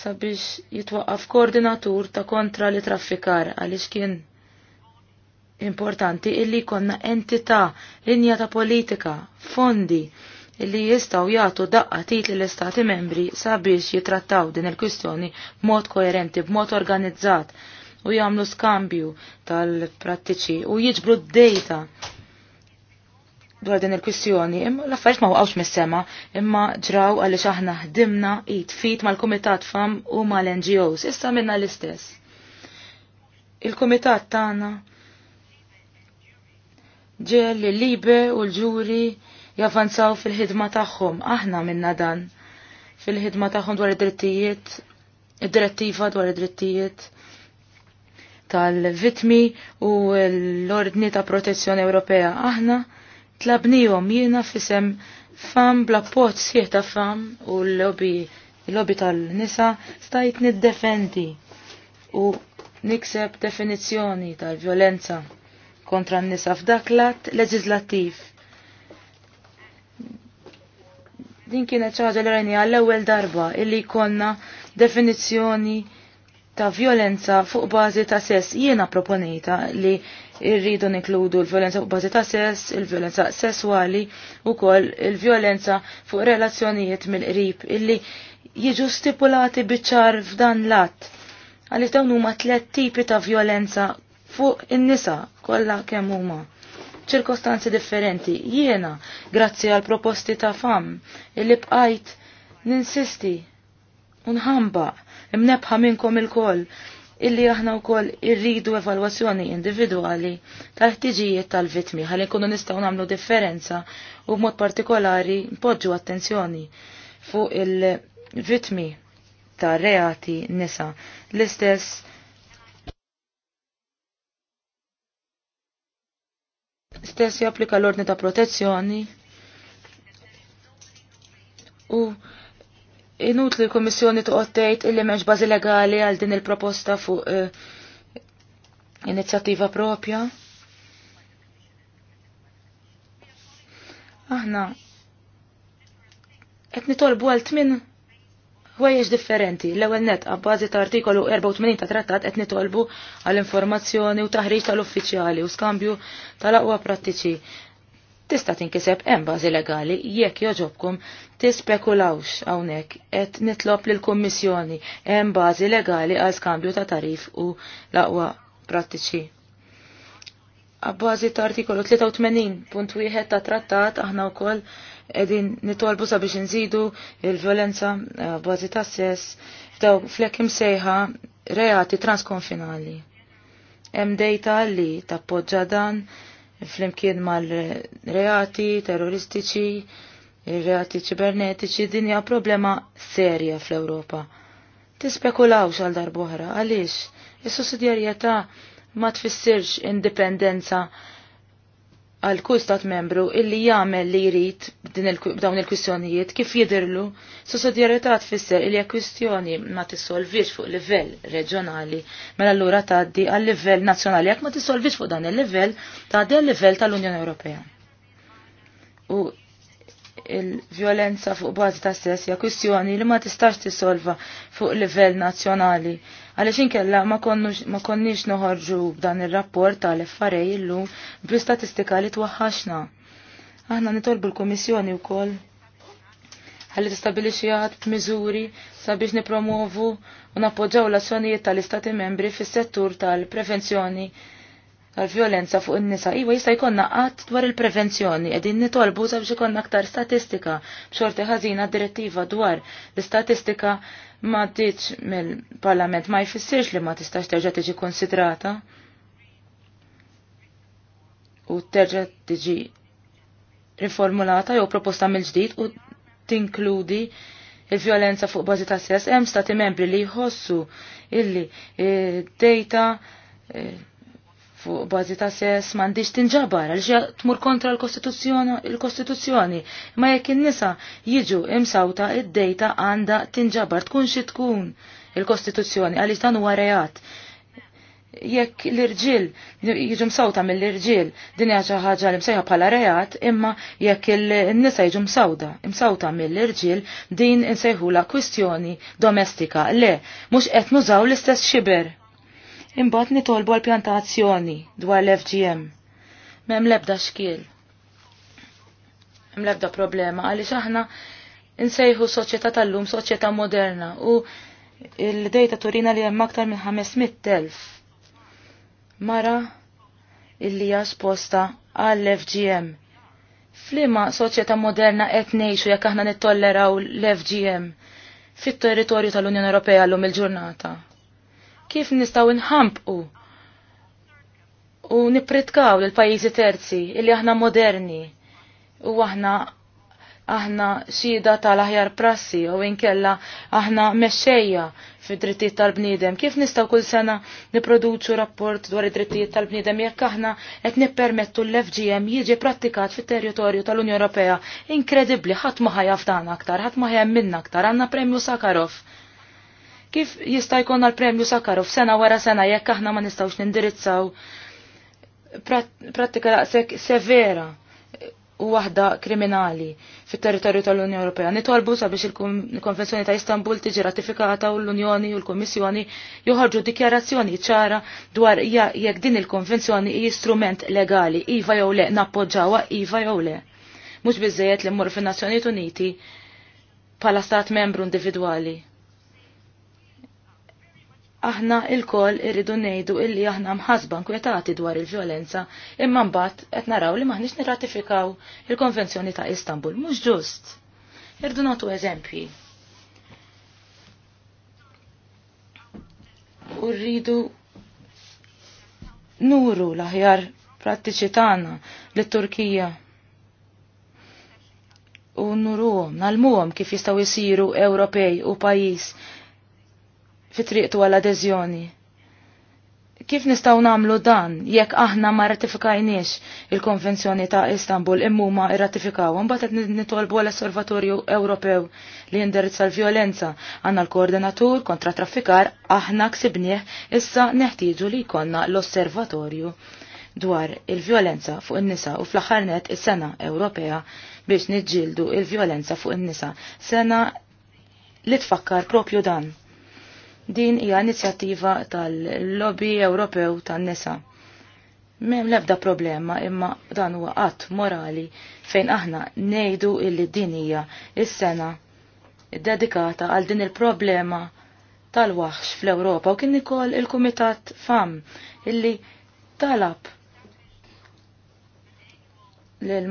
sabiex jitwaqqaf koordinatur ta' kontra li traffikar għaliex kien importanti illi konna entità, linja ta' politika, fondi illi jistaw jagħtu daqqa tit l-Istati membri sabiex jitrattaw din il-kwistjoni b'mod koerenti, b'mod organizzat u jagħmlu skambju tal-prattiċi u jiġbru d-dejta dwar din il-kwissjoni, imma l-affarijiet ma waqgħux mis-sema, imma ġraw għaliex aħna ħdimna it fit mal-Kumitat Fam u mal-NGOs, issa minna l-istess. Il-Kumitat tagħna ġel li libe u l-ġuri javanzaw fil-ħidma tagħhom, aħna minna dan fil-ħidma tagħhom dwar id-drittijiet, id-direttiva dwar id-drittijiet tal-vitmi u l-ordni ta' protezzjoni Ewropea. Aħna tlabnijom jiena fisem fam bla pot sieta fam u l-lobby l-lobby tal-nisa stajt niddefendi u nikseb definizjoni tal-violenza kontra n-nisa f'dak lat leġizlattiv. Din kienet ċaġa l rajni għall-ewwel darba illi konna definizjoni ta' violenza fuq bażi ta' sess jiena proponita li irridu nikludu l-violenza fuq bażi ta' sess, il-violenza sesswali u kol il-violenza fuq relazzjonijiet mill-qrib illi jiġu stipulati biċar f'dan l-att. Għaliex dawn huma tliet tipi ta' violenza fuq in-nisa kollha kemm huma ċirkostanzi differenti. Jiena, grazzi għal proposti ta' fam, illi bqajt ninsisti unħamba imnebħa minnkom il-koll illi aħna wkoll irridu evalwazzjoni individwali tal-ħtiġijiet tal-vitmi ħalli nkunu nistgħu nagħmlu differenza u b'mod partikolari npoġġu attenzjoni fuq il-vitmi ta' reati nisa l-istess stess japplika l-ordni ta' protezzjoni u Inut li l-Komissjoni toqgħod illi m'hemmx bażi legali għal din il-proposta fuq eh, inizjattiva propja. Aħna qed nitolbu għal tmien ħwejjeġ differenti. L-ewwel net għabbażi ta' artikolu 84 ta' trattat qed nitolbu għal informazzjoni u taħriġ tal-uffiċjali u skambju tal-aqwa prattiċi tista' tinkiseb hemm bażi legali jekk joġobkom tispekulawx hawnhekk qed nitlob lill kummissjoni hemm bażi legali għal skambju ta' tarif u l-aqwa prattiċi. Abbażi ta' artikolu 83.1 ta' trattat aħna wkoll qegħdin nitolbu sabiex inżidu il-violenza eh, abbażi ta' sess daw flek imsejħa reati transkonfinali. Hemm dejta li tappoġġa dan flimkien mal-reati terroristiċi, reati ċibernetiċi, dinja problema serja fl-Europa. Tispekulawx għal darbohra, għaliex, is sussidjarjetà ma tfissirx indipendenza għal kull stat membru illi jagħmel li jrid dawn il-kwistjonijiet kif jidirlu, sussidjarjetà tfisser illi kwistjoni ma tissolvix fuq livell reġjonali, mela allura tgħaddi għal livell nazzjonali jekk ma tissolvix fuq dan il-livell tgħaddi għal livell tal-Unjoni Ewropea. U il-violenza fuq bażi ta' sess hija kwistjoni li ma tistax tisolva fuq livell nazzjonali. Għaliex inkella ma konniex noħorġu b'dan ir-rapport tal-FRA illum bi statistika li twaħħaxna. Aħna nitolbu l-Kummissjoni wkoll ħalli tistabilixi għad miżuri sabiex nipromovu u nappoġġaw l-azzjonijiet tal-Istati membri fis-settur tal-prevenzjoni tal prevenzjoni għal-violenza fuq in-nisa, iwa jista' jkollna qatt dwar il-prevenzjoni qegħdin nitolbu sabiex ikollna aktar statistika b'xorti ħażina direttiva dwar l-istatistika ma ditx mill-Parlament ma jfissirx li ma tistax terġa' tiġi konsidrata u terġa' tiġi riformulata jew proposta mill-ġdid u tinkludi il-violenza fuq bażi ta' sess hemm stati membri li jħossu illi eh, data eh, fuq bażi ta' sess m'għandix tinġabar għal tmur kontra l-Kostituzzjoni kostituzzjoni Ma jekk in-nisa jiġu imsawta id-dejta għandha tinġabar tkun xi tkun il-Kostituzzjoni għaliex tan huwa reat. Jekk l-irġiel jiġu msawta mill-irġiel din hija xi ħaġa li msejħa bħala reat, imma jekk il nisa jiġu msawda imsawta mill-irġiel din insejħula kwistjoni domestika. Le, mhux qed nużaw l-istess xiber Imbagħad nitolbu għal pjantazzjoni dwar l-FGM. M'hemm lebda xkiel. Mem lebda problema għaliex aħna insejħu soċjetà tal-lum soċieta moderna u il-dejta turina li hemm aktar minn 500,000 mara illi hija sposta għall-FGM. Flima soċieta moderna qed ngħixu jekk aħna nittolleraw l-FGM fit-territorju tal-Unjoni Ewropea llum il-ġurnata kif nistgħu nħampqu u nipritkaw l pajjiżi terzi illi aħna moderni u aħna aħna xhieda tal-aħjar prassi u inkella aħna mexxejja fid-drittijiet tal-bniedem. Kif nistgħu kull sena niproduċu rapport dwar id-drittijiet tal-bniedem jekk aħna qed nippermettu l-FGM jiġi prattikat fit-territorju tal-Unjoni Ewropea. Inkredibbli ħadd ma ħajaf dan aktar, ħadd ma ħajem minn aktar, għandna premju Sakarov Kif jista' jkollna l-premju Sakarov sena wara sena jekk aħna ma nistgħux nindirizzaw prattika daqshekk severa u waħda kriminali fit-territorju tal-Unjoni Ewropea. Nitolbu sabiex il-Konvenzjoni ta' Istanbul tiġi ratifikata u l-Unjoni u l kummissjoni joħorġu dikjarazzjoni ċara dwar jekk din il-konvenzjoni hi strument legali, iva jew le, nappoġġawha iva jew le. Mhux biżejjed li mmur fin-Nazzjonijiet Uniti bħala stat membru individwali aħna il-koll irridu nejdu illi aħna mħasba nkwetati dwar il-violenza imma mbagħad qed naraw li maħniex nirratifikaw il-Konvenzjoni ta' Istanbul. Mhux ġust. Irdu nagħtu eżempji. U rridu nuru l-aħjar prattiċi tagħna lit-Turkija u nuruhom, nalmuhom kif jistgħu jsiru Ewropej u pajjiż triqtu għal-adeżjoni. Kif nistaw namlu dan jekk aħna ma ratifikajniex il-Konvenzjoni ta' Istanbul immu ma irratifikaw, mbagħad nitolbu għal osservatorju Ewropew li jindirizza l-vjolenza għandna l-koordinatur kontra traffikar aħna ksibnieh issa neħtieġu li jkollna l-osservatorju dwar il-vjolenza fuq in-nisa u fl-aħħar net is-sena Ewropea biex niġġieldu il-vjolenza fuq in-nisa. Sena li tfakkar propju dan. Din hija inizjattiva tal-lobby Ewropew tan-nisa. Mem lebda problema imma dan huwa qatt morali fejn aħna ngħidu illi din hija is-sena dedikata għal din il-problema tal-waħx fl-Ewropa u kien ukoll il-Kumitat FAM illi talab lil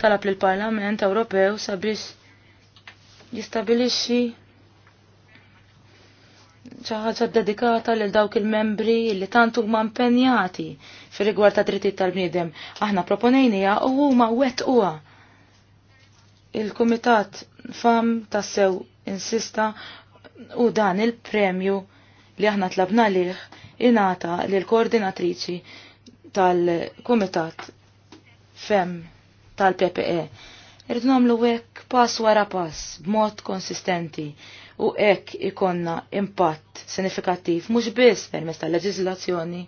talab lill parlament Ewropew sabiex jistabilixxi xi ħaġa dedikata lil dawk il-membri li tant huma impenjati fir rigward ta' drittijiet tal-bniedem. Aħna proponejnija u huma wettquha. Il-Kumitat Fam tassew insista u dan il-premju li aħna tlabna liħ inata lil koordinatriċi tal-Kumitat Fem tal-PPE. Irrid nagħmlu hekk pass wara pass, b'mod konsistenti u hekk ikonna impatt sinifikattiv mhux biss permezz tal-leġiżlazzjoni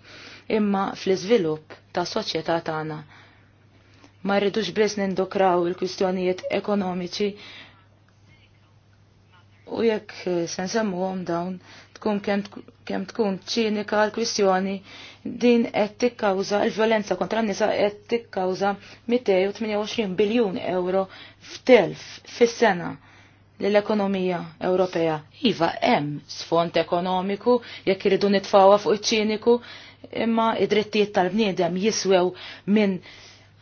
imma fl-iżvilupp tas soċjetà tagħna. Ma rridux biss nindokraw il-kwistjonijiet ekonomiċi u jekk se nsemmuhom dawn tkun kemm tkun ċinika l-kwistjoni din qed tikkawża l-violenza kontra n-nisa qed tikkawża 228 biljun euro f'telf fis-sena l-ekonomija Ewropea. Iva hemm sfond ekonomiku jekk iridu nitfawa fuq iċ-ċiniku imma id-drittijiet tal-bniedem jiswew minn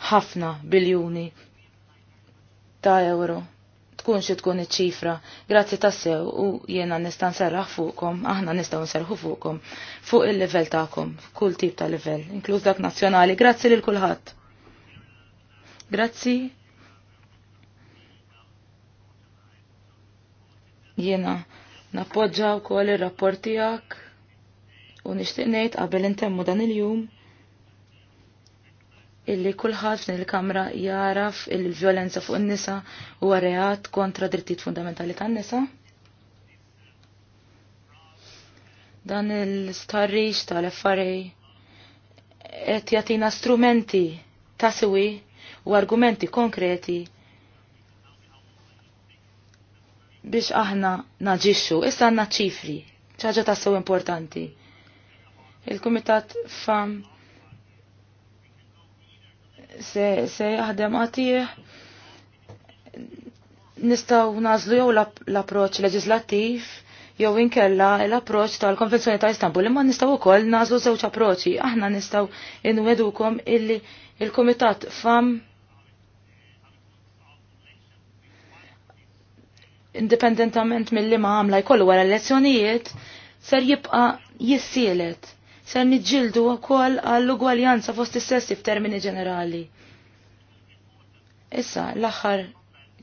ħafna biljuni ta' euro tkun xi tkun iċ-ċifra. Grazzi tassew u jiena nista' nserraħ fuqkom, aħna nistgħu nserħu fuqkom fuq il-livell tagħkom, kull tip ta' livell, inkluż dak nazzjonali. Grazzi lil kulħadd. Grazzi. Jiena nappoġġa wkoll ir-rapport tiegħek u nixtieq ngħid qabel intemmu dan il-jum illi kulħadd f'din il-kamra jaraf il l-vjolenza fuq n nisa huwa reat kontra drittijiet fundamentali tan-nisa. Dan il-starriġ tal-FRA qed jagħtina strumenti ta' siwi u argumenti konkreti biex aħna naġixxu. Issa għandna ċifri, ċaġa ta' importanti. Il-Kumitat FAM se, se jaħdem għatih nistaw nazlu jew l-approċ leġislattiv jew inkella l-approċ tal-Konvenzjoni ta' Istanbul, imma nistaw ukoll nażlu żewġ approċċi. Aħna nistaw inwedukom illi il-Kumitat FAM indipendentament mill-li ma għamla jkollu wara l-elezzjonijiet ser jibqa' jissielet ser niġġieldu wkoll għall-ugwaljanza fost is-sessi f'termini ġenerali. Issa, l-aħħar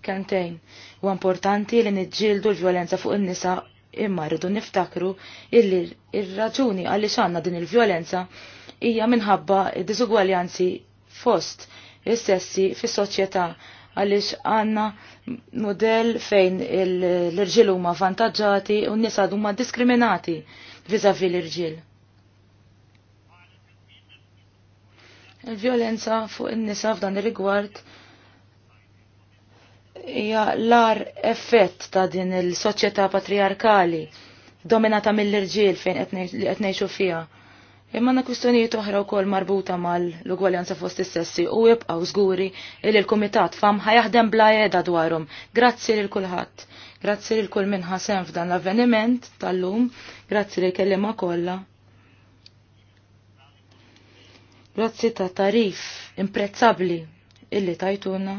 kantejn huwa importanti li niġġieldu l-vjolenza fuq in-nisa imma rridu niftakru illi il raġuni għaliex għandna din il-vjolenza hija minħabba d-diżugwaljanzi fost istessi sessi fis-soċjetà għalix għanna model fejn l-irġil huma vantaġġati u n-nisa huma diskriminati vizavi l-irġil. Il-violenza fuq in-nisa f'dan ir-rigward hija l-ar effett ta' din il-soċjetà patriarkali dominata mill-irġiel fejn qed ngħixu fiha. Imma na kwistjonijiet oħra wkoll marbuta mal-ugwaljanza fost is-sessi u jibqgħu żguri il il-kumitat fam jaħdem bla jeda dwarhom. Grazzi lil kulħadd. Grazzi lil kull min ħasem f'dan l-avveniment tal-lum. Grazzi lil kelliema kollha. grazzi ta' tarif imprezzabli illi tajtuna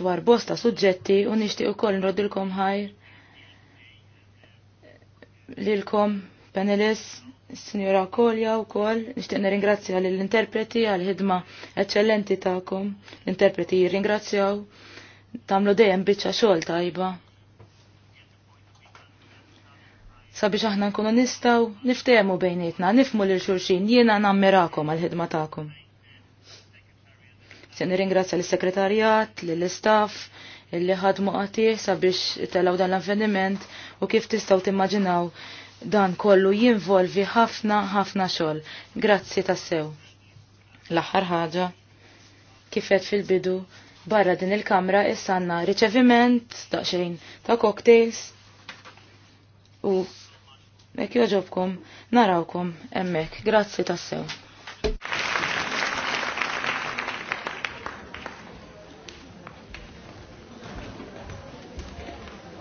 dwar bosta suġġetti u nixtieq ukoll nrodilkom ħajr lilkom panelis Signora Kolja u kol, nirringrazzja lill l-interpreti għal-ħidma eccellenti ta'kom, l-interpreti jirringrazzjaw, tamlu dejjem bicċa xol tajba. sabiex aħna nkunu nistaw niftehmu bejnietna, nifmu lil xulxin jiena nammirakom għal ħidma tagħkom. Se nirringrazzja l-sekretarjat, l-istaff, illi ħadmu qatih sabiex telaw dan l-avveniment u kif tistaw timmaġinaw dan kollu jinvolvi ħafna ħafna xogħol. Grazzi tassew. L-aħħar ħaġa kifet fil-bidu barra din il-kamra issa għandna riċeviment daqsxejn ta' cocktails u Jekk jogħġobkom narawkom hemmhekk. Grazzi tassew.